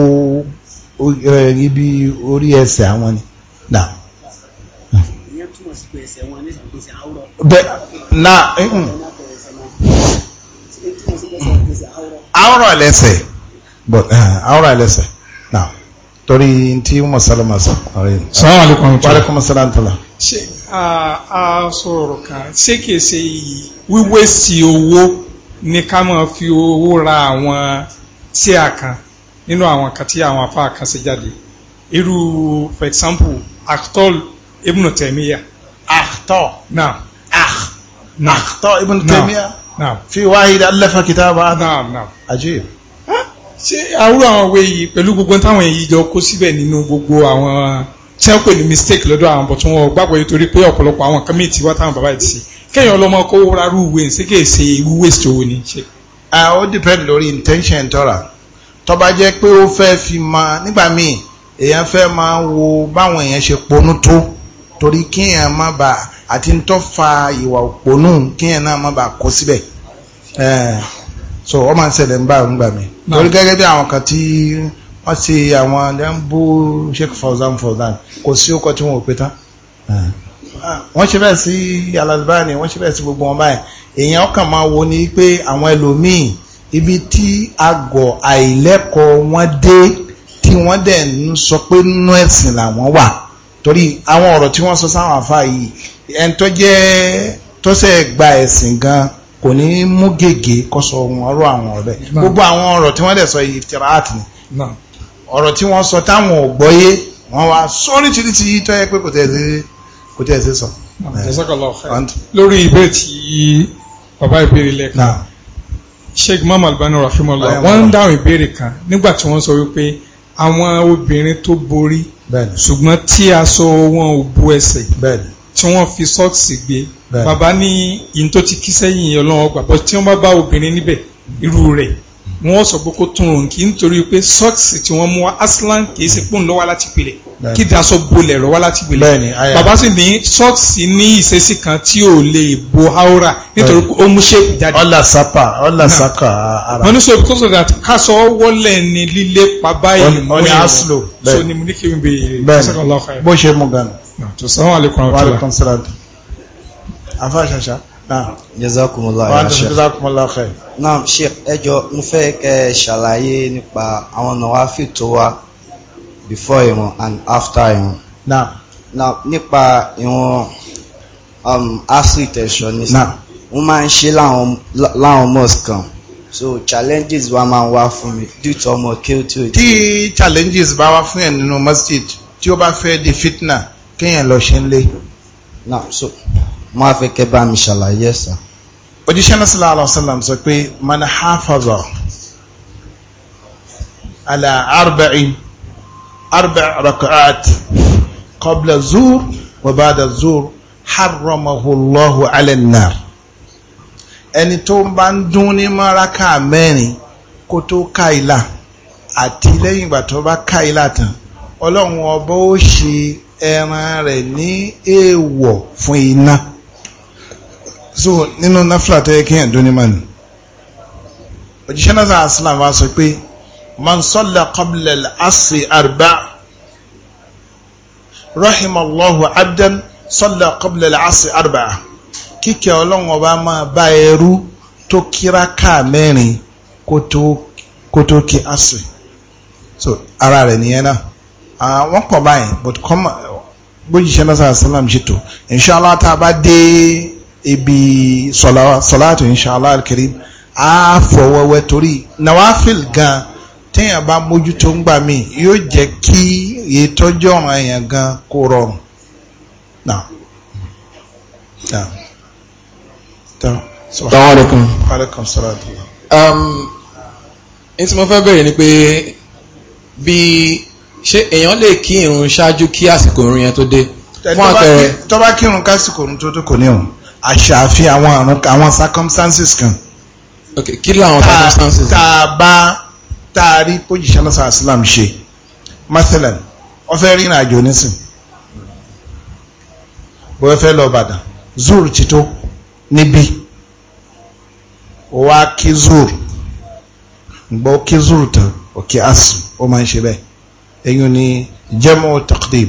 eh, ibi orí ẹsẹ̀ àwọn ni. na àwòrán lẹ́sẹ̀ but eh, àwòrán lẹ́sẹ̀ now torí tí mo sálọ́mà sọ. sàlámàlíkùn sàlám tọ́lá. ṣé a sọ̀rọ̀ kan ṣé kìí ṣe wíwé sí owó ní ká máa fi owó ra àwọn tí a kan nínú àwọn kan tí àwọn afá kan ṣe jáde irú for example actor Ibn Taymiyyah. actor. now. actor Ibn Taymiyyah. Naam. Fi wahid allafa kitaba. Naam, naam. Ajib. Ṣé àwúrò àwọn òwe yìí pẹ̀lú gbogbo táwọn èyí jọ kó síbẹ̀ nínú gbogbo àwọn tí wọ́n pè ní mistake lọ́dọ̀ àwọn bọ̀ tí wọ́n gbàgbọ́ yìí torí pé ọ̀pọ̀lọpọ̀ àwọn kan mìíràn ti wá táwọn bàbá ìdí sí. Kéèyàn lọ́mọ kó rárá ìwé ṣé kì í irú waste owó ni. Ó depend lórí intention tọ́ra. Tó bá jẹ́ pé ó fẹ́ fi máa nígbà míì èèyàn fẹ́ máa wo báwọn èèyàn ṣe ponú tó torí kéèyàn má bàa àti ń tọ́ fa ìwà òpònú kíyàn náà má bàa kó síbẹ̀ eh, so wọ́n máa ń ṣẹlẹ̀ ń bá òun gbà mí lórí gẹ́gẹ́ bí àwọn kan tí wọ́n ti àwọn dẹ́nbó sheikh fauzan fauzan kò sí ó kọ́ tí wọ́n ò pé tán eh. wọ́n ṣe bẹ́ẹ̀ sí Al-Albani wọ́n ṣe bẹ́ẹ̀ sí gbogbo wọn báyìí èèyàn kàn máa wo ni pé àwọn ẹlòmíì ibi tí àgọ̀ àìlẹ́kọ̀ọ́ wọn dé tí wọ́n dẹ̀ ń sọ pé nú làwọn wà torí àwọn ọ̀rọ̀ tí wọ́n sọ sáwọn àfa yìí ẹni tó jẹ́ tọ́sẹ̀ gba ẹ̀sìn gan kò ní mú gègé kó sọ ohun ọ̀rọ̀ àwọn ọ̀rẹ́ gbogbo àwọn ọ̀rọ̀ tí wọ́n dẹ̀ sọ yìí iftiraat ni ọ̀rọ̀ tí wọ́n sọ táwọn ò gbọ́yé wọ́n wá sórí títí tí tọ́ yẹ pé kò tẹ̀ sí kò tẹ̀ sí sọ. lórí ìbéèrè tí bàbá ìbéèrè lẹ́ẹ̀kan Sheikh Muhammad Albani rahimahullah wọ́n ń dáhùn ìbéèrè kan nígbà tí wọ́n sọ wípé àwọn obìnrin tó borí ṣùgbọ́n tí aṣọ wọn ò bo ẹsẹ̀ tí wọ́n fi sọ́ọ̀sì gbé bàbá ní ìyìn tó ti kí sẹ́yìn ọlọ́wọ́ gbà bọ́ tí wọ́n bá bá obìnrin níbẹ̀ irú rẹ̀ wọ́n sọ pé kó tún ròhùn kí nítorí pé sọ́ọ̀sì tí wọ́n mú wa aslan kì í ṣe pọ́n lọ́wọ́ láti pilẹ̀ kí daṣọ bolẹ̀ rọ́wọ́ láti pilẹ̀ bàbá sì ní sọ́ọ̀sì ní ìṣesí kan tí ò lè bo aura nítorí pé ó mú ṣéèpù jáde. ọ̀là sápà ọ̀là sákà ara. wọ́n ní sọ pé kóso that káṣọ wọlé ní lílé pàbá ìlú mọ́yà so ni mo ní kí n bè é. bẹ́ẹ̀ni bó ṣe mú gan. assalamu alaikum Naam Sheikh ẹjọ́ mo fẹ́ kẹ́ ṣàlàyé nípa àwọn nàwáfì tó wá before ìwọ̀n and after ìwọ̀n. Naam. Naam nípa ìwọ̀n um, asri tẹ̀sán ní sí. Naam. Wọ́n máa ń ṣe láwọn mosque kan so challenges wa máa ń wá fún mi due to ọmọ kí ó tí ó. Tí challenges bá wá fún yẹn nínú masjid tí ó bá fẹ́ di fitna kéèyàn lọ ṣe ń lé. Naam so mo á fẹ́ kẹ́ bá mi ṣàlàyé ẹ̀sán òjíṣẹ́ náà sallallahu alaihi wasallam sọ pé man hafaza ala arba'in arba' raka'at qabla zuhr wa ba'da zuhr haramahu Allahu ala nar ẹni tó bá ń dún ní mọ́ráká mẹ́rin kó tó ká ìlà àti lẹ́yìn ìgbà tó bá ká ìlà tán ọlọ́run ọba ó ṣe ẹran rẹ̀ ní èèwọ̀ fún iná so nínú náfìlà tó yẹ kí yẹn dún ní mànì òjíṣẹ́ náà sàn aslam wa sọ pé man salla qabla al-asri arba rahimallahu abdan salla qabla al-asri arba kíkẹ́ ọlọ́run ọba máa bá ẹrú tó kíráká mẹ́rin kó tó kí asri so ara rẹ̀ nìyẹn náà àwọn kọ̀ báyìí but bójìṣẹ́ náà sàn aslam ṣètò inshallah tá a bá dé ibi sọ̀láàtù inṣàlá alkirim a fọwọ́wẹ́ torí nawafil gan téèyàn bá mójútó ń gbà mí yóò jẹ́ kí ìtọ́jú ọ̀ràn èèyàn gan kó rọrùn. Assalamualaikum. Alaikum salaam. Um, ní tí mo fẹ́ bẹ̀rẹ̀ ni pé bí ṣé èèyàn lè kí irun ṣáájú kí àsìkò irun yẹn tó dé. Fún àpẹẹrẹ. Tó bá kírun kásìkò irun tó dé kò ní òun àṣàfi àwọn àrùn àwọn circumstances kan. ok kí làwọn circumstances. tá a bá tá a rí pójìṣẹ́ lọ́sà islam ṣe mathalan wọ́n fẹ́ rìnrìn àjò nísìn bóyá fẹ́ lọ Ìbàdàn zur ti tó níbí wá kí zur gbọ́ kí zur tán òkè asùn ó máa ń ṣe bẹ́ẹ̀ eyín ni jẹ́mọ́ taqdim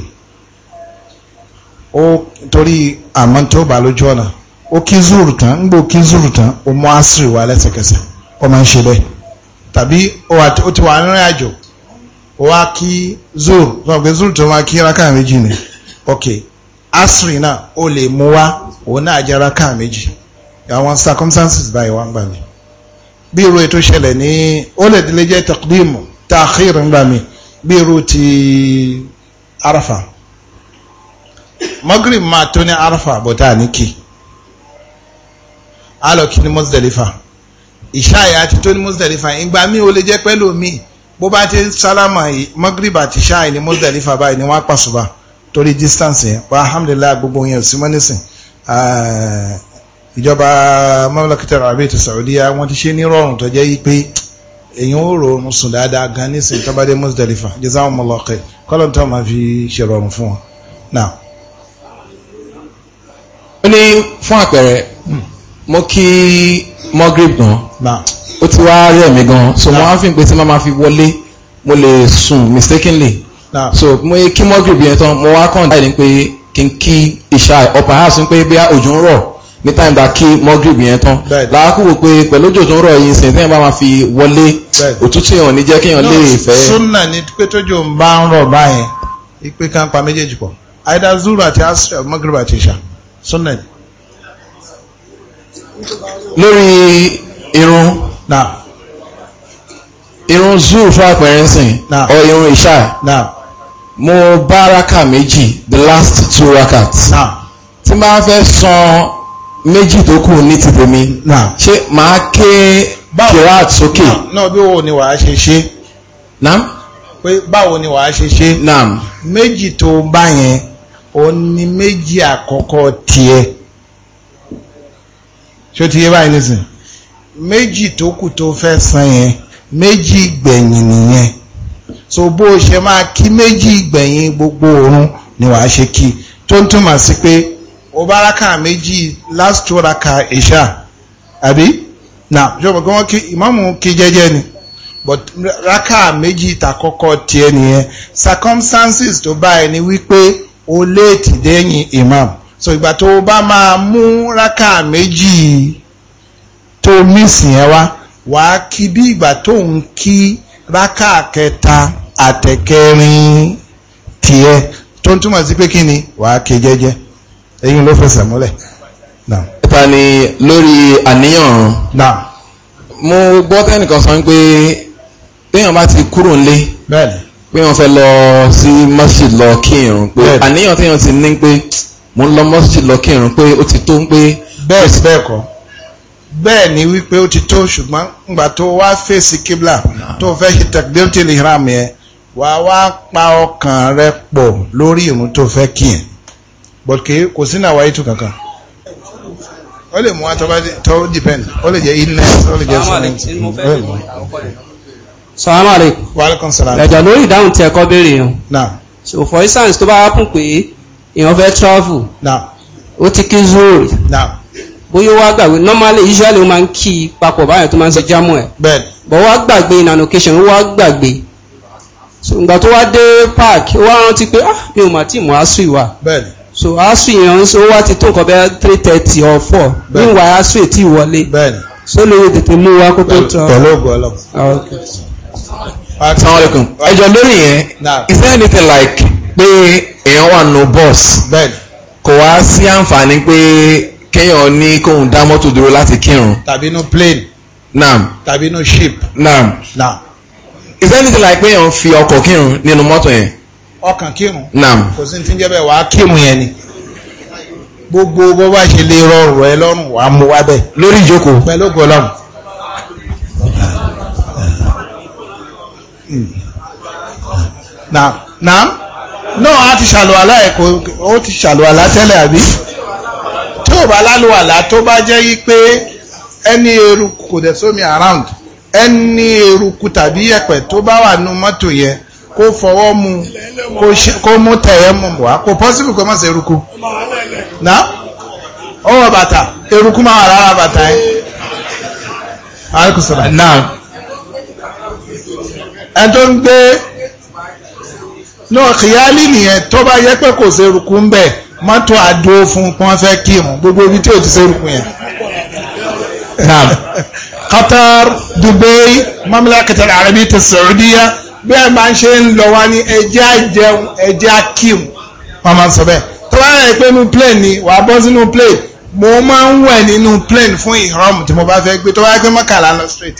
ó torí àmọ́ tó bá lójú ọ̀nà oke zurutan ngbe oke zurutan omo asiri wa lẹsẹkẹsẹ o ma n ṣe tabi o ti wa rin ajo o wa ki zuru o ma gbe zurutan o meji ni ok asiri naa o le mu wa o naa jẹ raka meji awọn circumstances bayi wa ngba mi bi iru eto ṣẹlẹ ni o le dile jẹ takdimu taakiri ngba mi bi iru ti arafa magrib ma to ni arafa bota ni á lọ kí ní Muzdalifa ìṣá ìyá ti tó ní Muzdalifa ìgbà mi ò lè jẹ́ pẹ́lú mi bó bá ti sálámà Maghrib àti ṣá ní Muzdalifa báyìí ni wọ́n á pàṣùbà torí distance yẹn wà alhamdulilayi gbogbo yẹn ò sí mọ́ nísìn ìjọba mamlakatar abiyatu Saudiya wọ́n ti ṣe ní rọrùn tó jẹ́ yí pé èyàn ó rọrùn sùn dáadáa gan nísìn tó bá dé Muzdalifa ó ní fún àpẹẹrẹ mo kí mogrib gan ó ti wá rẹ̀ mí gan so mo á fi pé tí má máa fi wọlé mo lè sùn mistakenly so mo kí mogrib yẹn tán mo wá kàn dáìní pé kí n kí ìṣá ọ̀pá house pé bí òjò ń rọ̀ ní time da kí mogrib yẹn tán làákùwò pé pẹ̀lú òjò tó ń rọ̀ yìí sìn tí yẹn bá máa fi wọlé òtútù yẹn ní jẹ́ kí yẹn lè fẹ́. súnà ni pé tójò ń bá ń rọ̀ báyẹn ìpè kan pa méjèèjì pọ̀ àìdá zuru àti asra mogrib àti ìṣá lórí irun na irun zoo fún àpẹẹrẹ nsìn na ọ irun ìṣá na mo bá raka méjì the last two rakats na tí n bá fẹ́ san méjì tó kù ní ti tèmi na ṣé màá ké kirat sókè. náà bí wo ni wàá ṣe ṣe. naam. pé báwo ni wàá ṣe ṣe. naam. méjì tó bá yẹn òun ni méjì àkọ́kọ́ tiẹ̀ ṣé o ti yé báyìí nísìn méjì tó kù tó fẹ́ san yẹn méjì gbẹ̀yìn nìyẹn so bó o ṣe máa kí méjì gbẹ̀yìn gbogbo oorun ni wàá ṣe kí tó ń túmọ̀ sí pé o bá raka méjì last two raka ìṣá àbí na ṣé o mọ̀ pé wọ́n kí ìmáàmù kí jẹ́jẹ́ ni but raka méjì ìtàkọ́kọ́ tiẹ̀ nìyẹn circumstances tó báyìí ni wípé o léètì dẹ́yìn ìmáàmù so ìgbà tó o bá máa mú rákà méjì tó mísìn ẹ wá wàá kí bí ìgbà tó ń kí rákà kẹta àtẹ̀kẹrin tiẹ̀ tó ń túmọ̀ sí pé kí ni wàá ké jẹ́jẹ́ ẹ̀yin ló fẹsẹ̀ múlẹ̀. ìta ni lórí àníyàn mo gbọ́ tẹ́nìkan sọ pé téèyàn bá ti kúrò ńlé pé wọ́n fẹ́ lọ sí masjid lọ kírun pé àníyàn téèyàn ti ní pé mo ń lọ mọ́sí lọ kírun pé ó ti tó ń pé. bẹ́ẹ̀ sí bẹ́ẹ̀ kọ́ bẹ́ẹ̀ ni wípé ó ti tó ṣùgbọ́n ngbà tó wá fèsì kíblà tó fẹ́ ṣe takbiratul ihram yẹn wà wá pa ọkàn rẹ pọ̀ lórí ìrun tó fẹ́ kí yẹn but kò sí náà wáyé tó kankan ó lè mú wa tó depend ó lè jẹ́ illness ó lè jẹ́ something ó lè mú salaam aleykum wa aleykum lórí ìdáhùn tí ẹ̀kọ́ béèrè yẹn so for instance tó bá wá pùn èèyàn fẹ́ travel ó ti kí zoro bóyá wá gbàgbé normally usually ó máa ń kí i papọ̀ báyọ̀ tó máa ń ṣe jámù ẹ̀ but wá gbàgbé in an occasion ó wá gbàgbé so ìgbà tó wá dé park ó wá rántí pé ah mi ò mà tí mọ̀ asu ìwà so asu ìyẹn ó wá ti tó nǹkan bẹ́ẹ̀ three thirty or four níwà asu ètí ìwọlé so ló lè tètè mú wa kó tó tọ́ pẹ̀lú ògùn ọlọ́run. Ah, Assalamu alaikum ẹjọ lórí yẹn is there anything like pé èèyàn wà nù bọ́ọ̀sì kò wá sí àǹfààní pé kéèyàn ní kóun dá mọ́tò dúró láti kírun. tàbí inú plane. naam. tàbí inú ship. naam. naam. is there anything like pé èèyàn fi ọkọ̀ kírun nínú mọ́tò yẹn. ọkàn kírun. naam. kò sí ní tí ń jẹ́ bẹ́ẹ̀ wàá kírun yẹn ni gbogbo bó bá ṣe lè rọrùn ẹ lọ́rùn wà mú wá bẹ̀. lórí ìjókòó. pẹ̀lú gọlọ́mù. naam naam. náà a ti ṣàlùwàlá ẹ̀kọ́ ó ti ṣàlùwàlá tẹ́lẹ̀ àbí tí ò bá lálùwàlá tó bá jẹ́ yí ẹni eruku kò dẹ̀ sómi around ẹni eruku tàbí yẹ̀pẹ̀ tó bá wà nú mọ́tò yẹn kó fọwọ́ mu kó mú wá kò pọ́sibú kó eruku ná bàtà eruku máa wà bàtà yẹn. Náà. Ẹ tó ń náà kìyálì nìyẹn tó bá yẹ pé kò serukú ń bẹ̀ mọ́tò àdó fún pọ́n fẹ́ kírun gbogbo ibi tí ò ti serukú yẹn. Qatar Dubai Mamlakat al-Arabiyyah as-Saudiyyah bí ẹ máa ń ṣe ń lọ wá ní ẹjẹ́ àjẹun ẹjẹ́ àkírun wọ́n máa sọ bẹ́ẹ̀ tó bá yẹ pé inú plane ni wàá bọ́ sínú plane mo máa ń wẹ̀ nínú plane fún ìhọ́mù tí mo bá fẹ́ gbé tó bá yẹ pé mọ́kànlá lọ straight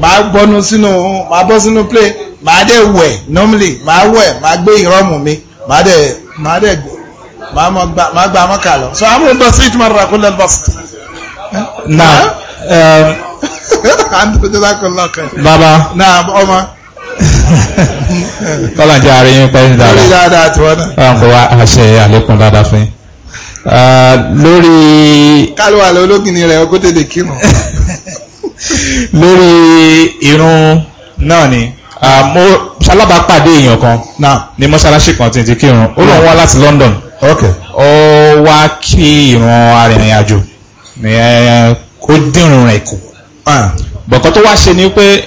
máa bọ́nu sínú máa bọ́ sínú plane máa dẹ̀ wẹ̀ normally máa wẹ̀ máa gbé ìrọ́mù mi máa dẹ̀ máa dẹ̀ máa gba mọ́kà lọ so àwọn ọmọ street man rà kúlẹ̀ bọ́st. na baba na ọmọ. <laughs> kọ́lá ń jẹ́ àárín yín pẹ́ dáadáa. lórí dáadáa tiwọn náà. ọ̀rọ̀ kò wá àṣẹ àlékún dáadáa fún yín. Uh, lórí. kálíwà lọ ológìnrin rẹ̀ ọgọ́tẹ̀lẹ̀ kírun. <laughs> lórí irun náà ni mo ṣalábàápàdé èèyàn kan ní mọ́ṣáláṣí kan tí n ti kírun ó lóun wá láti London ó wá kí irun arìnrìn àjò kó dínrùn rẹ̀ kù ah. bọ̀kọ́ tó wá ṣe ni pé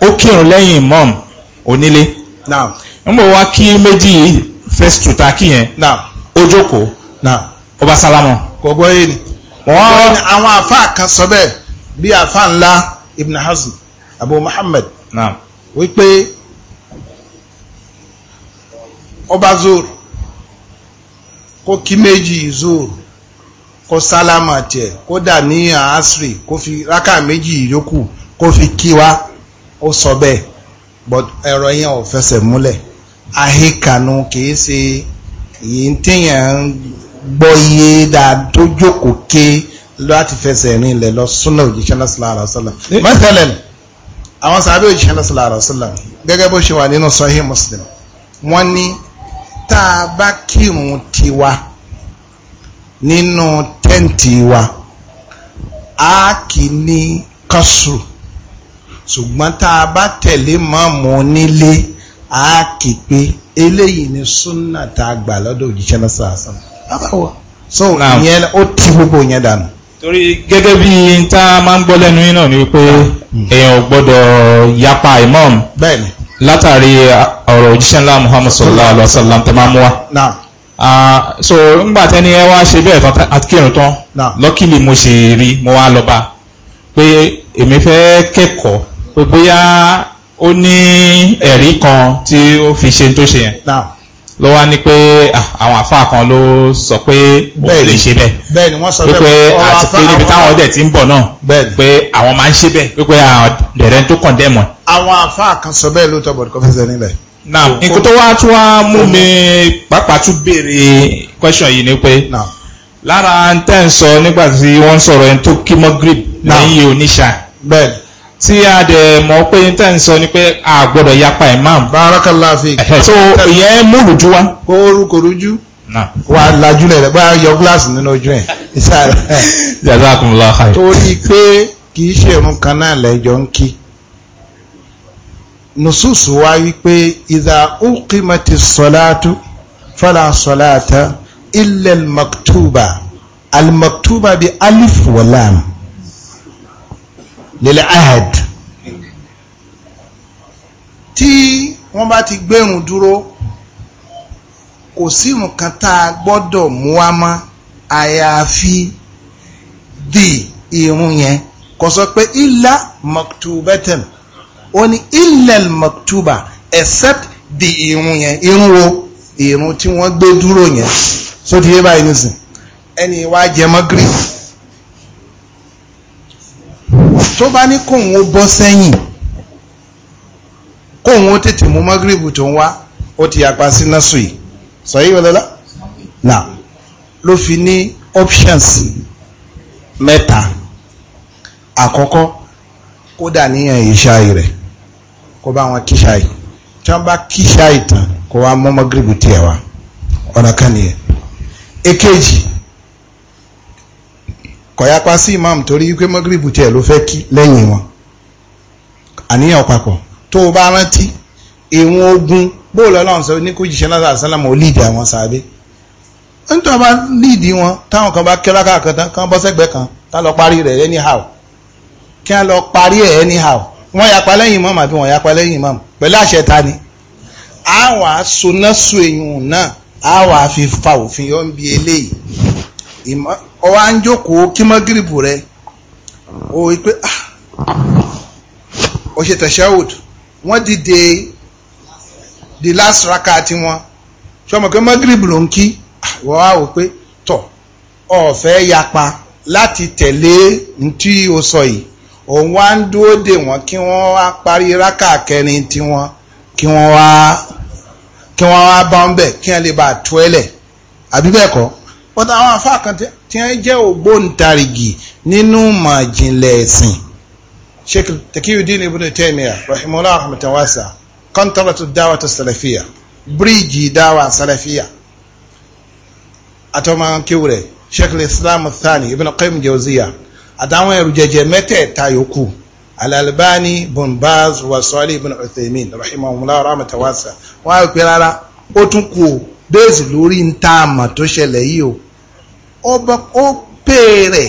ó kírun lẹ́yìn imam onílé ń bọ̀ wá kí méjì first two ta kí yẹn ó jókòó ó bá sálámọ̀. kò gbọ́ ni àwọn àfáà kan sọ bẹ́ẹ̀. bí àfá ńlá ibn hazm abu muhammad na wípé ọba zoro kó kí méjì zoro kó sálámà jẹ kó dà ní àásìrì kó fi rákà méjì yòókù kó fi kí wa ó sọ bẹ́ẹ̀ but ẹrọ yẹn ò múlẹ̀ ahíkanu kìí ṣe èyí ń iye dáa láti fẹsẹ̀ rìn lẹ̀ lọ súnà òjíṣẹ́ náà sallallahu alaihi wasallam mọ́tẹ́lẹ̀ àwọn sàbẹ̀ òjíṣẹ́ náà sallallahu alaihi wasallam gẹ́gẹ́ bó ṣe wà nínú sahih muslim wọ́n ní tá a bá kírun tiwa nínú tẹ́ǹtì wa a kì ní kọ́sù ṣùgbọ́n tá a bá tẹ̀lé mọ́ọ̀mù nílé a kì pé eléyìí ni súnà tá a gbà lọ́dọ̀ òjíṣẹ́ náà sallallahu alaihi wasallam so ìyẹn ó ti gbogbo yẹn dànù torí gẹ́gẹ́ bí n tá máa ń gbọ́ lẹ́nu yín náà ni wípé ah. hmm. èèyàn ò gbọ́dọ̀ yapa imam látàrí ọ̀rọ̀ òjíṣẹ́ ńlá muhammad sallallahu alaihi wasallam tó máa mú wa. Ah, so ńgbà tẹ́ni ẹ wá ṣe bẹ́ẹ̀ tán àti kírun tán lọ́kìlì mo ṣe rí mo wá lọ bá pé èmi fẹ́ kẹ́kọ̀ọ́ pé bóyá ó ní ẹ̀rí kan tí ó fi ṣe tó ṣe yẹn ló wá ní pé àwọn àfáà kan ló sọ pé òun lè ṣe bẹ́ẹ̀ bẹ́ẹ̀ ni wọ́n sọ bẹ́ẹ̀ wípé àti pé níbi táwọn ọdẹ ti ń bọ̀ náà pé àwọn máa ń ṣe bẹ́ẹ̀ wípé àwọn dẹ̀rẹ́ tó kàn dẹ̀ mọ́. àwọn àfáà kan sọ bẹ́ẹ̀ lóòótọ́ bọ̀dù kọ́fẹ́sẹ̀ nílẹ̀. náà nǹkan tó wá tún wá mú mi pàápàá tún béèrè question yìí ni pé lára tẹ́ ń sọ nígbà tí wọ́n sọ̀rọ̀ ẹni tó kí mọ́ grip lẹ́yìn oníṣà. bẹ́ẹ̀ tí a dẹ̀ mọ̀ pé n tẹ́ ń sọ ni pé a gbọ́dọ̀ yapa imam. barakallahu fik. so ìyẹn múlùdú wa. orúkọ rújú. wà á lajú lẹ̀ bá yọ gíláàsì nínú ojú ẹ̀. jazakumullahu khair. torí pé kì í ṣèrun kan náà lẹ́jọ́ ń kí. nususu wa wípé idha uqimati salatu fala salata illa al-maktuba al alif wa lẹ́lẹ́ ahad tí wọ́n bá ti gbẹ̀rùn dúró kò sí nǹkan tá a gbọ́dọ̀ mú wá mọ́ àyàfi di irun yẹn kò sọ pé illa maktubatan ó ní illa maktuba except di irun yẹn irun wo irun tí wọ́n gbé dúró yẹn sódìyẹ báyìí nìsín ẹni wá jẹ mọ́ greek tó bá ní kóhun ó bọ́ sẹ́yìn kóhun ó tètè mú mọ́gírìbù tó ń wá ó ti yapa sí násù yìí sọ yìí wọlé lá nà ló fi ní options mẹ́ta àkọ́kọ́ kó dà níyàn ìṣáì rẹ̀ kó bá wọn kíṣáì tí wọ́n bá kíṣáì tán kó wá mú mọ́gírìbù tiẹ̀ wá ọ̀nà kan nìyẹn èkejì kọ̀yapa sí imam torí wípé mọ́gírìbù tiẹ̀ ló fẹ́ kí lẹ́yìn wọn àníyàn papọ̀ tó o bá rántí ìwọ̀n ogun bóòlù ọlọ́run sọ ní kó jíṣẹ́ náà sàlámù ó líìdì àwọn sàábé nítorí bá líìdì wọn táwọn kan bá kẹ́lá káàkan tán kán bọ́ sẹ́gbẹ̀ẹ́ kan tá lọ parí rẹ̀ anyhow kí wọ́n lọ parí ẹ̀ anyhow wọ́n yapa lẹ́yìn imam àbí wọ́n yapa lẹ́yìn imam pẹ̀lú àṣẹ ta ni àwọn asonáṣu èèyàn náà àwọn àfi fa òfin yọ ń bi eléyìí ọwá ń jókòó kí mọ́gìrìbù rẹ o pé o ah, ṣe tashahud wọ́n dìde the last raka ti wọn ṣọmọ pé mọ́gìrìbù ló ń kí ah, wọ́n á wò pé tọ̀ ọ̀fẹ́ yapa láti tẹ̀lé ntí o sọ yìí òun wá ń dúró dè wọ́n kí wọ́n wá parí raka kẹrin tiwọn kí wọ́n wá kí wọ́n wá bá ń bẹ̀ kí wọ́n lè bá tú ẹlẹ̀ àbí bẹ́ẹ̀ kọ́ wọ́n ta àwọn àfáà kan tí wọ́n jẹ́ ògbóǹtarìgì nínú màjìnlẹ̀ ẹ̀sìn sheikh takiyuddin ibn taymiya rahimahullah rahmatan wasa kọ́ńtọ́rọ̀tù dáwà tó sàlàfíà bíríìjì dáwà sàlàfíà àtọ́mọ kíw rẹ̀ sheikh islam thani ibn qayyim jawziya àtàwọn ẹrù jẹjẹ mẹ́tẹ̀ẹ̀ta yòókù alalbani bin baz wa salih ibn uthaymin wọ́n á pè rárá ó tún kú bẹ́ẹ̀sì lórí ń tá a mà tó ṣẹlẹ̀ yìí o ọba ó pè rẹ̀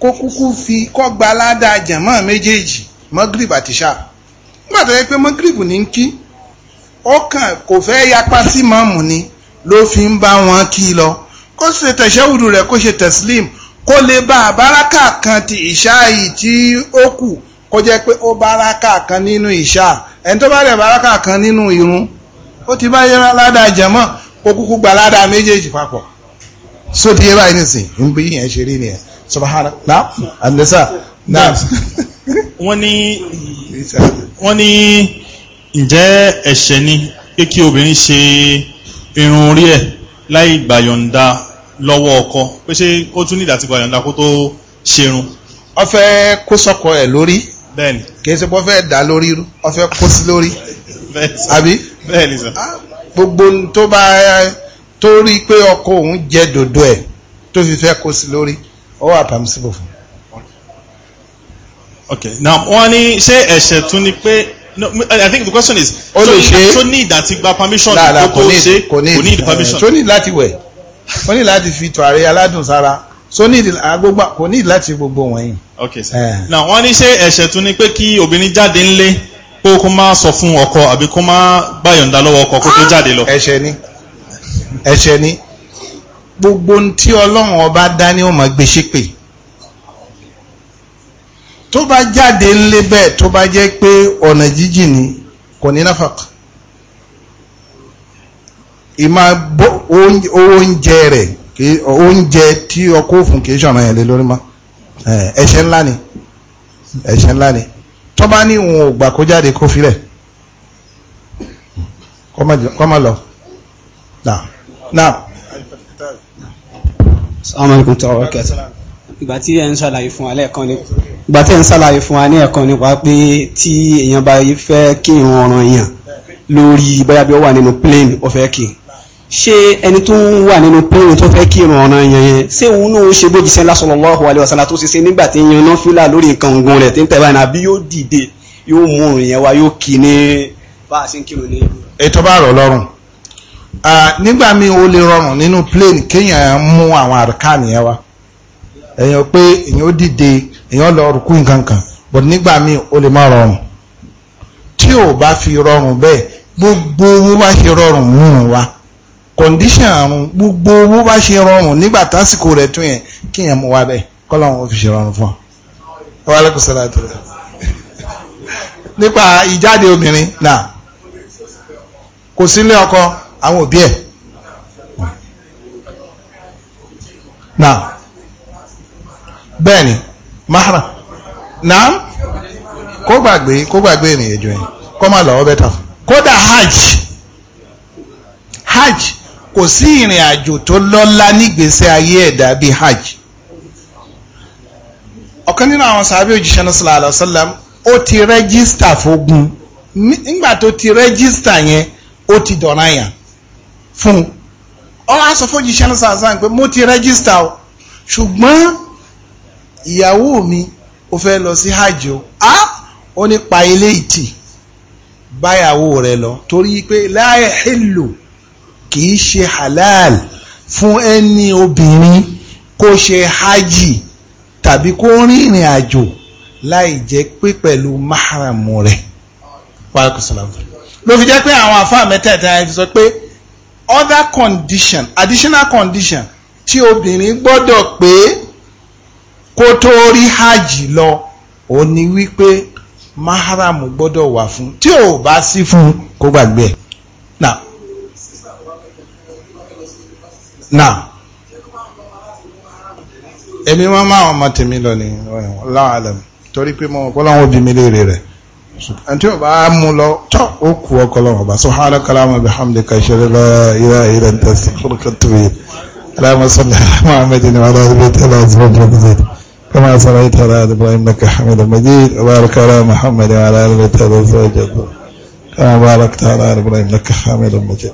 kó kúkú fi kọ́ gba aládàá jàmọ́ méjèèjì magrib àti ṣá nígbà tó yẹ pé magrib ní ń kí ọkàn kò fẹ́ yapa sí mọ́ọ̀mù ni ló fi ń bá wọn kí lọ kó ṣe tẹ̀sẹ́wùdù rẹ̀ kó ṣe tẹ̀sílíìmù kó lè bá àbáràkà kan ti ìṣá yìí tí ó kù kó jẹ́ pé ó báràkà kan nínú ìṣá ẹni tó bá rẹ̀ báràkà kan nínú irun ó ti bá yẹra ládàá jẹ̀mọ́ kó kúkú gba ládàá méjèèjì papọ̀ sóti yẹ báyìí nìsín ń bí yẹn ṣe rí nìyẹn subahana naam andesa naam. wọ́n ní <laughs> wọ́n ní ǹjẹ́ ẹ̀ṣẹ̀ ni pé kí obìnrin ṣe irun orí ẹ̀ láì gbàyọ̀ǹda lọ́wọ́ ọkọ pé ṣé ó tún nídàá ti gbàyọ̀ǹda kó tó ṣerun. ó fẹ́ kó sọ́kọ ẹ̀ lórí. bẹ́ẹ̀ni. kì í ṣe pé ó fẹ́ dá lórí ó fẹ́ kó sí lórí àbí ah, gbogbo tó bá tó rí pé ọkọ òun jẹ dòdò ẹ̀ tó fi fẹ́ kó sí lórí ó wà pàmísìbò fún. ok now wọ́n ní ṣé ẹ̀ṣẹ̀ tún ni pé no i think the question is. ó lè ṣe tó ní ìdàtí gba permission tó tó ṣe kò ní ìdí permission. tó ní láti wẹ̀ ó ní láti fi tùràrí aládùn sára so ní gbogbo kò ní láti gbogbo wọ̀nyí. ok sir eh. now wọ́n ní ṣé ẹ̀ṣẹ̀ tún ni pé kí obìnrin jáde ńlé pé kó má sọ fún ọkọ àbí kó má gbàyọ̀ǹda lọ́wọ́ ọkọ kó tó jáde lọ. ẹ̀ṣẹ̀ ni ẹ̀ṣẹ̀ ni gbogbo tí ọlọ́run ọba dá ní ọmọ gbé ṣépè tó bá jáde ńlẹ̀ bẹ́ẹ̀ tó bá jẹ́ pé ọ̀nà jíjìn ni kò ní náfàkà ìmá oúnjẹ rẹ̀ oúnjẹ tí ọkọ òfun kì í ṣọ̀nà yẹn lé lórí mọ́ ẹ̀ṣẹ̀ ńlá ni ẹ̀ṣẹ̀ ńlá ni tó bá ní òun ò gbà kó jáde kó filẹ̀ kó má lọ. Assalamu alaikum tó ọ̀rọ̀ kẹta ìgbà tí ẹ ń ṣàlàyé fún wa ni ìgbà tí ẹ ń ṣàlàyé fún wa ní ẹ̀kan nípa pé tí èèyàn bá fẹ́ kí ìrun ọ̀ràn èèyàn lórí bóyá ó wà nínú plane ó fẹ́ kí ṣé ẹni tó ń wà nínú pẹ́ẹ́rẹ́ tó fẹ́ kírun ọ̀ràn yẹn yẹn ṣé òun náà ṣe bójú sẹ́ńlá sallallahu alaihi wasallam tó ṣe ṣe nígbà tí yan náà fílà lórí nǹkan ọ̀gbun rẹ̀ tí ń tẹ̀wá náà bí yóò dìde yóò mú òrùn yẹn wá yóò kí ní bá a ṣe ń kírun ní. ètò bá rọ̀ lọ́rùn nígbà míì ó lè rọrùn nínú plane kéèyàn mú àwọn àrùkánì but nígbà míì ó lè má rọrùn tí ò bá fi rọrùn bẹ́ẹ̀ gbogbo condition àrùn gbogbo owó bá ṣe rọrùn nígbà tásìkò rẹ̀ tún yẹn kí yẹn mú wa bẹ kọ́lá wọn fi ṣe rọrùn fún ọ wà lẹ́kùn sọ́dọ̀ àti nípa ìjáde obìnrin náà kò sílé ọkọ àwọn òbí ẹ̀ náà bẹ́ẹ̀ ni náà kó gbàgbé kó gbàgbé ènìyàn yẹn kó má tà kódà hajj hajj kò sí ìrìn àjò tó lọ́lá nígbésí ayé ẹ̀dá bíi hajj ọ̀kan nínú àwọn sàábé òjíṣẹ́ náà sallallahu alaihi wasallam ó ti rẹ́gísítà fógun nígbà tó ti rẹ́gísítà yẹn ó ti dọ̀ràn fun fún un ó wá sọ fójíṣẹ́ náà pé mo ti rẹ́gísítà o ṣùgbọ́n ìyàwó mi ó fẹ́ lọ sí hajj o á ó ní pa ilé ìtì báyàwó rẹ̀ lọ torí pé la kìí ṣe halal fún ẹni obìnrin kó ṣe hajj tàbí kó rìnrìn àjò láì jẹ́ pé pẹ̀lú mahramu rẹ̀ ló fi jẹ́ pé àwọn àfáà mẹ́tẹ̀ẹ̀ta fi sọ pé other condition additional condition tí obìnrin gbọ́dọ̀ pé kó tó rí hajj lọ ó ní wípé mahram gbọ́dọ̀ wà fún tí ò bá sí fún kó gbàgbé náà èmi wọn máa wọn máa tèmi lọ ní ọláwà àlẹ torí pé mo kọ́láwọn òbí mi léèrè rẹ̀ àti ọba mú lọ tọ́ ó kú ọkọlọ́wọ́ bá subhanaka allahumma bihamdika ashhadu la ilaha illa anta astaghfiruka wa atubu ilayk اللهم صل على محمد وعلى ال بيت العظيم والمجيد كما صليت على ال ابراهيم انك حميد مجيد وبارك على محمد وعلى ال بيت العظيم كما باركت على ال ابراهيم انك حميد مجيد